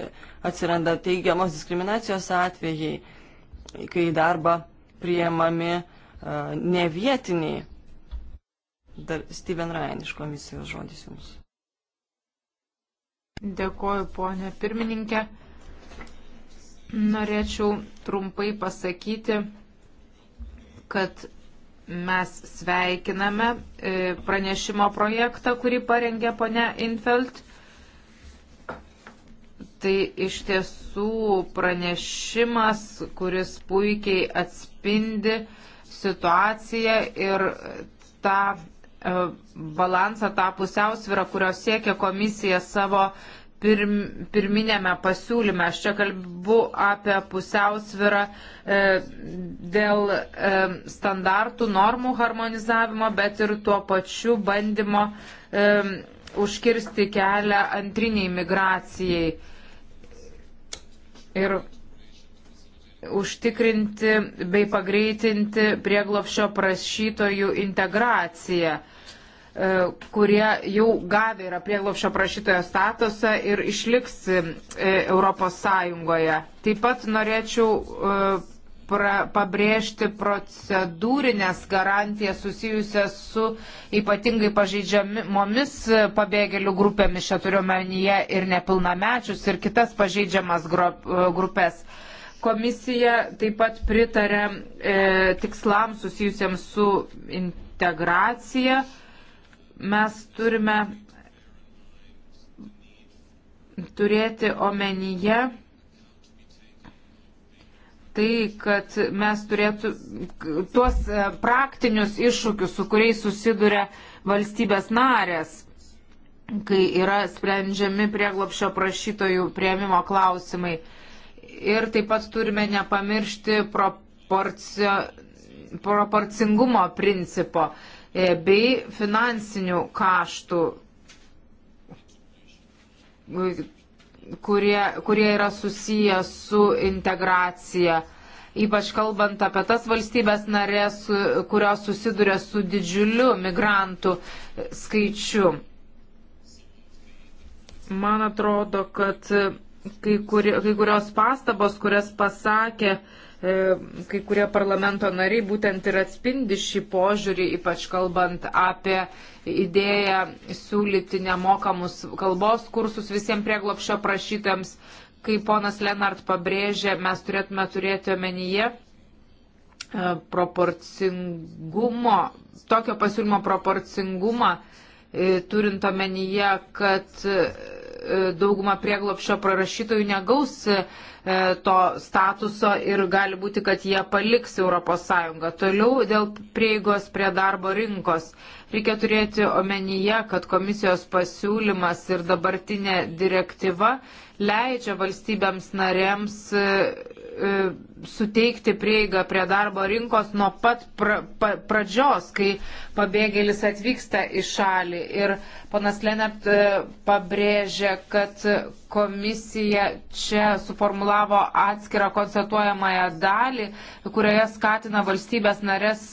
atsiranda teigiamos diskriminacijos atvejai, kai darbą priemami e, ne vietiniai. Dar Steven Ryan iš komisijos žodis jums. Dėkoju, ponė pirmininkė. Norėčiau trumpai pasakyti, kad mes sveikiname e, pranešimo projektą, kurį parengė ponia Infeld. Tai iš tiesų pranešimas, kuris puikiai atspindi situaciją ir tą e, balansą, tą pusiausvyrą, kurios siekia komisija savo pirm, pirminėme pasiūlyme. Aš čia kalbu apie pusiausvirą e, dėl e, standartų normų harmonizavimo, bet ir tuo pačiu bandymo e, užkirsti kelią antriniai migracijai. Ir užtikrinti bei pagreitinti prieglopšio prašytojų integraciją. E, E, kurie jau gavę yra prieglopšio prašytojo statusą ir išliks e, Europos Sąjungoje. Taip pat norėčiau e, pra, pabrėžti procedūrinės garantijas susijusias su ypatingai pažeidžiamomis pabėgėlių grupėmis, čia turiuomenyje ir nepilnamečius, ir kitas pažeidžiamas grupės. Komisija taip pat pritarė e, tikslams susijusiems su integracija. E, mes turime turėti omenyje tai, kad mes turėtų tuos e, praktinius iššūkius, su kuriais susiduria valstybės narės, kai yra sprendžiami prieglopšio prašytojų prieimimo klausimai. Ir taip pat turime nepamiršti proporcio, proporcingumo principo. E, bei finansinių kaštų, kurie, kurie yra susiję su integracija ypač kalbant apie tas valstybės narės, kurios susiduria su didžiuliu migrantų skaičiu. Man atrodo, kad kai, kuri, kai kurios pastabos, kurias pasakė E, kai kurie parlamento nariai būtent ir atspindi šį požiūrį, ypač kalbant apie idėją siūlyti nemokamus kalbos kursus visiems prieglopšio prašytams. Kai ponas Lenart pabrėžė, mes turėtume turėti omenyje e, proporcingumo, tokio pasiūlymo proporcingumą, e, turint omenyje, kad dauguma prieglopšio prarašytojų negaus e, to statuso ir gali būti, kad jie paliks ES. Toliau dėl prieigos prie darbo rinkos. Reikia turėti omenyje, kad komisijos pasiūlymas ir dabartinė direktyva leidžia valstybėms narėms e, E, suteikti prieigą prie darbo rinkos nuo pat pra, pa, pradžios, kai pabėgėlis atvyksta į šalį. Ir ponas Lenart e, pabrėžė, kad komisija čia suformulavo atskirą konstatuojamąją dalį, kurioje skatina valstybės narės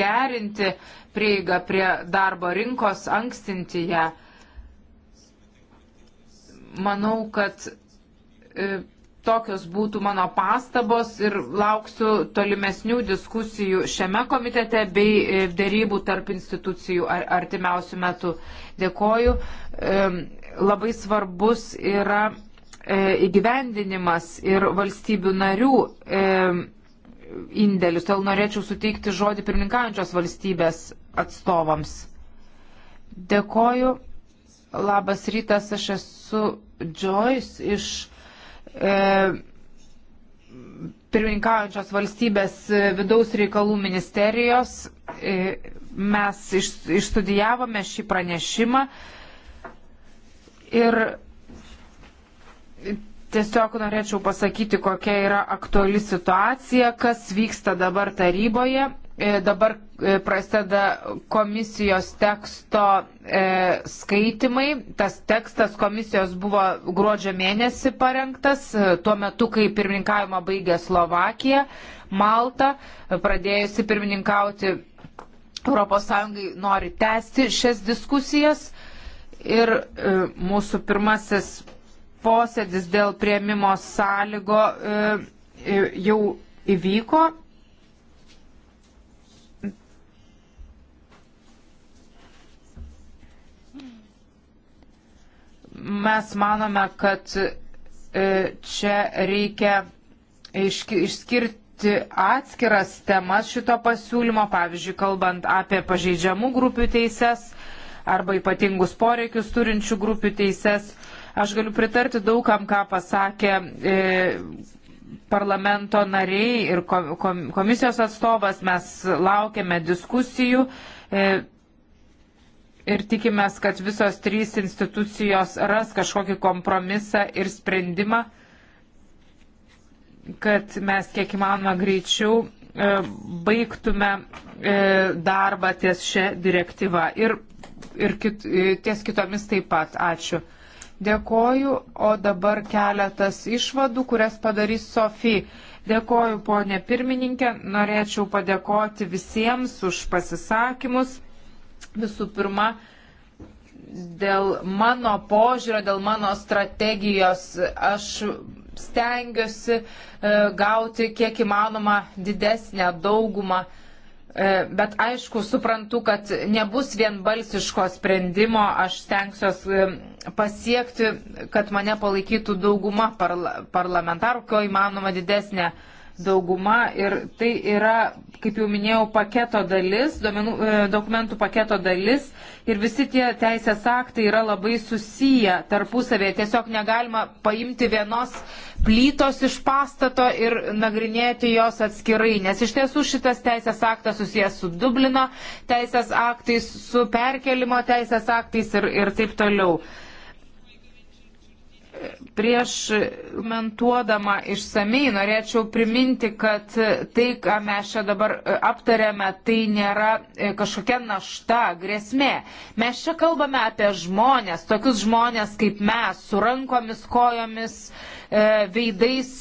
gerinti prieigą prie darbo rinkos, ankstinti ją. Manau, kad e, tokios būtų mano pastabos ir lauksiu tolimesnių diskusijų šiame komitete bei e, dėrybų tarp institucijų artimiausių metų. Dėkoju. Labai svarbus yra e, įgyvendinimas ir valstybių narių indėlius. Todėl norėčiau suteikti žodį pirmininkaujančios valstybės atstovams. Dėkoju. Labas rytas, aš esu Joyce iš e, pirmininkaujančios valstybės vidaus reikalų ministerijos. E, mes iš, išstudijavome šį pranešimą ir tiesiog norėčiau pasakyti, kokia yra aktuali situacija, kas vyksta dabar taryboje E, dabar e, prasideda komisijos teksto e, skaitimai. Tas tekstas komisijos buvo gruodžio mėnesį parengtas, e, tuo metu, kai pirmininkavimą baigė Slovakija, Malta, pradėjusi pirmininkauti ES nori tęsti šias diskusijas. Ir e, mūsų pirmasis posėdis dėl prieimimo sąlygo e, jau įvyko mes manome, kad e, čia reikia išskirti atskiras temas šito pasiūlymo, pavyzdžiui, kalbant apie pažeidžiamų grupių teises arba ypatingus poreikius turinčių grupių teises. Aš galiu pritarti daugam, ką pasakė e, parlamento nariai ir komisijos atstovas. Mes laukiame diskusijų. E, ir tikimės, kad visos trys institucijos ras kažkokį kompromisą ir sprendimą, kad mes kiek įmanoma greičiau e, baigtume e, darbą ties šią direktyvą ir, ir kit, e, ties kitomis taip pat. Ačiū. Dėkoju, o dabar keletas išvadų, kurias padarys Sofija. Dėkoju, ponė pirmininkė, norėčiau padėkoti visiems už pasisakymus. Visų pirma, dėl mano požiūrio, dėl mano strategijos aš stengiuosi e, gauti kiek įmanoma didesnę daugumą, e, bet aišku, suprantu, kad nebus vienbalsiško sprendimo, aš stengsiuosi e, pasiekti, kad mane palaikytų dauguma parla parlamentarų, kuo įmanoma didesnė. E, dauguma ir tai yra, kaip jau minėjau, paketo dalis, duomenų, e, dokumentų paketo dalis ir visi tie teisės aktai yra labai susiję tarpusavėje. Tiesiog negalima paimti vienos plytos iš pastato ir nagrinėti jos atskirai, nes iš tiesų šitas teisės aktas susijęs su Dublino teisės aktais, su perkelimo teisės aktais ir, ir taip toliau prieš mentuodama išsamei norėčiau priminti, kad tai, ką mes čia dabar e, aptarėme, tai nėra e, kažkokia našta, grėsmė. Mes čia kalbame apie žmonės, tokius žmonės kaip mes, su rankomis, kojomis, e, veidais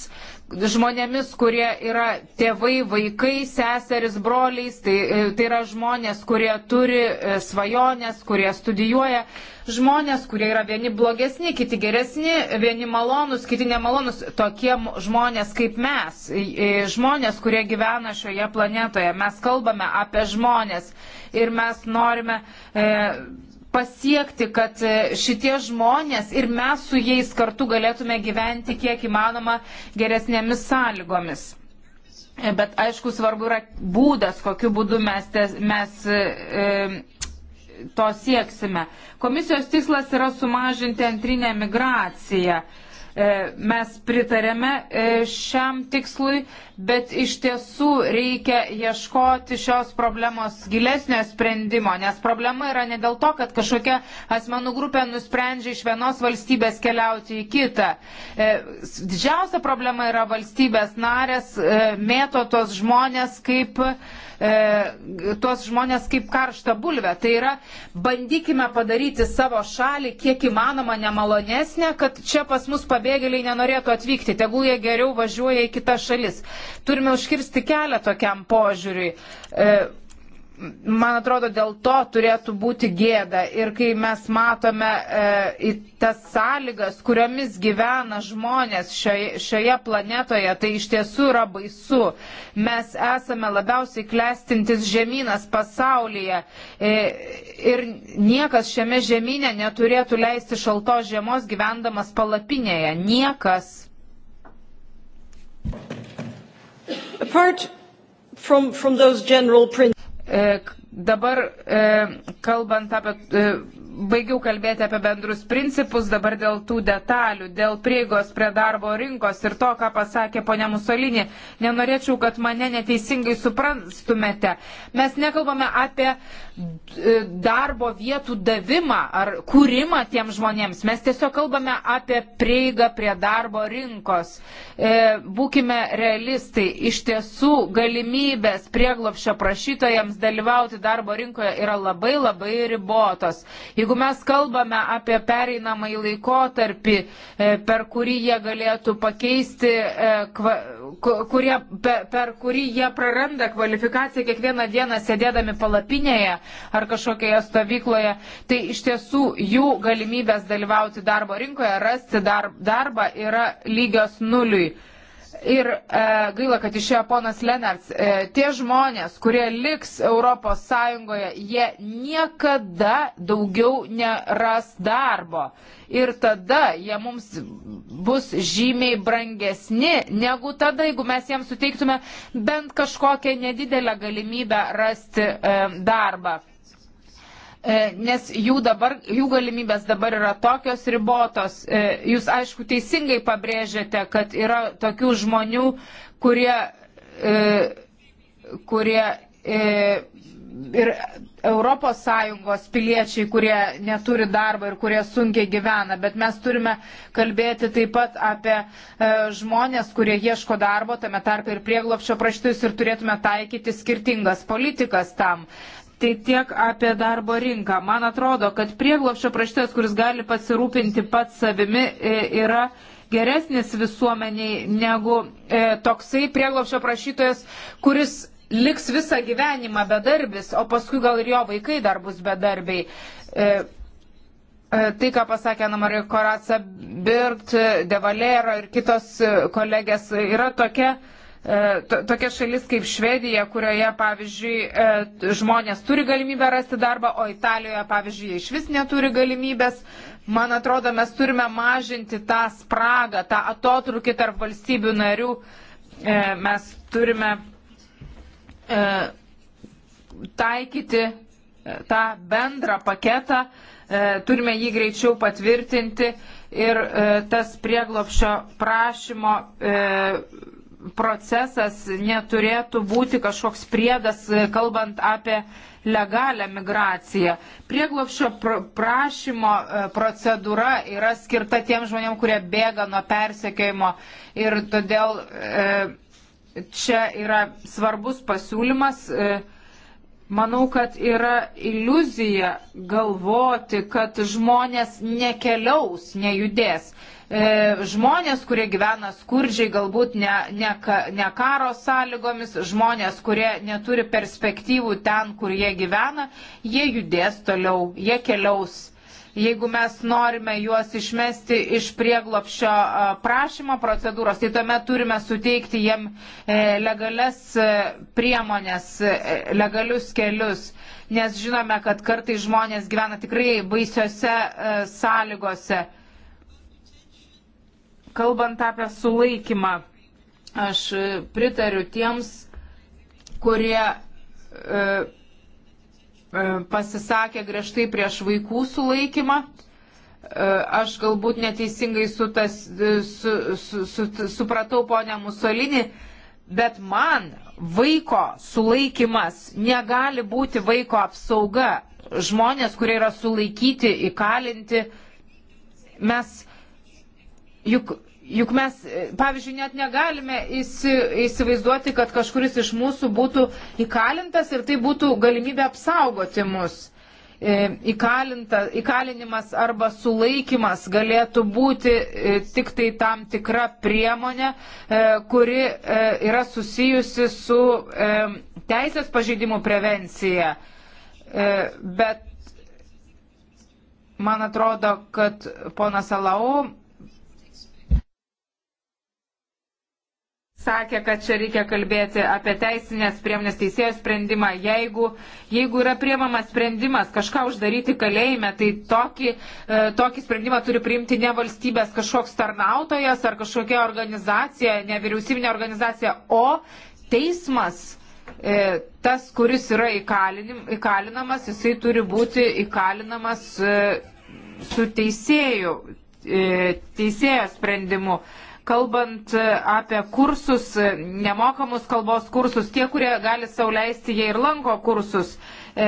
žmonėmis, kurie yra tėvai, vaikai, seseris, broliais, tai, e, tai yra žmonės, kurie turi e, svajonės, kurie studijuoja, žmonės, kurie yra vieni blogesni, kiti geresni, vieni malonus, kiti nemalonus, tokie žmonės kaip mes, e, žmonės, kurie gyvena šioje planetoje. Mes kalbame apie žmonės ir mes norime. E, pasiekti, kad e, šitie žmonės ir mes su jais kartu galėtume gyventi kiek įmanoma geresnėmis sąlygomis. E, bet aišku, svarbu yra būdas, kokiu būdu mes, te, mes e, e to sieksime. Komisijos tikslas yra sumažinti antrinę migraciją. E, E, mes pritarėme e, šiam tikslui, bet iš tiesų reikia ieškoti šios problemos gilesnio sprendimo, nes problema yra ne dėl to, kad kažkokia asmenų grupė nusprendžia iš vienos valstybės keliauti į kitą. E, didžiausia problema yra valstybės narės, mėto tos žmonės kaip e, tuos žmonės kaip karštą bulvę. Tai yra, bandykime padaryti savo šalį kiek įmanoma nemalonesnę, kad čia pas mus pavėluotų pabėgėliai nenorėtų atvykti, tegu jie geriau važiuoja į kitas šalis. Turime užkirsti kelią tokiam požiūriui. E, man atrodo, dėl to turėtų būti gėda. Ir kai mes matome e, tas sąlygas, kuriomis gyvena žmonės šioje, šioje planetoje, tai iš tiesų yra baisu. Mes esame labiausiai klestintis žemynas pasaulyje e, ir niekas šiame žemynė neturėtų leisti šaltos žiemos gyvendamas palapinėje. Niekas. Apart from, from those general principles. E, dabar e, kalbant apie, e, baigiau kalbėti apie bendrus principus, dabar dėl tų detalių, dėl prieigos prie darbo rinkos ir to, ką pasakė ponia Musolinė, nenorėčiau, kad mane neteisingai suprastumėte. Mes nekalbame apie E, darbo vietų davimą ar kūrimą tiem žmonėms. Mes tiesiog kalbame apie prieigą prie darbo rinkos. E, būkime realistai, iš tiesų galimybės prieglopšio prašytojams dalyvauti darbo rinkoje yra labai labai ribotos. Jeigu mes kalbame apie pereinamąjį laikotarpį, e, per kurį jie galėtų pakeisti, kurie, per kurį jie praranda kvalifikaciją kiekvieną dieną sėdėdami palapinėje, ar kažkokioje stovykloje, tai iš tiesų jų galimybės dalyvauti darbo rinkoje, rasti darbą yra lygios nuliui. Ir e, gaila, kad išėjo ponas Lenars. E, tie žmonės, kurie liks Europos Sąjungoje, jie niekada daugiau neras darbo. Ir tada jie mums bus žymiai brangesni, negu tada, jeigu mes jiems suteiktume bent kažkokią nedidelę galimybę rasti e, darbą. E, nes jų, dabar, jų galimybės dabar yra tokios ribotos. E, jūs aišku teisingai pabrėžiate, kad yra tokių žmonių, kurie, e, kurie ir ES piliečiai, kurie neturi darbo ir kurie sunkiai gyvena, bet mes turime kalbėti taip pat apie e, žmonės, kurie ieško darbo, tame tarpe ir prieglopščio praštus ir turėtume taikyti skirtingas politikas tam. Tai tiek apie darbo rinką. Man atrodo, kad prieglopščio prašytas, kuris gali pasirūpinti pats savimi, e, yra geresnis visuomeniai negu e, toksai prieglopščio prašytojas, kuris liks visą gyvenimą bedarbis, o paskui gal ir jo vaikai dar bus bedarbiai. E, tai, ką pasakė Namarija Koraca Birt, Devalero ir kitos kolegės, yra tokia E, tokia šalis kaip Švedija, kurioje, pavyzdžiui, e, žmonės turi galimybę rasti darbą, o Italijoje, pavyzdžiui, jie iš vis neturi galimybės. Man atrodo, mes turime mažinti tą spragą, tą atotrukį tarp valstybių narių. E, mes turime taikyti tą bendrą paketą, turime jį greičiau patvirtinti ir tas prieglopšio prašymo procesas neturėtų būti kažkoks priedas, e, kalbant apie legalią migraciją. Prieglopšio prašymo e, procedūra yra skirta tiem žmonėm, kurie bėga nuo persekiojimo ir todėl e, čia yra svarbus pasiūlymas. Manau, kad yra iliuzija galvoti, kad žmonės nekeliaus, nejudės e, žmonės, kurie gyvena skurdžiai, galbūt ne, ne, ne karo sąlygomis, žmonės, kurie neturi perspektyvų ten, kur jie gyvena, jie judės toliau, jie keliaus. Jeigu mes norime juos išmesti iš prieglopšio e, prašymo procedūros, tai tuomet turime suteikti jiem e, legales e, priemonės, legalius kelius nes žinome, kad kartai žmonės gyvena tikrai baisiose e, sąlygose kalbant apie sulaikymą, aš e, pritariu tiems, kurie e, e, pasisakė griežtai prieš vaikų sulaikymą. E, aš galbūt neteisingai su tas, su, su, su, supratau ponę Musolinį, bet man vaiko sulaikimas negali būti vaiko apsauga. Žmonės, kurie yra sulaikyti, įkalinti, mes Juk, juk mes, e, pavyzdžiui, net negalime įsi, įsivaizduoti, kad kažkuris iš mūsų būtų įkalintas ir tai būtų galimybė apsaugoti mus. E, įkalinta, įkalinimas arba sulaikimas galėtų būti e, tik tai tam tikra priemonė, kuri yra susijusi su teisės pažeidimų prevencija. Bet man atrodo, kad ponas Alau sakė, kad čia reikia kalbėti apie teisinės priemonės teisėjo sprendimą. Jeigu, jeigu yra priemamas sprendimas kažką uždaryti kalėjime, tai tokį, e, tokį sprendimą turi priimti ne valstybės kažkoks tarnautojas ar kažkokia organizacija, nevyriausybinė organizacija, o teismas. E, tas, kuris yra įkalinim, įkalinamas, jisai turi būti įkalinamas e, su teisėju, e, teisėjo sprendimu. E, kalbant e, apie kursus, e, nemokamus kalbos kursus, tie, kurie gali sauliaisti, jie ir lanko kursus, e,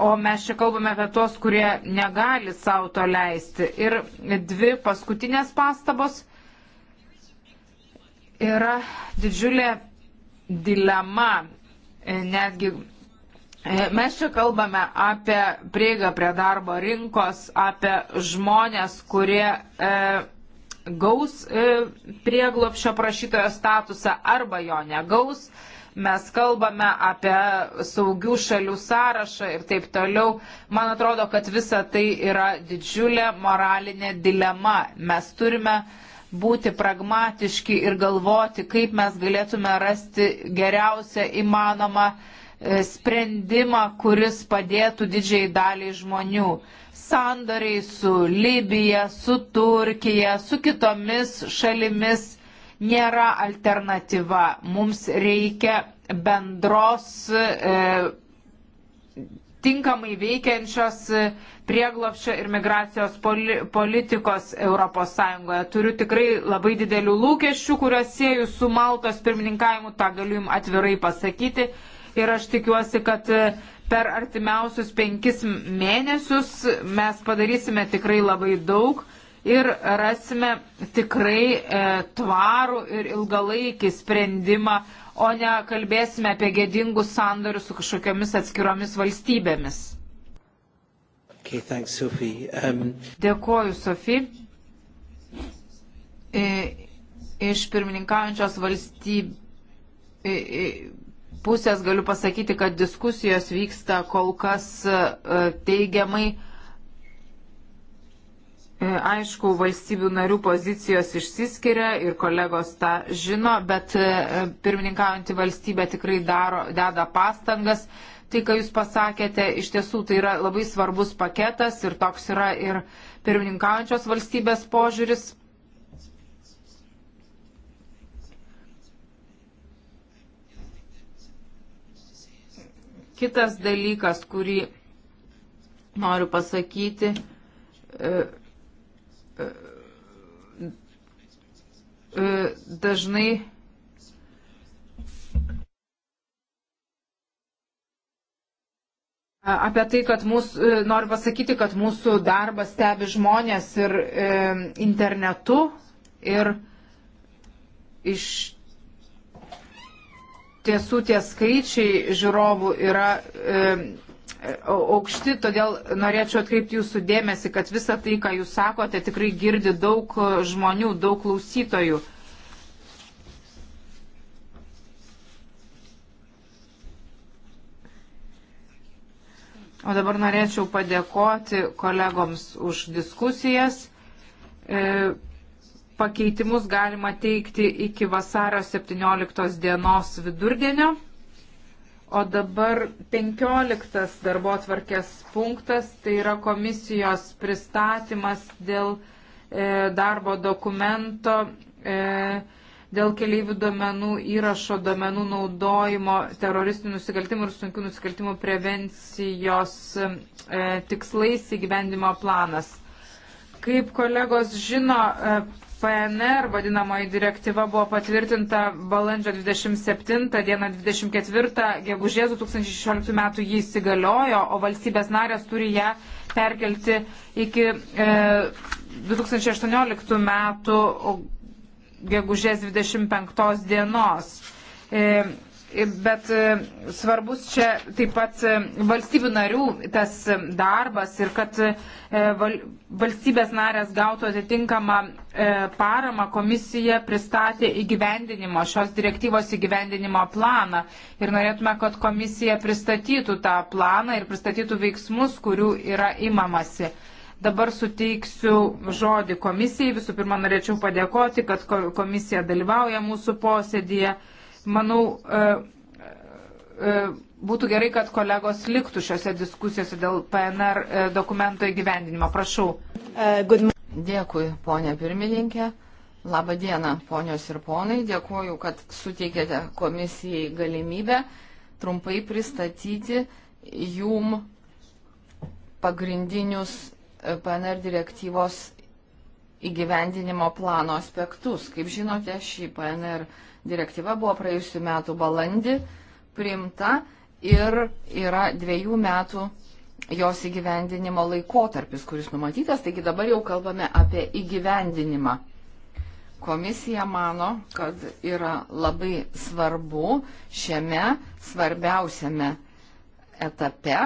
o mes čia kalbame apie tos, kurie negali savo to leisti. Ir dvi paskutinės pastabos yra didžiulė dilema, e, netgi e, Mes čia kalbame apie prieigą prie darbo rinkos, apie žmonės, kurie e, gaus e, prieglopšio prašytojo statusą arba jo negaus. Mes kalbame apie saugių šalių sąrašą ir taip toliau. Man atrodo, kad visa tai yra didžiulė moralinė dilema. Mes turime būti pragmatiški ir galvoti, kaip mes galėtume rasti geriausią įmanomą e, sprendimą, kuris padėtų didžiai daliai žmonių sandoriai su Libija, su Turkija, su kitomis šalimis nėra alternatyva. Mums reikia bendros e, tinkamai veikiančios e, prieglopščio ir migracijos poli politikos ES. Turiu tikrai labai didelių lūkesčių, kuriuos sieju su Maltos pirmininkavimu, tą galiu jums atvirai pasakyti. Ir aš tikiuosi, kad e, per artimiausius penkis mėnesius mes padarysime tikrai labai daug ir rasime tikrai e, tvarų ir ilgalaikį sprendimą, o ne kalbėsime apie gėdingus sandorius su kažkokiamis atskiromis valstybėmis. Okay, thanks, Sophie. um... Dėkoju, Sofija. E, iš pirmininkaujančios valstybės e, e, pusės galiu pasakyti, kad diskusijos vyksta kol kas e, teigiamai. E, aišku, valstybių narių pozicijos išsiskiria ir kolegos tą žino, bet e, pirmininkaujantį valstybę tikrai daro, deda pastangas. Tai, ką Jūs pasakėte, iš tiesų tai yra labai svarbus paketas ir toks yra ir pirmininkaujančios valstybės požiūris. Kitas dalykas, kurį noriu pasakyti, e, e, e, dažnai Apie tai, kad mūsų, noriu pasakyti, kad mūsų darbą stebi žmonės ir e, internetu ir iš tiesų tie skaičiai žiūrovų yra e, aukšti, todėl norėčiau atkreipti jūsų dėmesį, kad visa tai, ką jūs sakote, tikrai girdi daug e, žmonių, daug klausytojų. O dabar norėčiau padėkoti kolegoms už diskusijas. E, Pakeitimus galima teikti iki vasario 17 dienos vidurdienio. O dabar 15 darbo atvarkės punktas, tai yra komisijos pristatymas dėl e, darbo dokumento, e, dėl keleivių duomenų įrašo duomenų naudojimo teroristinių nusikaltimų ir sunkių nusikaltimų prevencijos e, tikslais įgyvendimo planas. Kaip kolegos žino, e, PNR vadinamoji direktyva buvo patvirtinta balandžio 27 dieną 24 gegužės 2016 metų jį įsigaliojo, o valstybės narės turi ją perkelti iki e, 2018 metų gegužės 25 dienos. E, Bet e, svarbus čia taip pat e, valstybių narių tas e, darbas ir kad valstybės narės gautų atitinkamą paramą komisija pristatė įgyvendinimo, šios direktyvos įgyvendinimo planą. Ir norėtume, kad komisija pristatytų tą planą ir pristatytų veiksmus, kurių yra imamasi. Dabar suteiksiu žodį komisijai. Visų pirma, norėčiau padėkoti, kad komisija dalyvauja mūsų posėdėje. Manau, e, e, būtų gerai, kad kolegos liktų šiuose diskusijose dėl PNR e, dokumento įgyvendinimo. Prašau. Dėkui, ponė pirmininkė. Labą dieną, ponios ir ponai. Dėkuoju, kad suteikėte komisijai galimybę trumpai pristatyti jum pagrindinius PNR direktyvos įgyvendinimo plano aspektus. Kaip žinote, šį PNR direktyvą Direktyva buvo praėjusiu metu balandį priimta ir yra dviejų metų jos įgyvendinimo laikotarpis, kuris numatytas, taigi dabar jau kalbame apie įgyvendinimą. Komisija mano, kad yra labai svarbu šiame svarbiausiame etape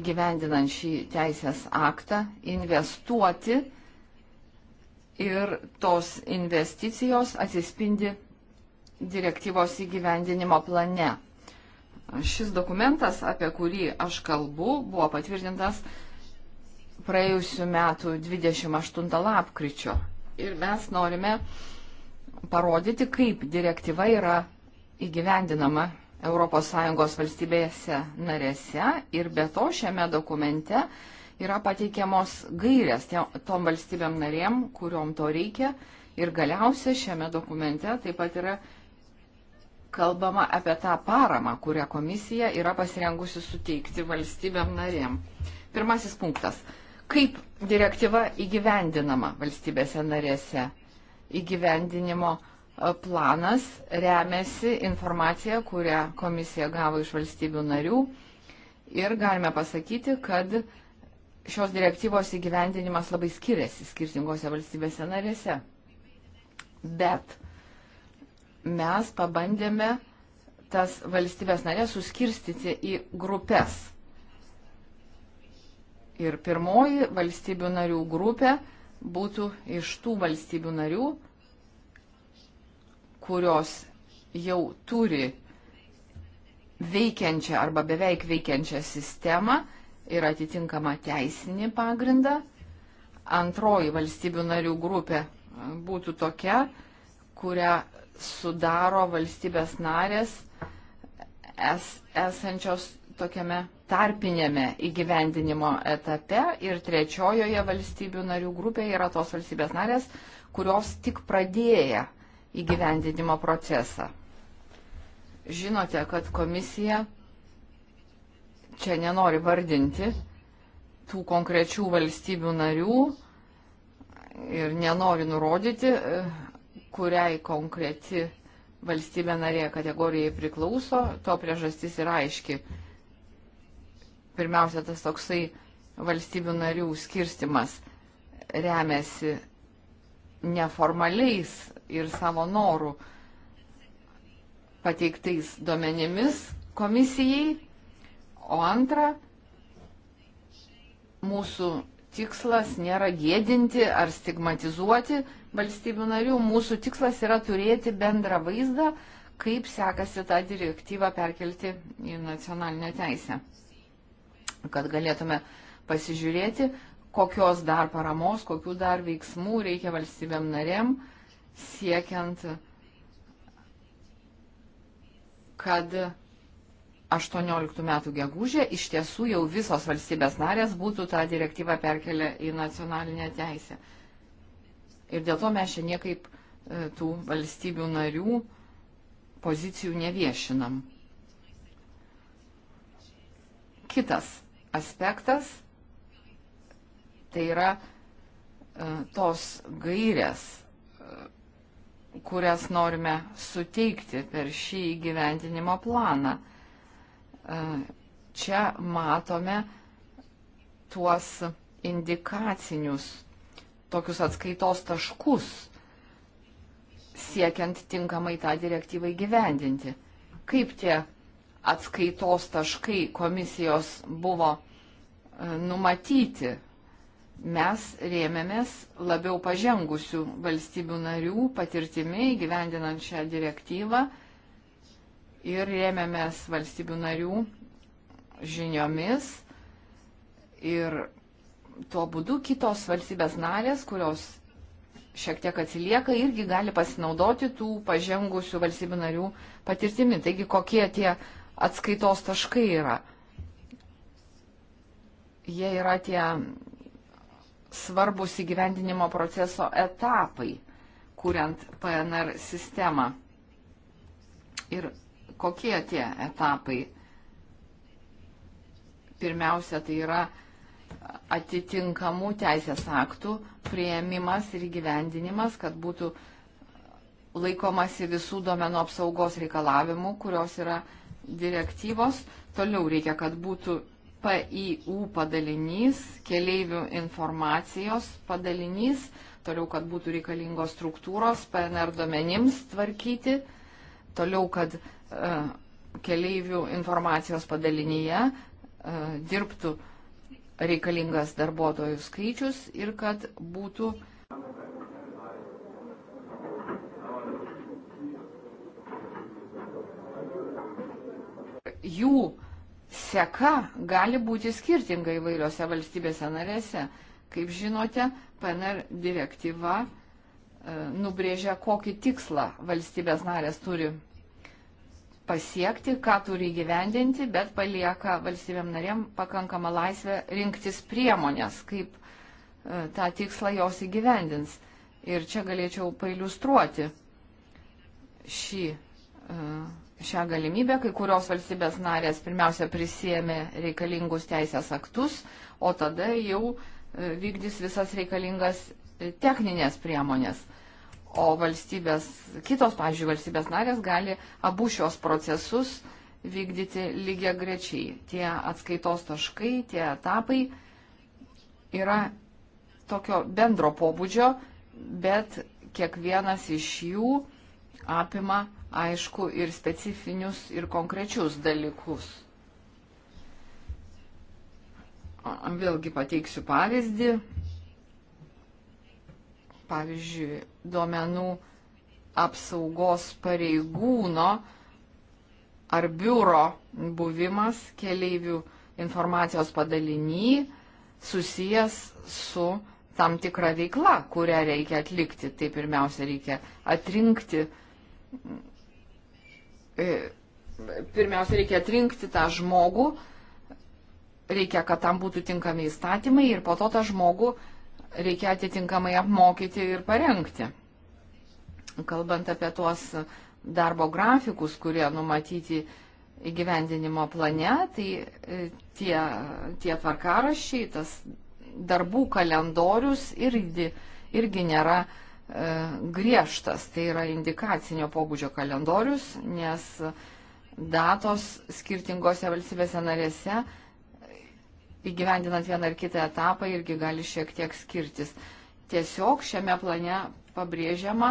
įgyvendinant šį teisės aktą investuoti ir tos investicijos atsispindi direktyvos įgyvendinimo plane. Šis dokumentas, apie kurį aš kalbu, buvo patvirtintas praėjusiu metu 28 lapkričio. Ir mes norime parodyti, kaip direktyva yra įgyvendinama ES valstybėse narėse ir be to šiame dokumente yra pateikiamos gairės tom valstybėm narėm, kuriuom to reikia. Ir galiausia šiame dokumente taip pat yra kalbama apie tą paramą, kurią komisija yra pasirengusi suteikti valstybėm narėm. Pirmasis punktas. Kaip direktyva įgyvendinama valstybėse narėse? Įgyvendinimo e, planas remiasi informacija, kurią komisija gavo iš valstybių narių ir galime pasakyti, kad šios direktyvos įgyvendinimas labai skiriasi skirtingose valstybėse narėse. Bet mes pabandėme tas valstybės narės suskirstyti į grupės. Ir pirmoji valstybių narių grupė būtų iš tų valstybių narių, kurios jau turi veikiančią arba beveik veikiančią sistemą ir atitinkamą teisinį pagrindą. Antroji valstybių narių grupė būtų tokia, kurią sudaro valstybės narės es, esančios tokiame tarpinėme įgyvendinimo etape ir trečiojoje valstybių narių grupėje yra tos valstybės narės, kurios tik pradėję įgyvendinimo procesą. Žinote, kad komisija čia nenori vardinti tų konkrečių valstybių narių ir nenori nurodyti, kuriai konkreti valstybė narė kategorijai priklauso, to priežastis yra aiški. Pirmiausia, tas toksai valstybių narių skirstimas remiasi neformaliais ir savo norų pateiktais duomenimis komisijai. O antra, mūsų tikslas nėra gėdinti ar stigmatizuoti valstybių narių. Mūsų tikslas yra turėti bendrą vaizdą, kaip sekasi tą direktyvą perkelti į nacionalinę teisę. Kad galėtume pasižiūrėti, kokios dar paramos, kokių dar veiksmų reikia valstybėm narėm siekiant, kad 18 metų gegužė iš tiesų jau visos valstybės narės būtų tą direktyvą perkelę į nacionalinę teisę. Ir dėl to mes čia niekaip e, tų valstybių narių pozicijų neviešinam. Kitas aspektas tai yra e, tos gairės, e, kurias norime suteikti per šį įgyvendinimo planą. Čia matome tuos indikacinius tokius atskaitos taškus, siekiant tinkamai tą direktyvą įgyvendinti. Kaip tie atskaitos taškai komisijos buvo numatyti? Mes rėmėmės labiau pažengusių valstybių narių patirtimi įgyvendinant šią direktyvą ir rėmėmės valstybių narių žiniomis ir tuo būdu kitos valstybės narės, kurios šiek tiek atsilieka, irgi gali pasinaudoti tų pažengusių valstybių narių patirtimi. Taigi kokie tie atskaitos taškai yra? Jie yra tie svarbus įgyvendinimo proceso etapai, kuriant PNR sistemą. Ir kokie tie etapai. Pirmiausia, tai yra atitinkamų teisės aktų prieimimas ir gyvendinimas, kad būtų laikomasi visų domenų apsaugos reikalavimų, kurios yra direktyvos. Toliau reikia, kad būtų PIU padalinys, keleivių informacijos padalinys, toliau, kad būtų reikalingos struktūros PNR duomenims tvarkyti, toliau, kad E, keleivių informacijos padalinyje e, dirbtų reikalingas darbuotojų skaičius ir kad būtų jų seka gali būti skirtinga įvairiose valstybėse narėse. Kaip žinote, PNR direktyva e, nubrėžia, kokį tikslą valstybės narės turi pasiekti, ką turi gyvendinti, bet palieka valstybėm narėm pakankamą laisvę rinktis priemonės, kaip e, tą tikslą jos įgyvendins. Ir čia galėčiau pailustruoti šį, e, šią galimybę, kai kurios valstybės narės pirmiausia prisėmė reikalingus teisės aktus, o tada jau e, vykdys visas reikalingas techninės priemonės o valstybės, kitos, pavyzdžiui, valstybės narės gali abu šios procesus vykdyti lygia grečiai. Tie atskaitos taškai, tie etapai yra tokio bendro pobūdžio, bet kiekvienas iš jų apima, aišku, ir specifinius, ir konkrečius dalykus. Vėlgi pateiksiu pavyzdį pavyzdžiui, duomenų apsaugos pareigūno ar biuro buvimas keleivių informacijos padaliny susijęs su tam tikra veikla, kurią reikia atlikti. Tai pirmiausia reikia atrinkti, e, pirmiausia reikia atrinkti tą žmogų, reikia, kad tam būtų tinkami įstatymai ir po to tą žmogų reikia atitinkamai apmokyti ir parengti. Kalbant apie tuos darbo grafikus, kurie numatyti įgyvendinimo plane, tai e, tie, tie tvarkarašiai, tas darbų kalendorius irgi, irgi nėra e, griežtas. Tai yra indikacinio pobūdžio kalendorius, nes datos skirtingose valstybėse narėse įgyvendinant vieną ar kitą etapą irgi gali šiek tiek skirtis. Tiesiog šiame plane pabrėžiama,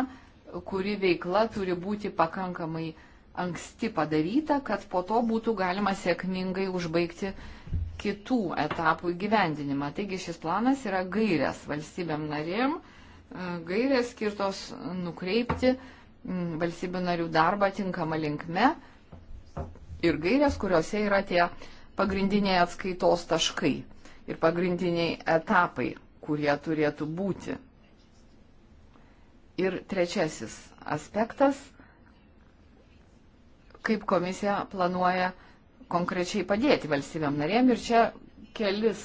kuri veikla turi būti pakankamai anksti padaryta, kad po to būtų galima sėkmingai užbaigti kitų etapų įgyvendinimą. Taigi šis planas yra gairės valstybėm narėm, gairės skirtos nukreipti mm, valstybių narių darbą tinkamą linkme ir gairės, kuriuose yra tie uh, pagrindiniai atskaitos taškai ir pagrindiniai etapai, kurie turėtų būti. Ir trečiasis aspektas, kaip komisija planuoja konkrečiai padėti valstybėm narėm. Ir čia kelis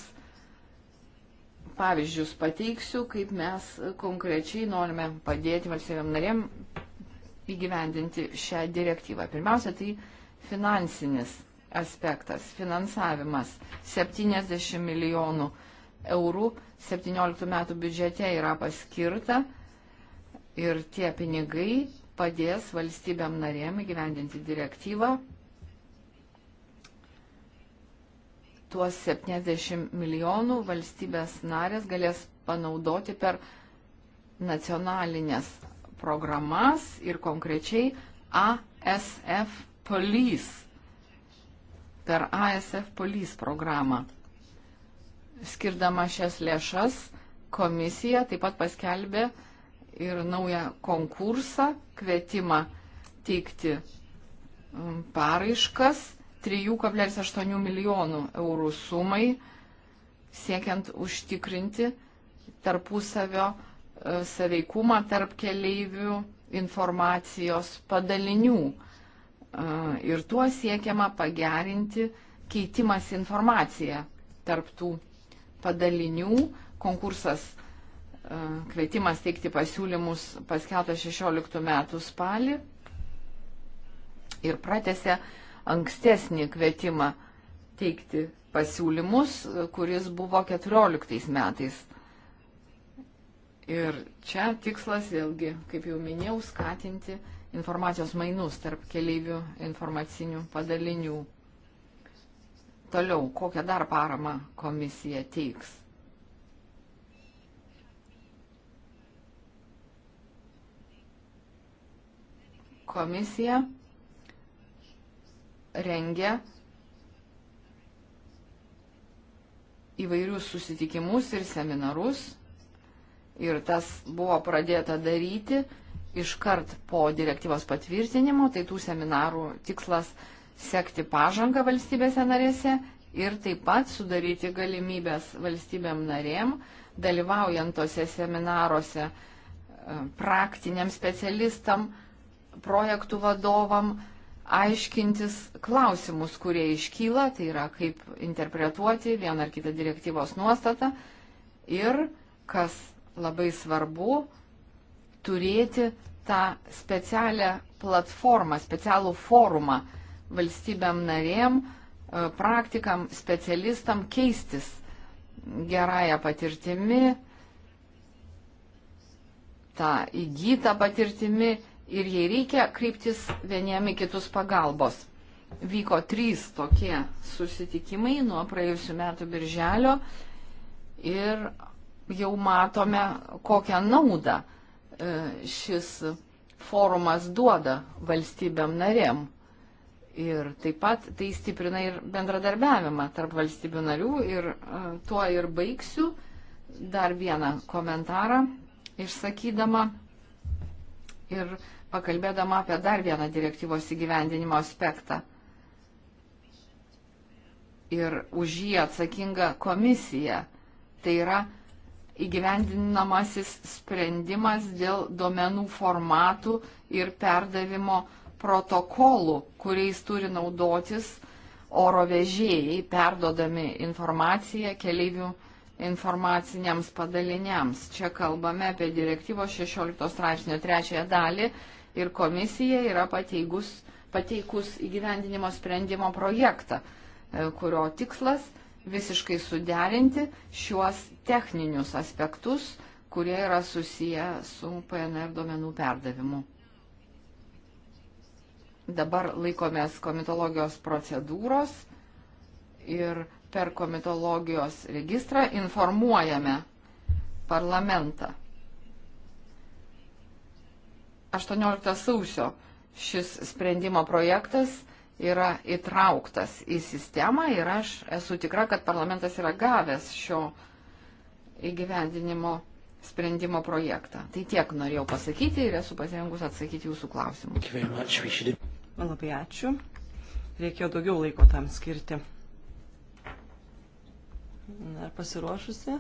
pavyzdžius pateiksiu, kaip mes konkrečiai norime padėti valstybėm narėm įgyvendinti šią direktyvą. Pirmiausia, tai finansinis aspektas - finansavimas. 70 milijonų eurų 17 metų biudžete yra paskirta ir tie pinigai padės valstybėm narėm įgyvendinti direktyvą. Tuos 70 milijonų valstybės narės galės panaudoti per nacionalinės programas ir konkrečiai ASF Police per ASF Police programą. Skirdama šias lėšas, komisija taip pat paskelbė ir naują konkursą, kvietimą teikti um, paraiškas 3,8 milijonų eurų sumai, siekiant užtikrinti tarpusavio uh, saveikumą tarp keleivių informacijos padalinių ir tuo siekiama pagerinti keitimas informaciją tarptų padalinių. Konkursas kvietimas teikti pasiūlymus paskeltas 16 metų spalį ir pratėse ankstesnį kvietimą teikti pasiūlymus, kuris buvo 14 metais. Ir čia tikslas vėlgi, kaip jau minėjau, skatinti informacijos mainus tarp keleivių informacinių padalinių. Toliau, kokią dar paramą komisija teiks? Komisija rengia įvairius susitikimus ir seminarus. Ir tas buvo pradėta daryti iškart po direktyvos patvirtinimo, tai tų seminarų tikslas sekti pažangą valstybėse narėse ir taip pat sudaryti galimybės valstybėm narėm, dalyvaujant tose seminaruose e, praktiniam specialistam, projektų vadovam, aiškintis klausimus, kurie iškyla, tai yra kaip interpretuoti vieną ar kitą direktyvos nuostatą ir, kas labai svarbu, turėti tą specialią platformą, specialų forumą valstybėm narėm, e, praktikam, specialistam keistis gerąją patirtimi, tą įgytą patirtimi ir jei reikia kryptis vieniem į kitus pagalbos. Vyko trys tokie susitikimai nuo praėjusių metų birželio ir jau matome kokią naudą E, šis forumas duoda valstybėm narėm. Ir taip pat tai stiprina ir bendradarbiavimą tarp valstybių narių. Ir e, tuo ir baigsiu. Dar vieną komentarą išsakydama ir pakalbėdama apie dar vieną direktyvos įgyvendinimo aspektą. Ir už jį atsakinga komisija. Tai yra įgyvendinamasis sprendimas dėl duomenų formatų ir perdavimo protokolų, kuriais turi naudotis oro vežėjai, perdodami informaciją keleivių informaciniams padaliniams. Čia kalbame apie direktyvos 16 straipsnio trečiąją dalį ir komisija yra pateikus, pateikus įgyvendinimo sprendimo projektą, e, kurio tikslas – visiškai suderinti šiuos techninius aspektus, kurie yra susiję su PNR duomenų perdavimu. Dabar laikomės komitologijos procedūros ir per komitologijos registrą informuojame parlamentą. 18 sausio šis sprendimo projektas yra įtrauktas į sistemą ir aš esu tikra, kad parlamentas yra gavęs šio įgyvendinimo sprendimo projektą. Tai tiek norėjau pasakyti ir esu pasirengus atsakyti jūsų klausimus. Labai ačiū. Reikėjo daugiau laiko tam skirti. Ar pasiruošusi?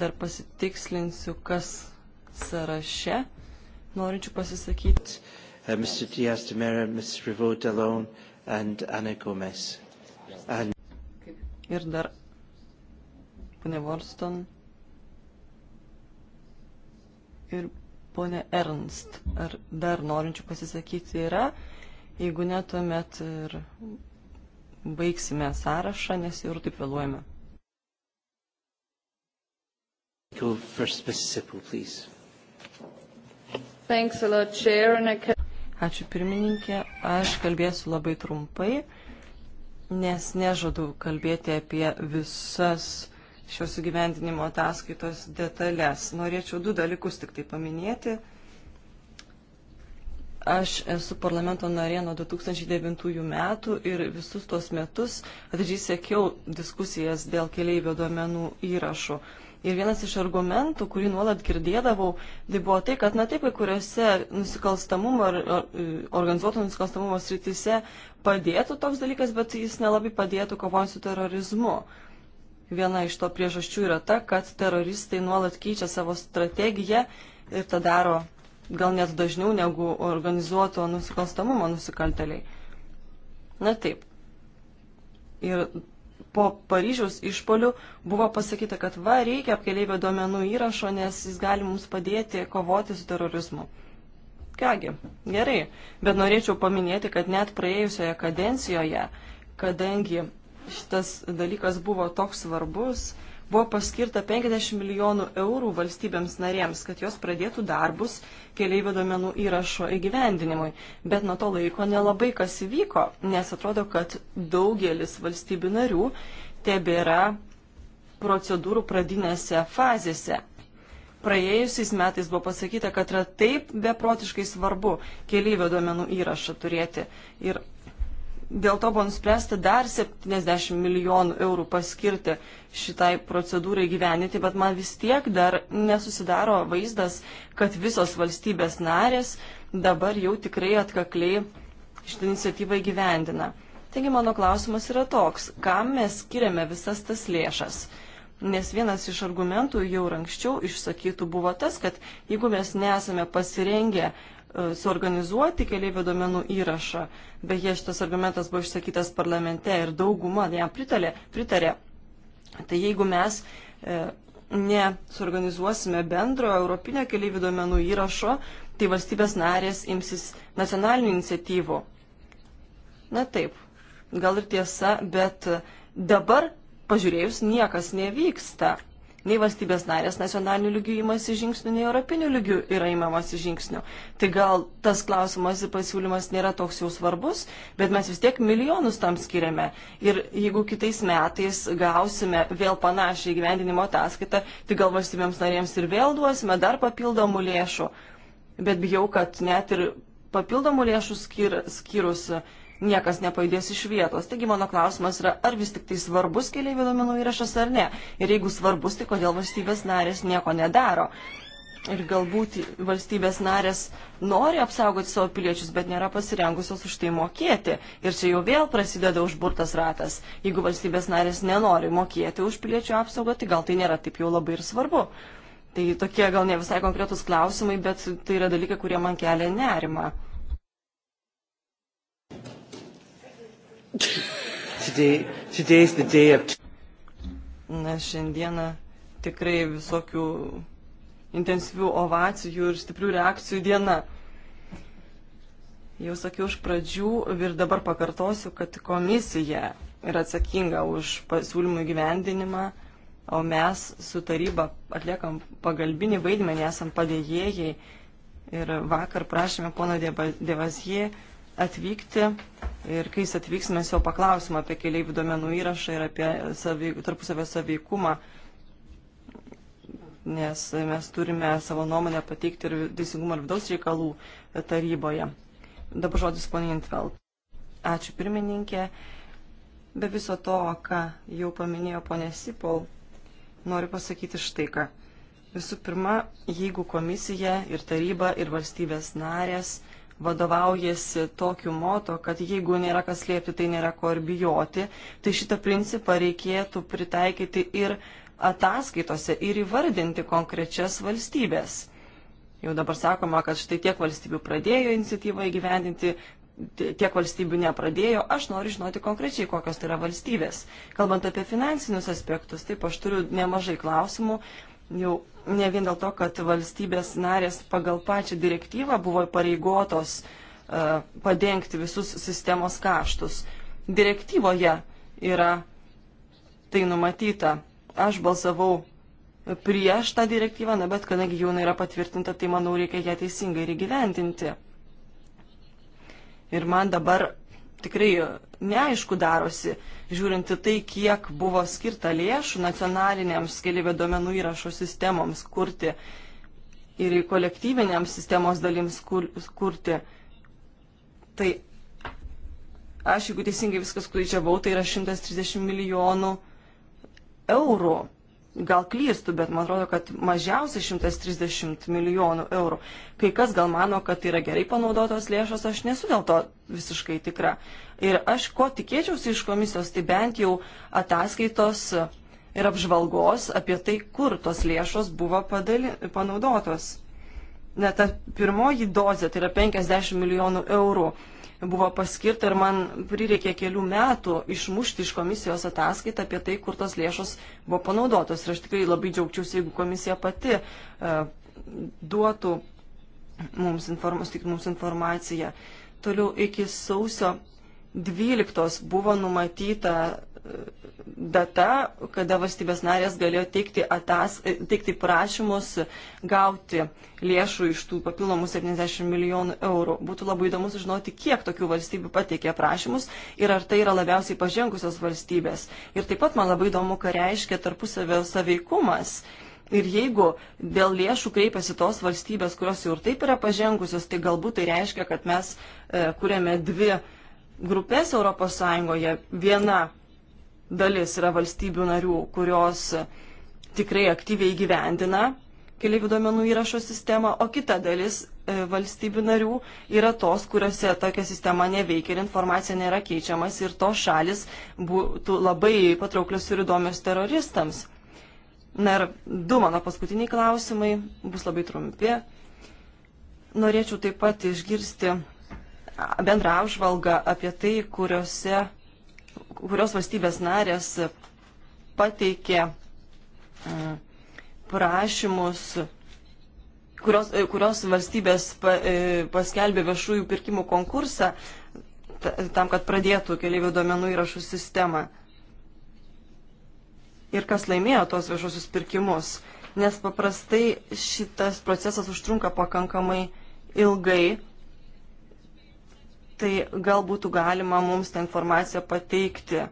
Dar pasitikslinsiu, kas sąraše norinčių pasisakyti. Uh, Mr. Diaz de Mera, Ms. Rivo Delon and Ana Gomez. And... Ir dar ponė Worston ir ponė Ernst. Ar dar norinčių pasisakyti yra? Jeigu ne, tuomet ir baigsime sąrašą, nes jau ir taip vėluojame. Go first, Mrs. Sipple, please. Ačiū pirmininkė, aš kalbėsiu labai trumpai, nes nežadu kalbėti apie visas šios įgyvendinimo ataskaitos detalės. Norėčiau du dalykus tik tai paminėti. Aš esu parlamento narė nuo 2009 metų ir visus tuos metus atidžiai sekiau diskusijas dėl keleivio duomenų įrašų. Ir vienas iš argumentų, kurį nuolat girdėdavau, tai buvo tai, kad na taip, kai kuriuose nusikalstamumo ar, ar organizuoto nusikalstamumo srityse padėtų toks dalykas, bet jis nelabai padėtų kovojant su terorizmu. Viena iš to priežasčių yra ta, kad teroristai nuolat keičia savo strategiją ir tą daro gal net dažniau negu organizuoto nusikalstamumo nusikalteliai. Na taip. Ir po Paryžiaus išpolių buvo pasakyta, kad va, reikia apkeleivio duomenų įrašo, nes jis gali mums padėti kovoti su terorizmu. Kągi, gerai, bet norėčiau paminėti, kad net praėjusioje kadencijoje, kadangi šitas dalykas buvo toks svarbus, buvo paskirta 50 milijonų eurų valstybėms narėms, kad jos pradėtų darbus keliaivių duomenų įrašo įgyvendinimui. Bet nuo to laiko nelabai kas įvyko, nes atrodo, kad daugelis valstybių narių tebėra procedūrų pradinėse fazėse. Praėjusiais metais buvo pasakyta, kad yra taip beprotiškai svarbu keliaivio duomenų įrašą turėti. Ir dėl to buvo nuspręsta dar 70 milijonų eurų paskirti šitai procedūrai gyveninti, bet man vis tiek dar nesusidaro vaizdas, kad visos valstybės narės dabar jau tikrai atkakliai šitą iniciatyvą įgyvendina. Taigi mano klausimas yra toks, kam mes skiriame visas tas lėšas? Nes vienas iš argumentų jau anksčiau išsakytų buvo tas, kad jeigu mes nesame pasirengę suorganizuoti keliaivių duomenų įrašą. Beje, šitas argumentas buvo išsakytas parlamente ir dauguma jam pritarė. pritarė. Tai jeigu mes e, nesuorganizuosime bendro europinio keliaivių duomenų įrašo, tai valstybės narės imsis nacionalinių iniciatyvų. Na taip, gal ir tiesa, bet dabar pažiūrėjus niekas nevyksta nei valstybės narės nacionalinių lygių imasi žingsnių, nei europinių lygių yra imamasi žingsnių. Tai gal tas klausimas ir pasiūlymas nėra toks jau svarbus, bet mes vis tiek milijonus tam skiriame. Ir jeigu kitais metais gausime vėl panašią įgyvendinimo ataskaitą, tai gal valstybėms narėms ir vėl duosime dar papildomų lėšų. Bet bijau, kad net ir papildomų lėšų skir, skirus. skirus niekas nepajudės iš vietos. Taigi mano klausimas yra, ar vis tik tai svarbus keliaivių duomenų įrašas ar ne. Ir jeigu svarbus, tai kodėl valstybės narės nieko nedaro. Ir galbūt valstybės narės nori apsaugoti savo piliečius, bet nėra pasirengusios už tai mokėti. Ir čia jau vėl prasideda užburtas ratas. Jeigu valstybės narės nenori mokėti už piliečių apsaugą, tai gal tai nėra taip jau labai ir svarbu. Tai tokie gal ne visai konkretus klausimai, bet tai yra dalykai, kurie man kelia nerimą. Today, today is the day of... Na, šiandieną tikrai visokių intensyvių ovacijų ir stiprių reakcijų diena. Jau sakiau iš pradžių ir dabar pakartosiu, kad komisija yra atsakinga už pasiūlymų įgyvendinimą, o mes su taryba atliekam pagalbinį vaidmenį, esam padėjėjai. Ir vakar prašėme pono Dievasie. Dieva, atvykti ir kai jis atvyks, mes jau paklausim apie keliaivių duomenų įrašą ir apie savy, tarpusavio saveikumą, nes mes turime savo nuomonę pateikti ir teisingumo ir vidaus reikalų taryboje. Dabar žodis ponė Intveld. Ačiū pirmininkė. Be viso to, ką jau paminėjo ponė Sipol, noriu pasakyti štai ką. Visų pirma, jeigu komisija ir taryba ir valstybės narės vadovaujasi tokiu moto, kad jeigu nėra kas slėpti, tai nėra ko ir bijoti, tai šitą principą reikėtų pritaikyti ir ataskaitose ir įvardinti konkrečias valstybės. Jau dabar sakoma, kad štai tiek valstybių pradėjo iniciatyvą įgyvendinti, tiek valstybių nepradėjo, aš noriu žinoti konkrečiai, kokios tai yra valstybės. Kalbant apie finansinius aspektus, taip aš turiu nemažai klausimų, Jau ne vien dėl to, kad valstybės narės pagal pačią direktyvą buvo pareigotos uh, e, padengti visus sistemos kaštus. Direktyvoje yra tai numatyta. Aš balsavau prieš tą direktyvą, na, bet kadangi jau jinai yra patvirtinta, tai manau reikia ją teisingai ir įgyvendinti. Ir man dabar tikrai neaišku darosi, žiūrint į tai, kiek buvo skirta lėšų nacionalinėms keliaivio duomenų įrašo sistemoms kurti ir į kolektyviniams sistemos dalims kur, kurti, tai aš, jeigu teisingai viskas skaičiavau, tai yra 130 milijonų eurų gal klystu, bet man atrodo, kad mažiausiai 130 milijonų eurų. Kai kas gal mano, kad tai yra gerai panaudotos lėšos, aš nesu dėl to visiškai tikra. Ir aš ko tikėčiausi iš komisijos, tai bent jau ataskaitos ir apžvalgos apie tai, kur tos lėšos buvo padali, panaudotos. Net ta pirmoji dozė, tai yra 50 milijonų eurų buvo paskirta ir man prireikė kelių metų išmušti iš komisijos ataskaitą apie tai, kur tos lėšos buvo panaudotos. Ir aš tikrai labai džiaugčiausi, jeigu komisija pati e, duotų mums, inform, mums informaciją. Toliau iki sausio 12 buvo numatyta data, kada valstybės narės galėjo teikti, atas, teikti prašymus gauti lėšų iš tų papildomų 70 milijonų eurų. Būtų labai įdomu sužinoti, kiek tokių valstybių pateikė prašymus ir ar tai yra labiausiai pažengusios valstybės. Ir taip pat man labai įdomu, ką reiškia tarpusavio saveikumas. Ir jeigu dėl lėšų kreipiasi tos valstybės, kurios jau ir taip yra pažengusios, tai galbūt tai reiškia, kad mes e, kuriame dvi grupės ES, viena dalis yra valstybių narių, kurios tikrai aktyviai gyvendina keliaivių duomenų įrašo sistemą, o kita dalis e, valstybių narių yra tos, kuriuose tokia sistema neveikia ir informacija nėra keičiamas ir tos šalis būtų labai patrauklios ir įdomios teroristams. Na ir du mano paskutiniai klausimai bus labai trumpi. Norėčiau taip pat išgirsti bendrą apžvalgą apie tai, kuriuose kurios valstybės narės pateikė e, prašymus, kurios, e, kurios valstybės e, paskelbė viešųjų pirkimų konkursą tam, kad pradėtų keliaivių duomenų įrašų sistemą. Ir kas laimėjo tos viešosius pirkimus, nes paprastai šitas procesas užtrunka pakankamai ilgai tai gal būtų galima mums tą informaciją pateikti e,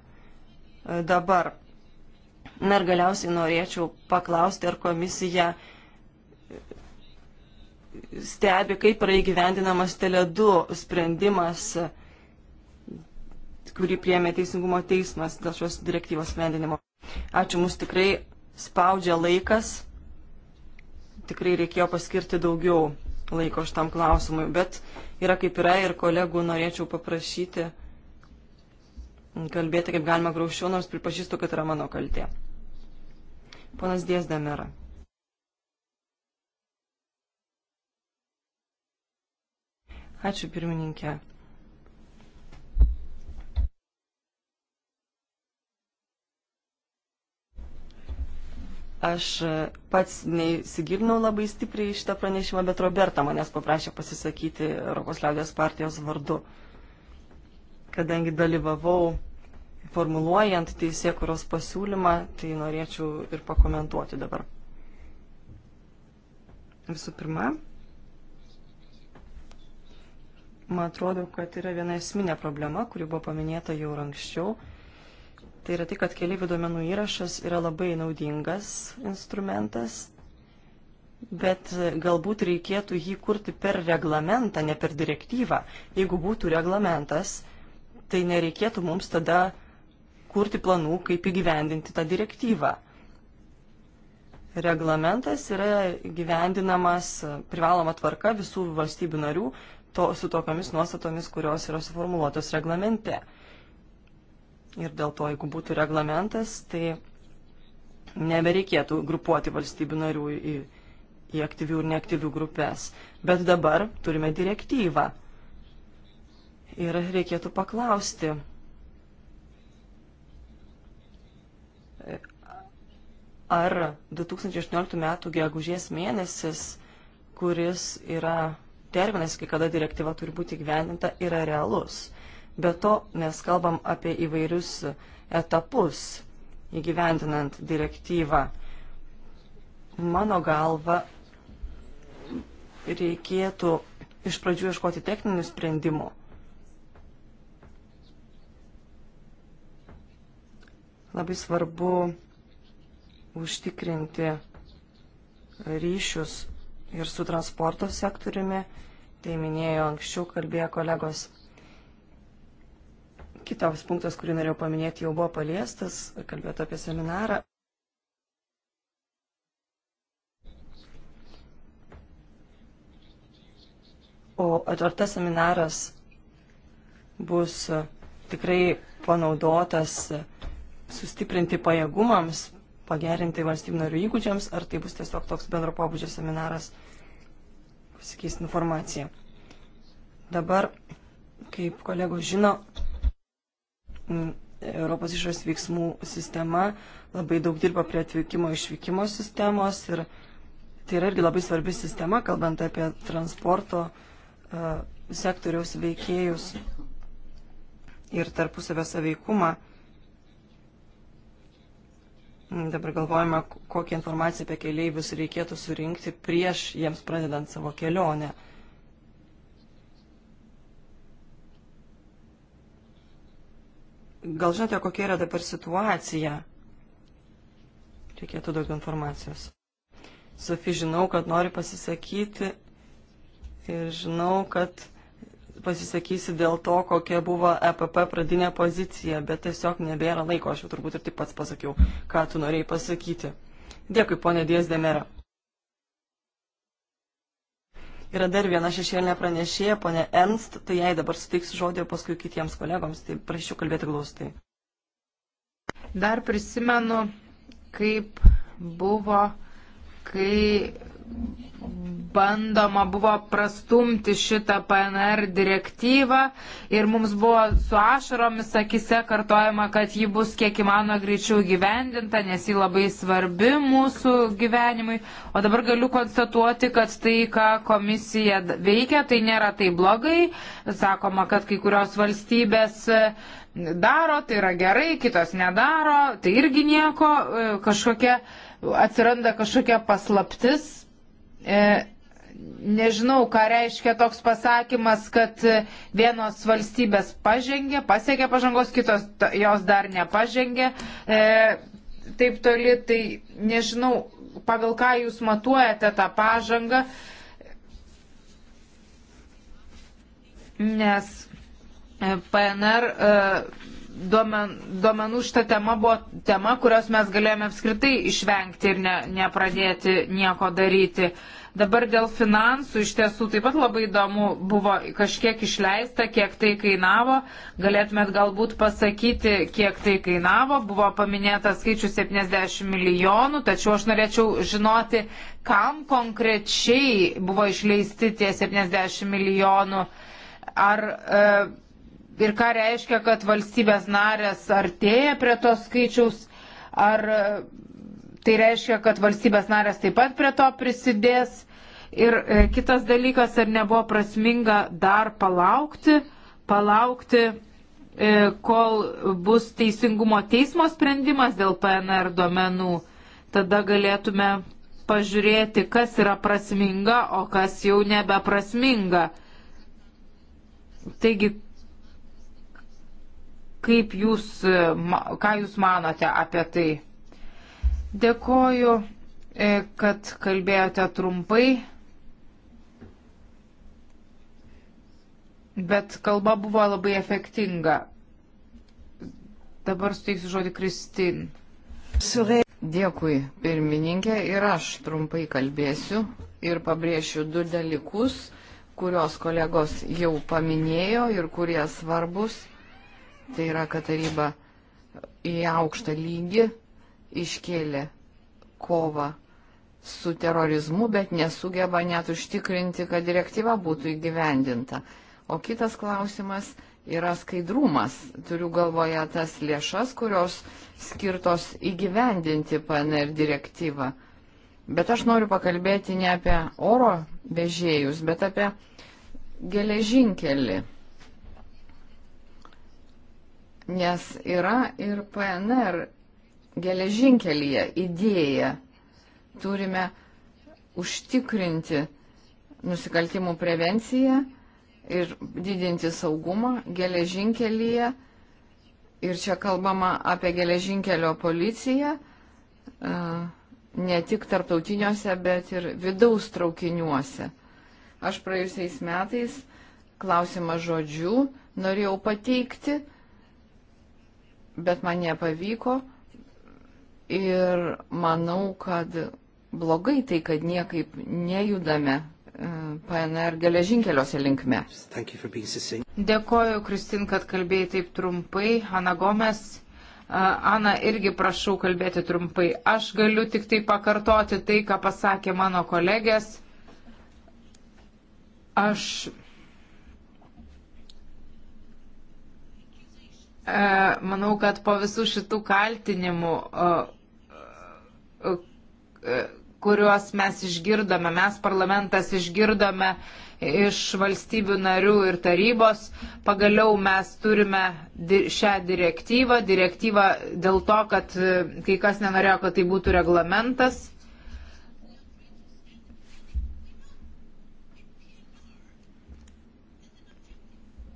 dabar. Na ir galiausiai norėčiau paklausti, ar komisija e, stebi, kaip yra įgyvendinamas Tele2 sprendimas, e, kurį priemė Teisingumo teismas dėl šios direktyvos sprendinimo. Ačiū, mus tikrai spaudžia laikas, tikrai reikėjo paskirti daugiau laiko šitam klausimui, bet yra kaip yra ir kolegų norėčiau paprašyti kalbėti kaip galima graušiau, nors pripažįstu, kad yra mano kaltė. Ponas Dėsdamera. Ačiū pirmininkė. Aš e, pats neįsigilinau labai stipriai šitą pranešimą, bet Roberta manęs paprašė pasisakyti Europos liaudės partijos vardu, kadangi dalyvavau formuluojant teisėkuros pasiūlymą, tai norėčiau ir pakomentuoti dabar. Visų pirma, man atrodo, kad yra viena esminė problema, kuri buvo paminėta jau anksčiau Tai yra tai, kad keliaivių duomenų įrašas yra labai naudingas instrumentas, Bet galbūt reikėtų jį kurti per reglamentą, ne per direktyvą. Jeigu būtų reglamentas, tai nereikėtų mums tada kurti planų, kaip įgyvendinti tą direktyvą. Reglamentas yra gyvendinamas privaloma tvarka visų valstybių narių to, su tokiamis nuostatomis, kurios yra suformuoluotos reglamente. Ir dėl to, jeigu būtų reglamentas, tai nebereikėtų grupuoti valstybių narių į, į aktyvių ir neaktyvių grupės. Bet dabar turime direktyvą. Ir reikėtų paklausti, ar 2018 m. gegužės mėnesis, kuris yra terminas, kai kada direktyva turi būti gyveninta, yra realus. Be to mes kalbam apie įvairius etapus įgyvendinant direktyvą. Mano galva, reikėtų iš pradžių ieškoti techninių sprendimų. Labai svarbu užtikrinti ryšius ir su transporto sektoriumi, tai minėjo anksčiau kalbėjo kolegos Kitas punktas, kurį norėjau paminėti, jau buvo paliestas, kalbėt apie seminarą. O atvarta seminaras bus tikrai panaudotas sustiprinti pajėgumams, pagerinti valstybių narių įgūdžiams, ar tai bus tiesiog toks bendro pobūdžio seminaras, pasikeis informacija. Dabar, kaip kolegos žino, Europos išorės veiksmų sistema labai daug dirba prie atvykimo išvykimo sistemos ir tai yra irgi labai svarbi sistema, kalbant apie transporto uh, sektoriaus veikėjus ir tarpusavę saveikumą. Dabar galvojame, kokią informaciją apie keleivius reikėtų surinkti prieš jiems pradedant savo kelionę. Uh, Gal žinote, kokia yra dabar situacija? Reikėtų daug informacijos. Sofi, žinau, kad nori pasisakyti ir žinau, kad pasisakysi dėl to, kokia buvo EPP pradinė pozicija, bet tiesiog nebėra laiko, aš jau turbūt ir taip pats pasakiau, ką tu norėjai pasakyti. Dėkui, ponė Diezdemera. Yra dar viena šešėlinė pranešėja, ponė Enst, tai jai dabar suteiksiu žodį, o paskui kitiems kolegoms, tai prašyčiau kalbėti glaustai. Dar prisimenu, kaip buvo, kai bandoma buvo prastumti šitą PNR direktyvą ir mums buvo su ašaromis akise kartojama, kad ji bus kiek įmanoma greičiau gyvendinta, nes ji labai svarbi mūsų gyvenimui. O dabar galiu konstatuoti, kad tai, ką komisija veikia, tai nėra tai blogai. Sakoma, kad kai kurios valstybės e, daro, tai yra gerai, kitos nedaro, tai irgi nieko, e, kažkokia, atsiranda kažkokia paslaptis E, nežinau, ką reiškia toks pasakymas, kad vienos valstybės pažengė, pasiekė pažangos, kitos jos dar nepažengė. E, taip toli, tai nežinau, pagal ką jūs matuojate tą pažangą, nes PNR e, duomen, duomenų šita tema buvo tema, kurios mes galėjome apskritai išvengti ir ne, nepradėti nieko daryti. Dabar dėl finansų iš tiesų taip pat labai įdomu buvo kažkiek išleista, kiek tai kainavo. Galėtumėt galbūt pasakyti, kiek tai kainavo. Buvo paminėtas skaičius 70 milijonų, tačiau aš norėčiau žinoti, kam konkrečiai buvo išleisti tie 70 milijonų. Ar e, ir ką reiškia, kad valstybės narės artėja prie to skaičiaus, ar e, tai reiškia, kad valstybės narės taip pat prie to prisidės. Ir e, kitas dalykas, ar nebuvo prasminga dar palaukti, palaukti, e, kol bus teisingumo teismo sprendimas dėl PNR duomenų, tada galėtume pažiūrėti, kas yra prasminga, o kas jau nebeprasminga. Taigi, kaip jūs, e, ką jūs manote apie tai. Dėkoju, e, kad kalbėjote trumpai, bet kalba buvo labai efektinga. Dabar suteiksiu žodį Kristin. Dėkui, pirmininkė, ir aš trumpai kalbėsiu ir pabrėšiu du dalykus, kuriuos kolegos jau paminėjo ir kurie svarbus Tai yra, kad taryba į aukštą lygį iškėlė kovą su terorizmu, bet nesugeba net užtikrinti, kad direktyva būtų įgyvendinta. O kitas klausimas yra skaidrumas. Turiu galvoje tas lėšas, kurios skirtos įgyvendinti PNR direktyvą. Bet aš noriu pakalbėti ne apie oro vežėjus, bet apie geležinkelį nes yra ir PNR geležinkelyje idėja. Turime užtikrinti nusikaltimų prevenciją ir didinti saugumą geležinkelyje. Ir čia kalbama apie geležinkelio policiją, e, ne tik tarptautiniuose, bet ir vidaus traukiniuose. Aš praėjusiais metais klausimą žodžių norėjau pateikti bet man nepavyko ir manau, kad blogai tai, kad niekaip nejudame e, PNR geležinkeliuose linkme. Dėkoju, Kristin, kad kalbėjai taip trumpai. Ana Gomes, e, Ana, irgi prašau kalbėti trumpai. Aš galiu tik tai pakartoti tai, ką pasakė mano kolegės. Aš E, manau, kad po visų šitų kaltinimų, e, kuriuos mes išgirdome, mes parlamentas išgirdome iš valstybių narių ir tarybos, pagaliau mes turime šią direktyvą, direktyvą dėl to, kad e, kai kas nenorėjo, kad tai būtų reglamentas.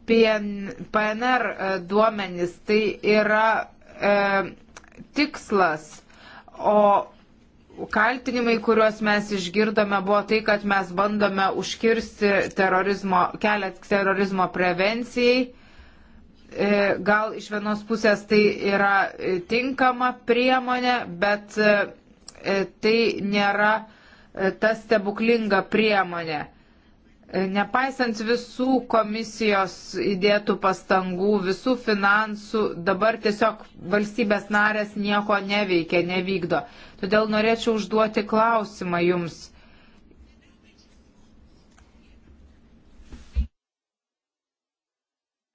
PNR e, duomenys, tai yra e, tikslas, o kaltinimai, kuriuos mes išgirdome, buvo tai, kad mes bandome užkirsti terorizmo, kelią terorizmo prevencijai. E, gal iš vienos pusės tai yra e, tinkama priemonė, bet tai nėra ta stebuklinga priemonė. E, nepaisant visų komisijos įdėtų pastangų, visų finansų, dabar tiesiog valstybės narės nieko neveikia, nevykdo. Todėl norėčiau užduoti klausimą jums.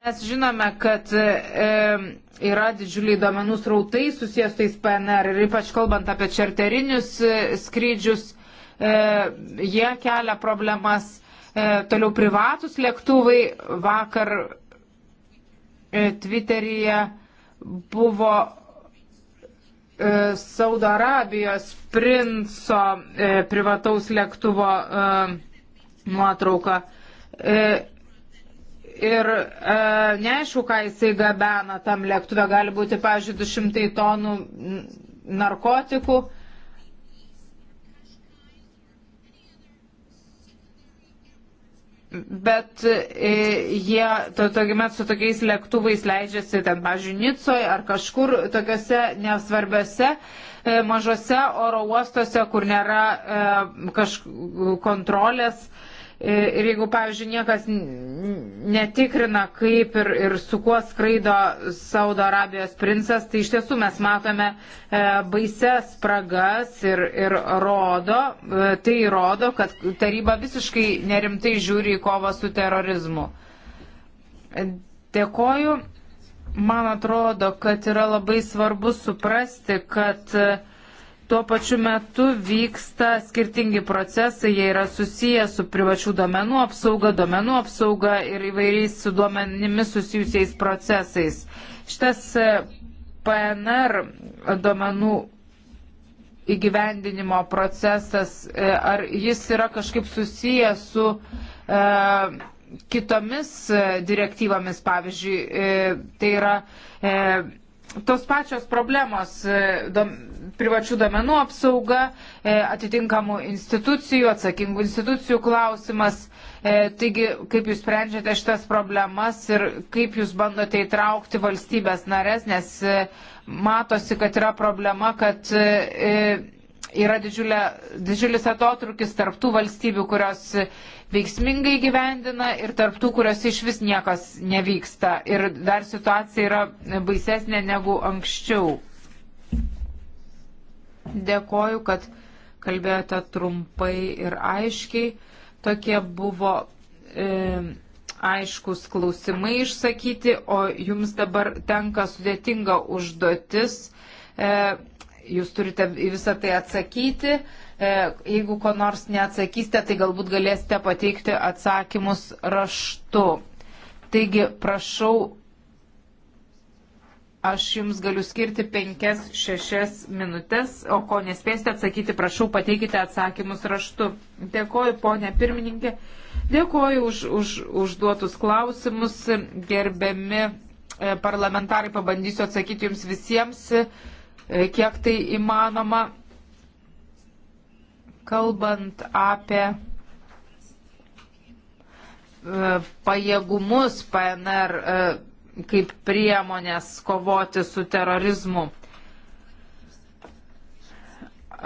Mes žinome, kad e, yra didžiuliai duomenų srautai susijęs tais PNR ir ypač kalbant apie čarterinius e, skrydžius, e, jie kelia problemas E, toliau privatus lėktuvai vakar e, Twitteryje buvo e, Saudo Arabijos princo privataus lėktuvo nuotrauka. Ir e, neaišku, ką jisai gabena tam lėktuve, gali būti, pavyzdžiui, 200 tonų narkotikų. E, bet e, jie to, tuomet su tokiais lėktuvais leidžiasi ten, pavyzdžiui, Nicoje ar kažkur tokiuose nesvarbiuose e, mažose oro uostuose, kur nėra e, kaž, kontrolės. E, E, ir jeigu, pavyzdžiui, niekas netikrina, kaip ir, ir su kuo skraido Saudo Arabijos princas, tai iš tiesų mes matome e, baises spragas ir, ir rodo, e, tai rodo, kad taryba visiškai nerimtai žiūri į kovą su terorizmu. E, dėkoju. Man atrodo, kad yra labai svarbu suprasti, kad e, Tuo pačiu metu vyksta skirtingi procesai, jie yra susiję su privačių domenų apsauga, domenų apsauga ir įvairiais su duomenimis susijusiais procesais. Šitas e, PNR domenų įgyvendinimo procesas, e, ar jis yra kažkaip susijęs su e, kitomis e, direktyvomis, pavyzdžiui, e, tai yra e, tos pačios problemos, dom, privačių domenų apsauga, e, atitinkamų institucijų, atsakingų institucijų klausimas. E, taigi, kaip jūs sprendžiate šitas problemas ir kaip jūs bandote įtraukti valstybės narės, nes e, matosi, kad yra problema, kad yra didžiulė, didžiulis atotrukis tarptų valstybių, kurios veiksmingai gyvendina ir tarptų, kurios iš vis niekas nevyksta. Ir dar situacija yra baisesnė negu anksčiau. Dėkoju, kad kalbėjote trumpai ir aiškiai. Tokie buvo e, aiškus klausimai išsakyti, o jums dabar tenka sudėtinga užduotis. E, jūs turite į visą tai atsakyti. E, jeigu ko nors neatsakysite, tai galbūt galėsite pateikti atsakymus raštu. Taigi, prašau Aš jums galiu skirti 5-6 minutės, o ko nespėsite atsakyti, prašau, pateikite atsakymus raštu. Dėkoju, ponė pirmininkė. Dėkoju už, už užduotus klausimus. Gerbiami e, parlamentarai, pabandysiu atsakyti jums visiems, e, kiek tai įmanoma. Kalbant apie e, pajėgumus PNR kaip priemonės kovoti su terorizmu.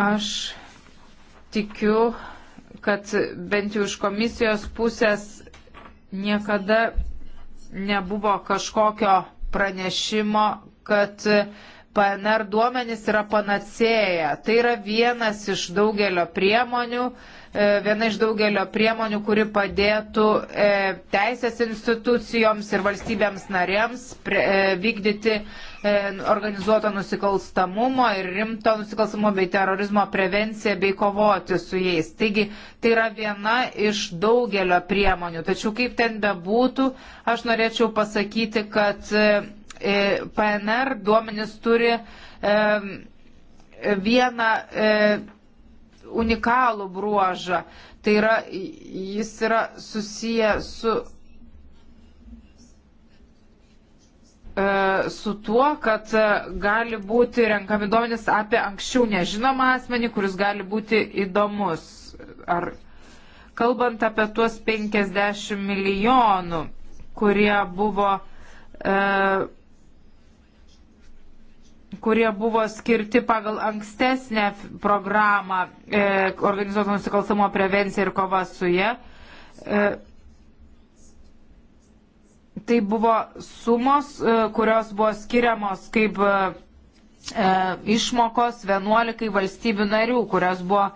Aš tikiu, kad bent jau iš komisijos pusės niekada nebuvo kažkokio pranešimo, kad PNR duomenys yra panacėja. Tai yra vienas iš daugelio priemonių, uh, E, viena iš daugelio priemonių, kuri padėtų e, teisės institucijoms ir valstybėms narėms e, vykdyti organizuoto nusikalstamumo ir rimto nusikalstamumo bei terorizmo prevenciją bei kovoti su jais. Taigi tai yra viena iš daugelio priemonių. Tačiau kaip ten bebūtų, aš norėčiau pasakyti, kad PNR duomenis turi vieną unikalų bruožą. Tai yra, jis yra susiję su, e, su tuo, kad e, gali būti renkami duomenys apie anksčiau nežinomą asmenį, kuris gali būti įdomus. Ar kalbant apie tuos 50 milijonų, kurie buvo e, kurie buvo skirti pagal ankstesnę programą e, organizuoto nusikalstamo prevencija ir kova su jie. E, tai buvo sumos, e, kurios buvo skiriamos kaip e, e išmokos 11 valstybių narių, kurios buvo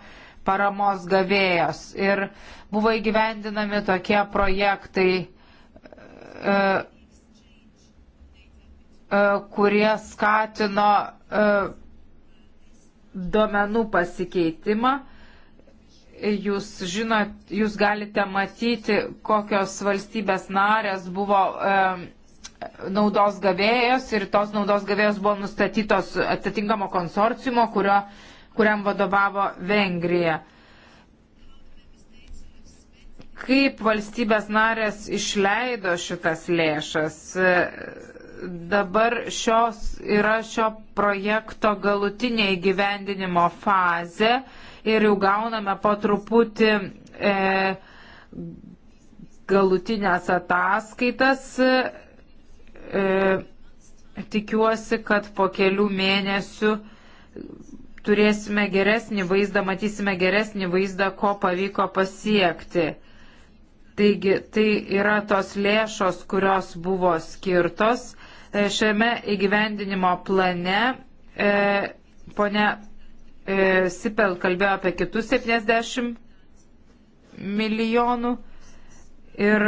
paramos gavėjos. Ir buvo įgyvendinami tokie projektai. E, E, kurie skatino e, duomenų pasikeitimą. Jūs žinot, jūs galite matyti, kokios valstybės narės buvo e, naudos gavėjos ir tos naudos gavėjos buvo nustatytos atitinkamo konsorciumo, kurio, kuriam vadovavo Vengrija. Kaip valstybės narės išleido šitas lėšas? E, dabar šios yra šio projekto galutinė įgyvendinimo fazė ir jau gauname po truputį e, galutinės ataskaitas. E, tikiuosi, kad po kelių mėnesių turėsime geresnį vaizdą, matysime geresnį vaizdą, ko pavyko pasiekti. Taigi tai yra tos lėšos, kurios buvo skirtos E, šiame įgyvendinimo plane e, ponia e, Sipel kalbėjo apie kitus 70 milijonų ir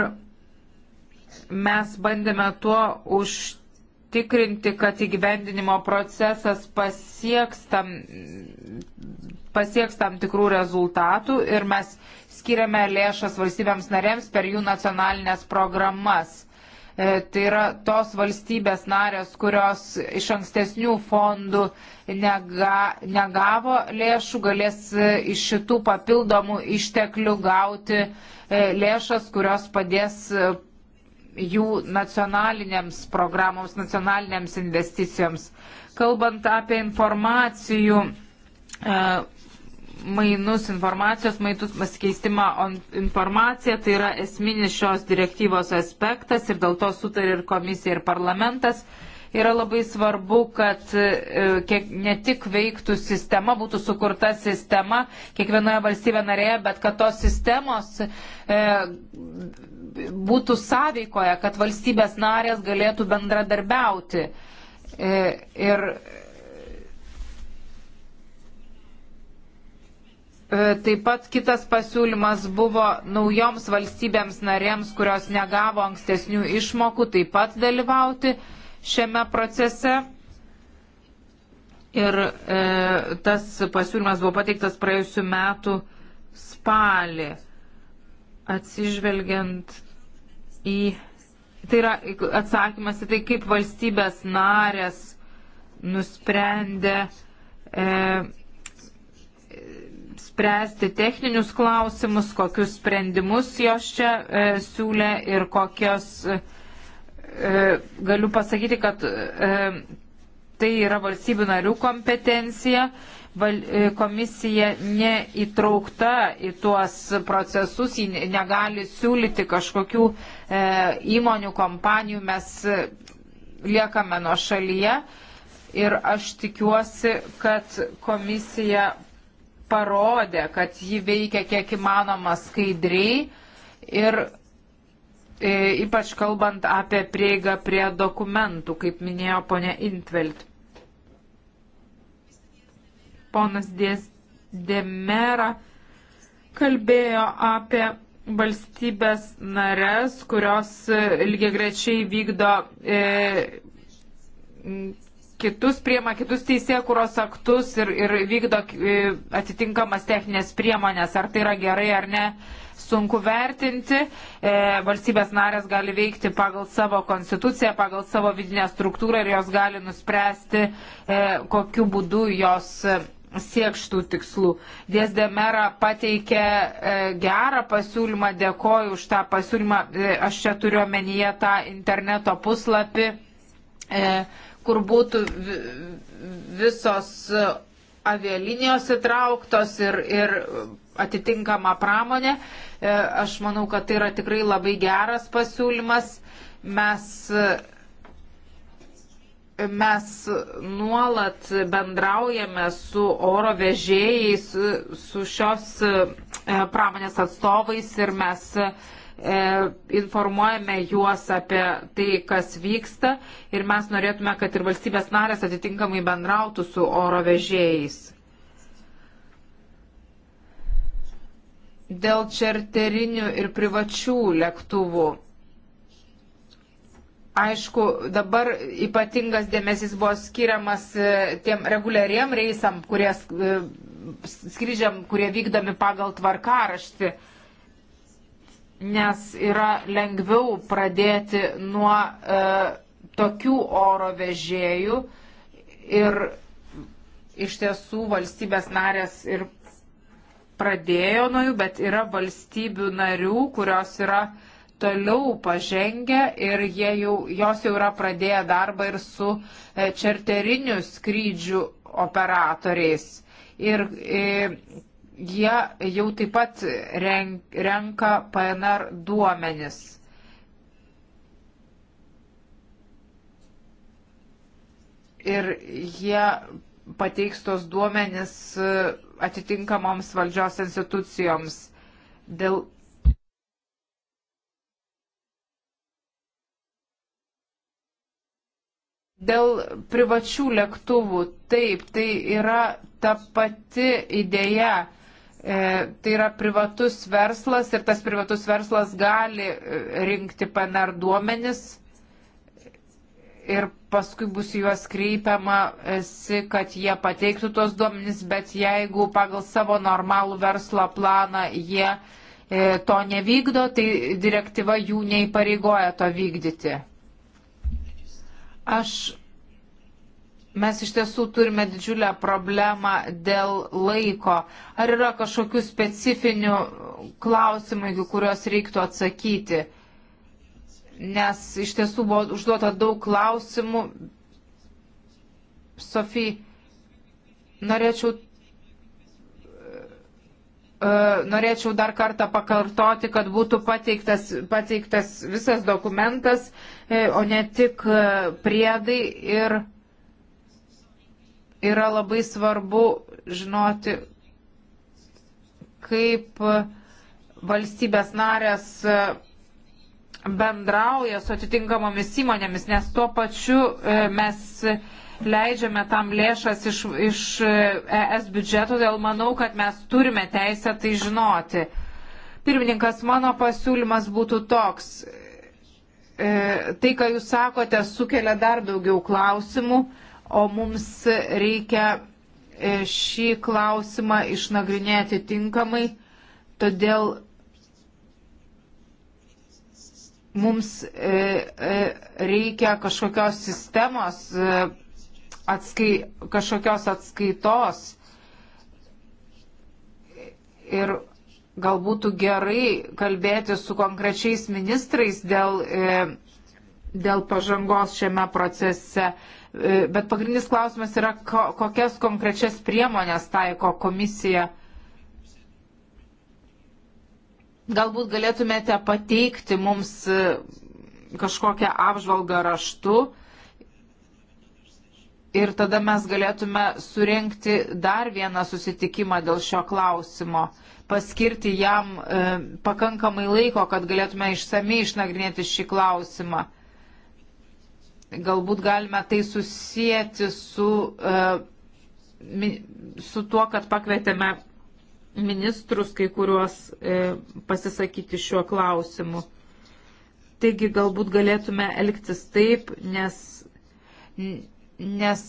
mes bandėme tuo užtikrinti, kad įgyvendinimo procesas pasieks tam, pasieks tam tikrų rezultatų ir mes skiriame lėšas valstybėms narėms per jų nacionalinės programas E, tai yra tos valstybės narės, kurios iš ankstesnių fondų nega, negavo lėšų, galės e, iš šitų papildomų išteklių gauti e, lėšas, kurios padės jų nacionalinėms programoms, nacionalinėms investicijoms. Kalbant apie informacijų mainus informacijos, mainus pasikeistimą informaciją, tai yra esminis šios direktyvos aspektas ir dėl to sutarė ir komisija, ir parlamentas. Yra labai svarbu, kad e, kiek, ne tik veiktų sistema, būtų sukurta sistema kiekvienoje valstybė narėje, bet kad tos sistemos e, būtų sąveikoje, kad valstybės narės galėtų bendradarbiauti. E, ir, E, taip pat kitas pasiūlymas buvo naujoms valstybėms narėms, kurios negavo ankstesnių išmokų, taip pat dalyvauti šiame procese. Ir e, tas pasiūlymas buvo pateiktas praėjusiu metu spalį, atsižvelgiant į. Tai yra atsakymas į tai, kaip valstybės narės nusprendė. E, spręsti techninius klausimus, kokius sprendimus jos čia e, siūlė ir kokios. E, e, galiu pasakyti, kad e, tai yra valstybių narių kompetencija. Val, e, komisija neįtraukta į tuos procesus, ji negali siūlyti kažkokių e, įmonių, kompanijų, mes e, liekame nuo šalyje. Ir aš tikiuosi, kad komisija parodė, kad ji veikia kiek įmanoma skaidriai ir e, ypač kalbant apie prieigą prie dokumentų, kaip minėjo ponė Intvelt. Ponas Dės Demera kalbėjo apie valstybės narės, kurios e, lygiai grečiai vykdo e, kitus priema kitus teisėkuros aktus ir, ir vykdo e, atitinkamas techninės priemonės. Ar tai yra gerai ar ne, sunku vertinti. E, valstybės narės gali veikti pagal savo konstituciją, pagal savo vidinę struktūrą ir jos gali nuspręsti, e, kokiu būdu jos e, siekštų tikslų. Dėsdemera pateikė e, gerą pasiūlymą, dėkoju už tą pasiūlymą. E, aš čia turiu omenyje tą interneto puslapį. E, kur būtų visos avialinijos įtrauktos ir, ir atitinkama pramonė. E, aš manau, kad tai yra tikrai labai geras pasiūlymas. Mes, mes nuolat bendraujame su oro vežėjais, su šios e, pramonės atstovais ir mes uh, E, informuojame juos apie tai, kas vyksta ir mes norėtume, kad ir valstybės narės atitinkamai bendrautų su oro vežėjais. Dėl čerterinių ir privačių lėktuvų. Aišku, dabar ypatingas dėmesys buvo skiriamas e, tiem reguliariem reisam, kurie, e, skrydžiam, kurie vykdomi pagal tvarkaraštį nes yra lengviau pradėti nuo e, tokių oro vežėjų ir iš tiesų valstybės narės ir pradėjo nuo jų, bet yra valstybių narių, kurios yra toliau pažengę ir jau, jos jau yra pradėję darbą ir su e, čarteriniu skrydžių operatoriais. Ir, ir e, jie jau taip pat renka PNR duomenis. Ir jie pateiks tos duomenis e, atitinkamoms valdžios institucijoms. Dėl Dėl privačių lėktuvų, taip, tai yra ta pati idėja. E, tai yra privatus verslas ir tas privatus verslas gali e, rinkti PNR duomenis ir paskui bus juos kreipiamasi, kad jie pateiktų tuos duomenis, bet jeigu pagal savo normalų verslo planą jie e, to nevykdo, tai direktyva jų neįpareigoja to vykdyti. Aš Mes iš tiesų turime didžiulę problemą dėl laiko. Ar yra kažkokių specifinių klausimų, į kuriuos reiktų atsakyti? Nes iš tiesų buvo užduota daug klausimų. Sofija, norėčiau e, norėčiau dar kartą pakartoti, kad būtų pateiktas, pateiktas visas dokumentas, e, o ne tik e, priedai ir yra labai svarbu žinoti, kaip valstybės narės bendrauja su atitinkamomis įmonėmis, nes tuo pačiu e, mes leidžiame tam lėšas iš, iš e, ES biudžeto, todėl manau, kad mes turime teisę tai žinoti. Pirmininkas, mano pasiūlymas būtų toks. E, tai, ką jūs sakote, sukelia dar daugiau klausimų. E, o mums reikia e, šį klausimą išnagrinėti tinkamai, todėl mums e, e, reikia kažkokios sistemos, atskai, kažkokios atskaitos ir galbūt gerai kalbėti su konkrečiais ministrais dėl dėl pažangos šiame procese. E, bet pagrindinis klausimas yra, kokias konkrečias priemonės taiko komisija. Galbūt galėtumėte pateikti mums e, kažkokią apžvalgą raštu ir tada mes galėtume surinkti dar vieną susitikimą dėl šio klausimo, paskirti jam e, pakankamai laiko, kad galėtume išsamei išnagrinėti šį klausimą. Galbūt galime tai susijęti su, e, su tuo, kad pakvietėme ministrus kai kuriuos e, pasisakyti šiuo klausimu. Taigi galbūt galėtume elgtis taip, nes, nes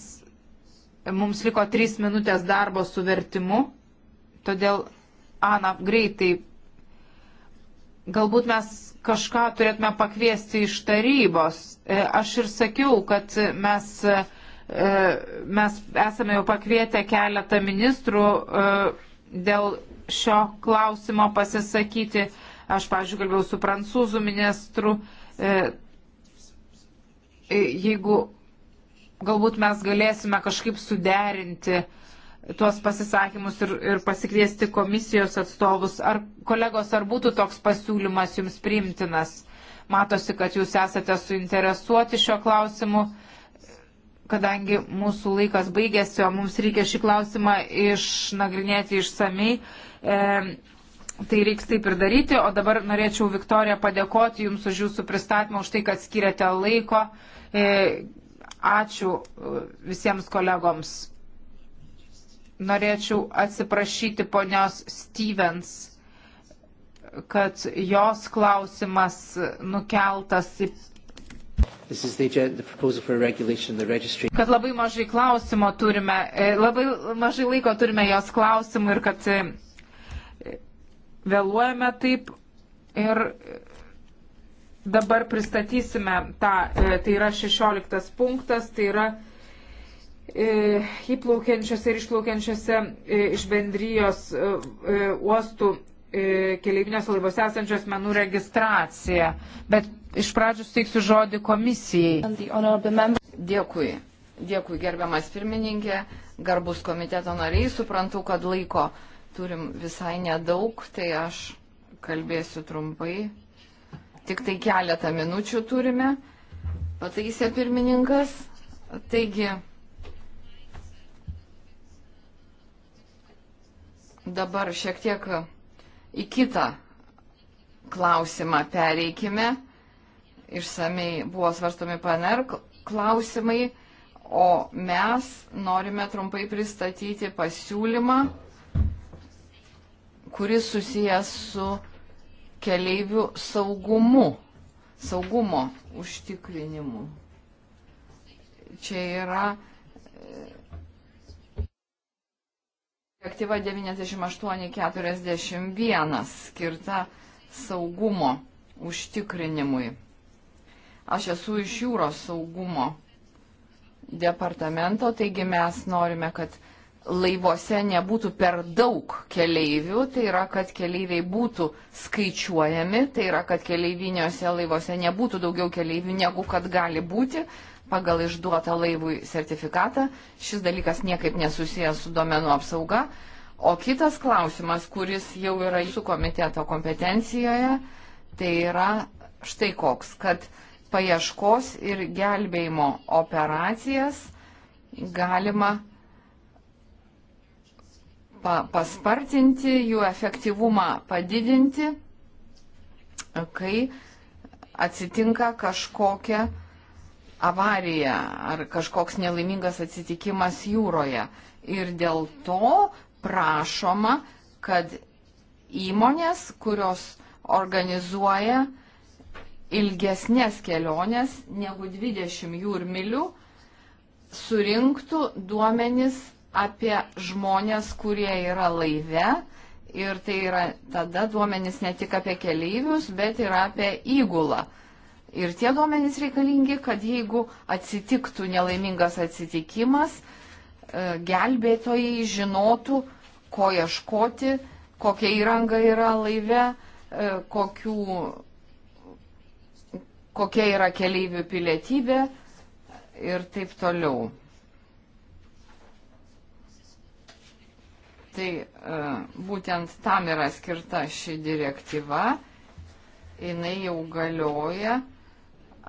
mums liko trys minutės darbo su vertimu, todėl, Ana, greitai, galbūt mes kažką turėtume pakviesti iš tarybos. E, aš ir sakiau, kad mes, e, mes esame jau pakvietę keletą ministrų e, dėl šio klausimo pasisakyti. Aš, pažiūrėjau, kalbėjau su prancūzų ministru. Jeigu galbūt mes galėsime kažkaip suderinti uh, tuos pasisakymus ir, ir pasikviesti komisijos atstovus. Ar kolegos, ar būtų toks pasiūlymas jums priimtinas? Matosi, kad jūs esate suinteresuoti šio klausimu, kadangi mūsų laikas baigėsi, o mums reikia šį klausimą išnagrinėti išsamei. E, tai reiks taip ir daryti, o dabar norėčiau, Viktorija, padėkoti Jums už Jūsų pristatymą, už tai, kad skiriate laiko. E, ačiū visiems kolegoms norėčiau atsiprašyti ponios Stevens, kad jos klausimas nukeltas į. Kad labai mažai klausimo turime, e, labai mažai laiko turime jos klausimų ir kad e, vėluojame taip ir dabar pristatysime tą, e, tai yra 16 punktas, tai yra E, įplaukiančiose ir išplaukiančiose e, iš bendrijos e, uostų keleiviniuose laivuose esančių asmenų registracija. Bet iš pradžių suteiksiu žodį komisijai. Dėkui. Dėkui, gerbiamas pirmininkė, garbus komiteto nariai. Suprantu, kad laiko turim visai nedaug, tai aš kalbėsiu trumpai. Tik tai keletą minučių turime. Pataisė pirmininkas. Taigi, Dabar šiek tiek į kitą klausimą pereikime. Išsamei buvo svarstomi PNR klausimai, o mes norime trumpai pristatyti pasiūlymą, kuris susijęs su keleivių saugumu, saugumo užtikrinimu. Čia yra Direktyva 9841 skirta saugumo užtikrinimui. Aš esu iš jūros saugumo departamento, taigi mes norime, kad laivuose nebūtų per daug keleivių, tai yra, kad keleiviai būtų skaičiuojami, tai yra, kad keleiviniuose laivuose nebūtų daugiau keleivių negu kad gali būti. Uh, pagal išduotą laivui sertifikatą. Šis dalykas niekaip nesusijęs su duomenų apsauga. O kitas klausimas, kuris jau yra jūsų komiteto kompetencijoje, tai yra štai koks, kad paieškos ir gelbėjimo operacijas galima pa paspartinti, jų efektyvumą padidinti, kai atsitinka kažkokia uh, avarija ar kažkoks nelaimingas atsitikimas jūroje. Ir dėl to prašoma, kad įmonės, kurios organizuoja ilgesnės keliones negu 20 jūrmilių, surinktų duomenis apie žmonės, kurie yra laive. Ir tai yra tada duomenis ne tik apie keleivius, bet ir apie įgulą. Ir tie duomenys reikalingi, kad jeigu atsitiktų nelaimingas atsitikimas, e, gelbėtojai žinotų, ko ieškoti, kokia įranga yra laive, e, kokių, kokia yra keleivių pilietybė ir taip toliau. Tai e, būtent tam yra skirta ši direktyva, jinai jau galioja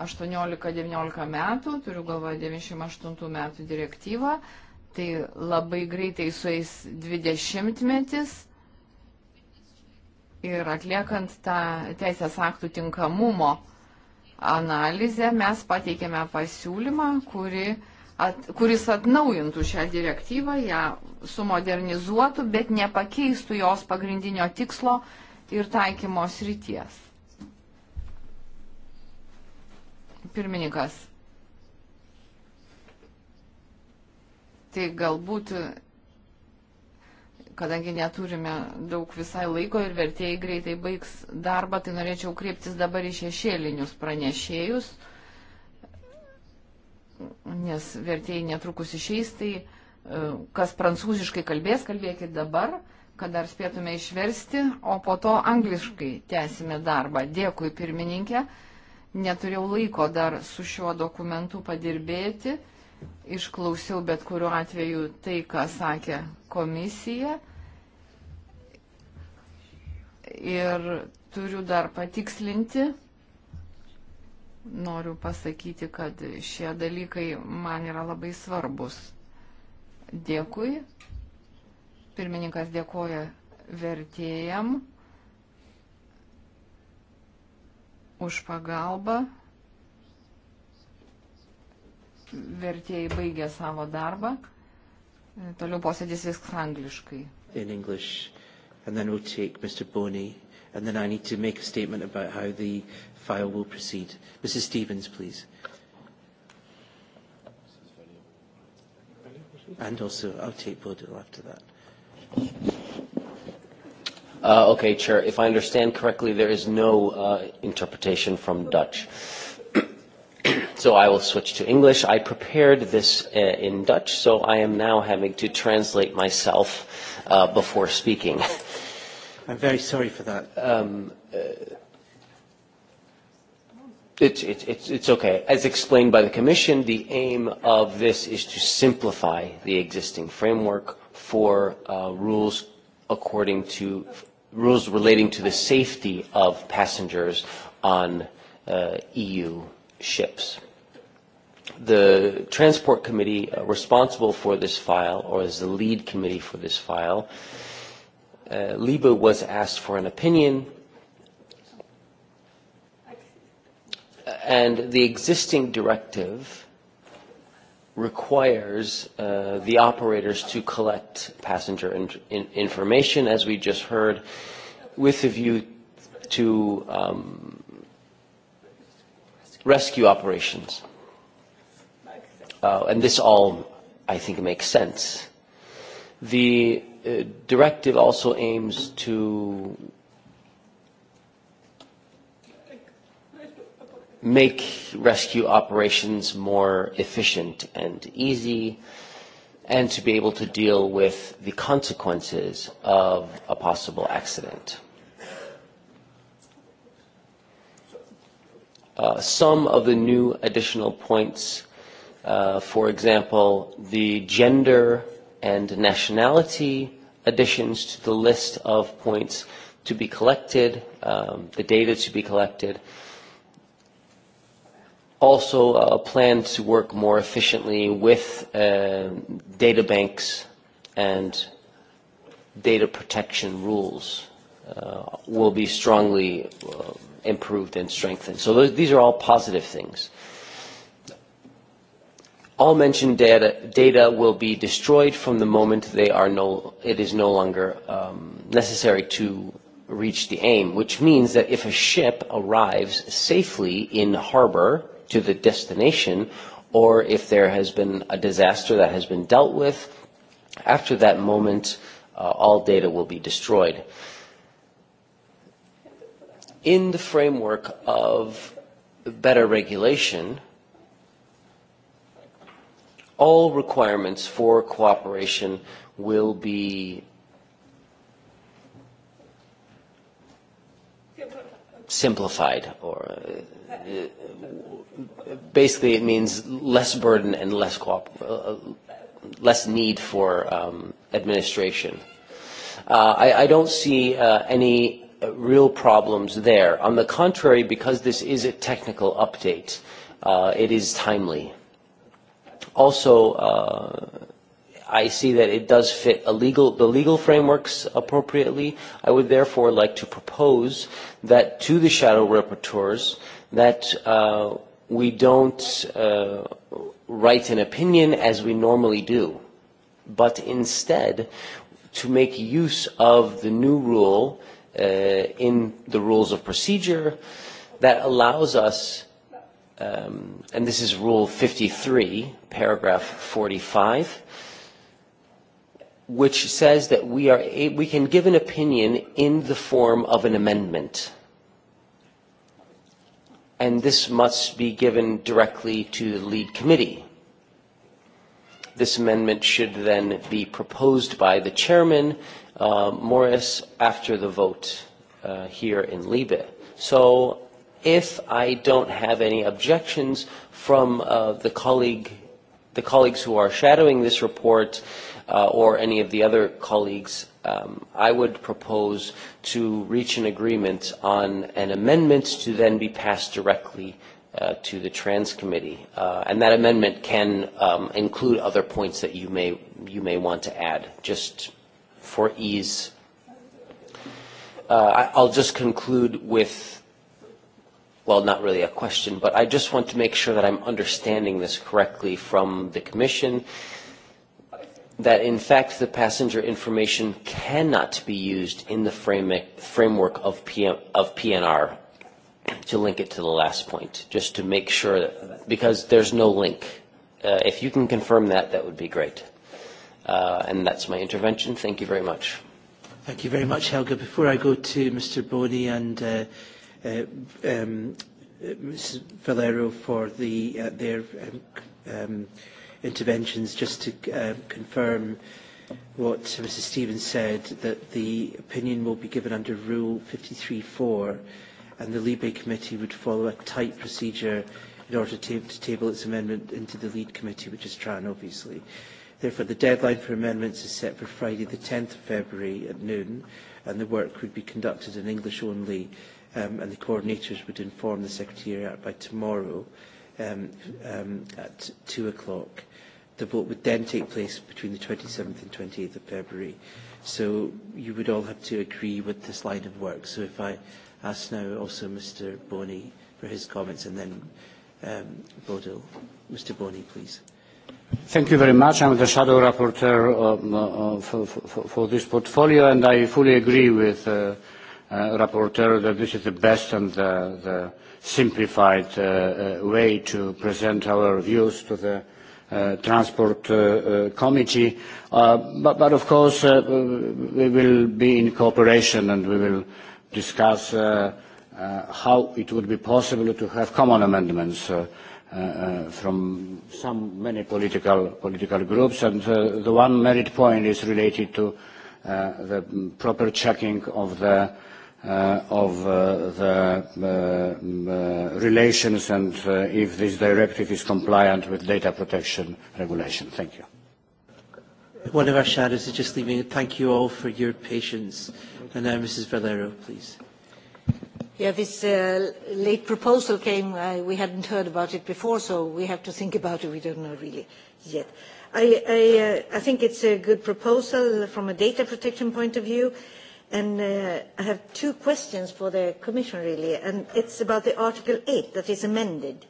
18-19 metų, turiu galvoje 98 metų direktyvą, tai labai greitai sueis 20 metis ir atliekant tą teisės aktų tinkamumo analizę mes pateikėme pasiūlymą, kuri, at, kuris atnaujintų šią direktyvą, ją sumodernizuotų, bet nepakeistų jos pagrindinio tikslo ir taikymo srities. Pirmininkas. Tai galbūt, kadangi neturime daug visai laiko ir vertėjai greitai baigs darbą, tai norėčiau kreiptis dabar į šešėlinius pranešėjus, nes vertėjai netrukus išeis, tai e, kas prancūziškai kalbės, kalbėkit dabar kad dar spėtume išversti, o po to angliškai tęsime darbą. Dėkui pirmininkė neturėjau laiko dar su šiuo dokumentu padirbėti. Išklausiau bet kuriuo atveju tai, ką sakė komisija. Ir turiu dar patikslinti. Noriu pasakyti, kad šie dalykai man yra labai svarbus. Dėkui. Pirmininkas dėkoja vertėjam. už pagalbą. Vertėjai baigė savo darbą. Toliau posėdis viskas angliškai. In English, and then we'll take Mr. Boney, and then I need to make a statement about how the file will proceed. Mrs. Stevens, please. And also, I'll take Bodil after that. Uh, okay, Chair. If I understand correctly, there is no uh, interpretation from Dutch. so I will switch to English. I prepared this uh, in Dutch, so I am now having to translate myself uh, before speaking. I'm very sorry for that. Um, uh, It's, it's, it's, it's okay. As explained by the Commission, the aim of this is to simplify the existing framework for uh, rules according to rules relating to the safety of passengers on uh, EU ships. The Transport Committee uh, responsible for this file, or as the lead committee for this file, uh, LIBA was asked for an opinion, uh, and the existing directive requires uh, the operators to collect passenger in, in, information, as we just heard, with a view to um, rescue operations. Uh, and this all, I think, makes sense. The uh, directive also aims to make rescue operations more efficient and easy, and to be able to deal with the consequences of a possible accident. Uh, some of the new additional points, uh, for example, the gender and nationality additions to the list of points to be collected, um, the data to be collected, uh, also a uh, plan to work more efficiently with uh, data banks and data protection rules uh, will be strongly uh, improved and strengthened. So those, these are all positive things. All mentioned data, data will be destroyed from the moment they are no, it is no longer um, necessary to reach the aim, which means that if a ship arrives safely in harbor, to the destination or if there has been a disaster that has been dealt with. After that moment, uh, all data will be destroyed. In the framework of better regulation, all requirements for cooperation will be simplified or uh, basically it means less burden and less coop- uh, less need for um, administration. Uh, I, I don't see uh, any uh, real problems there. On the contrary, because this is a technical update, uh, it is timely. Also, uh, I see that it does fit a legal, the legal frameworks appropriately. I would therefore like to propose that to the shadow rapporteurs, uh, that uh, we don't uh, write an opinion as we normally do, but instead to make use of the new rule uh, in the rules of procedure that allows us, um, and this is Rule 53, paragraph 45, which says that we, are a- we can give an opinion in the form of an amendment and this must be given directly to the lead committee. This amendment should then be proposed by the chairman, uh, Morris, after the vote uh, here in Libe. So if I don't have any objections from uh, the colleague, the colleagues who are shadowing this report uh, or any of the other colleagues, um, I would propose to reach an agreement on an amendment to then be passed directly uh, to the Trans Committee, uh, and that amendment can um, include other points that you may you may want to add, just for ease. Uh, I'll just conclude with, well, not really a question, but I just want to make sure that I'm understanding this correctly from the Commission. Uh, that in fact the passenger information cannot be used in the frame, framework of, PM, of PNR to link it to the last point, just to make sure that, because there's no link. Uh, if you can confirm that, that would be great. Uh, and that's my intervention. Thank you very much. Thank you very much, Helga. Before I go to Mr. Boney and uh, uh, um, uh, Mrs. Valero for the, uh, their um, um, interventions. Just to uh, confirm what Mrs. Stevens said, that the opinion will be given under Rule 53.4 and the Libe Committee would follow a tight procedure in order to, to table its amendment into the lead committee, which is Tran, obviously. Therefore, the deadline for amendments is set for Friday, the 10th of February at noon, and the work would be conducted in English only, um, and the coordinators would inform the Secretariat by tomorrow um, um, at 2 o'clock the vote would then take place between the 27th and 28th of February. So you would all have to agree with this line of work. So if I ask now also Mr Boney for his comments and then um, Bodil. Mr Boney, please. Thank you very much. I'm the shadow rapporteur um, uh, uh for, for, for this portfolio and I fully agree with uh, uh, rapporteur that this is the best and the, the simplified uh, uh, way to present our views to the uh, Transport uh, uh, Committee. Uh, but, but of course, uh, we will be in cooperation and we will discuss uh, uh, how it would be possible to have common amendments uh, uh, uh from some many political, political groups. And uh, the one merit point is related to uh, the proper checking of the uh, uh, of uh, the uh, uh, relations and uh, if this directive is compliant with data protection regulation. Thank you. One of our shadows is just leaving. Thank you all for your patience. And now Mrs. Valero, please. Yeah, this uh, late proposal came. Uh, we hadn't heard about it before, so we have to think about it. We don't know really yet. I, I, uh, I think it's a good proposal from a data protection point of view. Uh, And uh, I have two questions for the Commission, really. And it's about the Article 8 that is amended.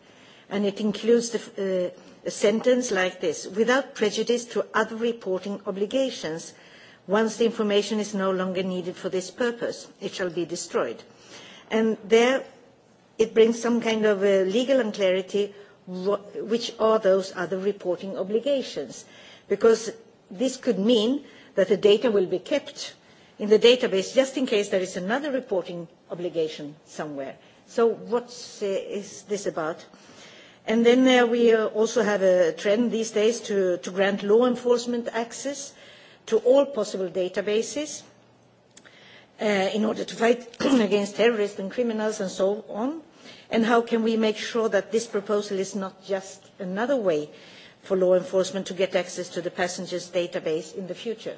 And it includes the, uh, a sentence like this, without prejudice to other reporting obligations, once the information is no longer needed for this purpose, it shall be destroyed. And there it brings some kind of uh, legal unclarity, what, which are those other reporting obligations? Because this could mean that the data will be kept in the database just in case there is another reporting obligation somewhere. So what uh, is this about? And then uh, we uh, also have a trend these days to, to grant law enforcement access to all possible databases uh, in order to fight against terrorists and criminals and so on. And how can we make sure that this proposal is not just another way for law enforcement to get access to the passengers database in the future?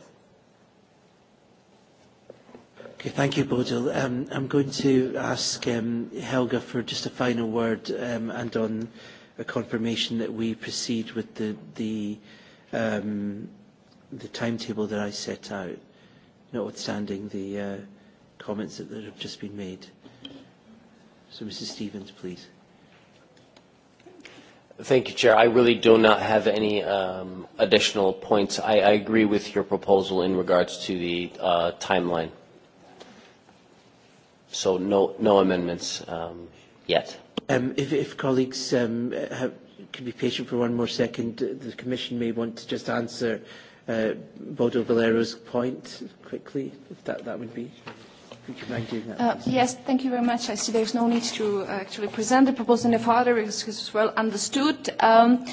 Okay, thank you, Bodil. Um, I'm going to ask um, Helga for just a final word um, and on a confirmation that we proceed with the, the, um, the timetable that I set out, notwithstanding the uh, comments that, that have just been made. So, Mrs. Stevens, please. Thank you, Chair. I really do not have any um, additional points. I, I agree with your proposal in regards to the uh, timeline. So no, no amendments um, yet. Um, if, if colleagues um, have, can be patient for one more second, uh, the Commission may want to just answer uh, Bodo Valero's point quickly, if that, that would be. Uh, yes, thank you very much. I see there's no need to uh, actually present the proposal any further because it's well understood. Um,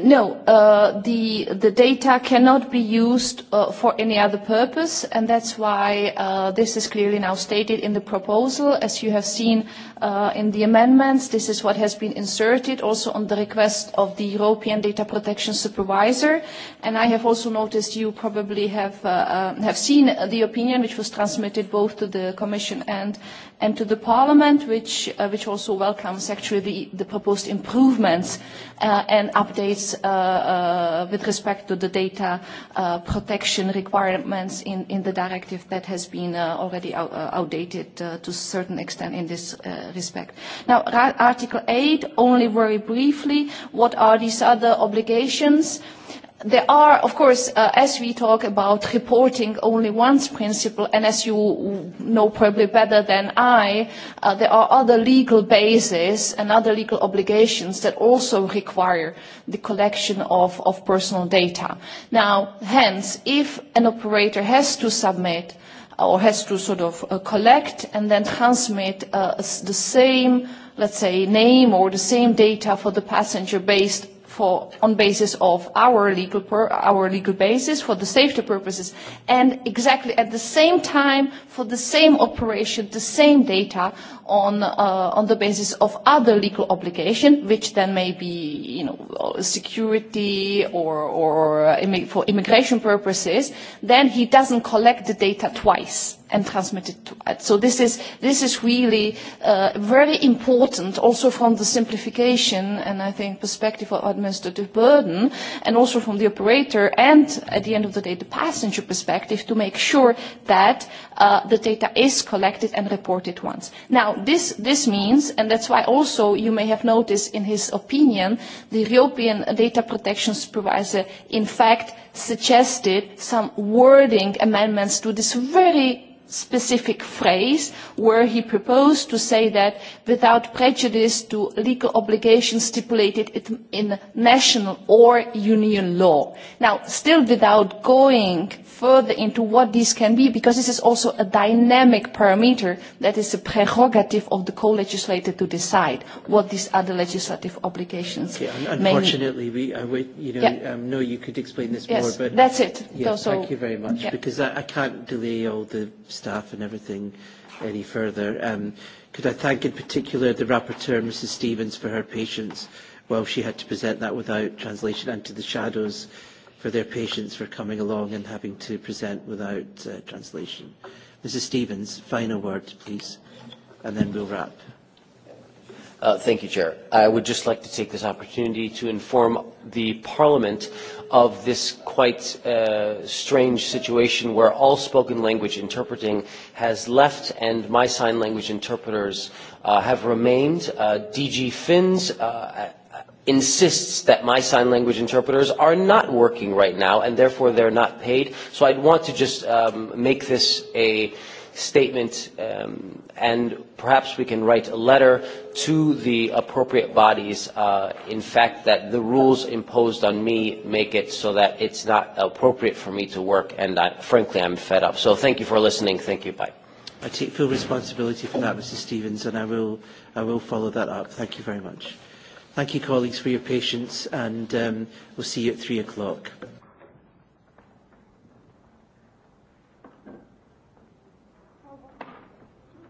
No, uh, the, the data cannot be used uh, for any other purpose, and that's why uh, this is clearly now stated in the proposal. As you have seen uh, in the amendments, this is what has been inserted, also on the request of the European Data Protection Supervisor. And I have also noticed you probably have, uh, uh, have seen the opinion which was transmitted both to the Commission and, and to the Parliament, which, uh, which also welcomes actually the, the proposed improvements uh, and updates is uh, uh, with respect to the data uh, protection requirements in, in the directive that has been uh, already out, uh, outdated uh, to a certain extent in this uh, respect. Now, Article 8, only very briefly, what are these other obligations? there are, of course, uh, as we talk about reporting only once principle, and as you know probably better than I, uh, there are other legal bases and other legal obligations that also require the collection of, of personal data. Now, hence, if an operator has to submit uh, or has to sort of uh, collect and then transmit uh, the same let's say, name or the same data for the passenger based for, on basis of our legal, per, our legal basis for the safety purposes and exactly at the same time for the same operation, the same data on, uh, on the basis of other legal obligation, which then may be, you know, security or, or uh, for immigration purposes, then he doesn't collect the data twice and transmitted to ads. So this is, this is really uh, very important also from the simplification and I think perspective of administrative burden and also from the operator and at the end of the day the passenger perspective to make sure that uh, the data is collected and reported once. Now this, this means, and that's why also you may have noticed in his opinion, the European data protection supervisor in fact suggested some wording amendments to this very specific phrase where he proposed to say that without prejudice to legal obligations stipulated in national or union law. Now, still without going further into what these can be, because this is also a dynamic parameter that is a prerogative of the co-legislator to decide what these other legislative obligations okay, un Unfortunately, may... we, I uh, would, you know, yeah. um, no, you could explain this yes, more, but... that's it. Yeah, also, thank you very much, yeah. because I, I can't delay all the staff and everything any further. Um, could I thank in particular the rapporteur, Mrs Stevens, for her patience while she had to present that without translation and to the shadows. Mm -hmm for their patience for coming along and having to present without uh, translation. Mrs. Stevens, final word, please, and then we'll wrap. Uh, thank you, Chair. I would just like to take this opportunity to inform the Parliament of this quite uh, strange situation where all spoken language interpreting has left and my sign language interpreters uh, have remained. Uh, DG Finns uh, insists that my sign language interpreters are not working right now and therefore they're not paid. So I'd want to just um, make this a statement um, and perhaps we can write a letter to the appropriate bodies uh, in fact that the rules imposed on me make it so that it's not appropriate for me to work and I, frankly I'm fed up. So thank you for listening. Thank you. Bye. I take full responsibility for that, Mrs. Stevens, and I will, I will follow that up. Thank you very much. Thank you, colleagues, for your patience, and um, we'll see you at 3 o'clock.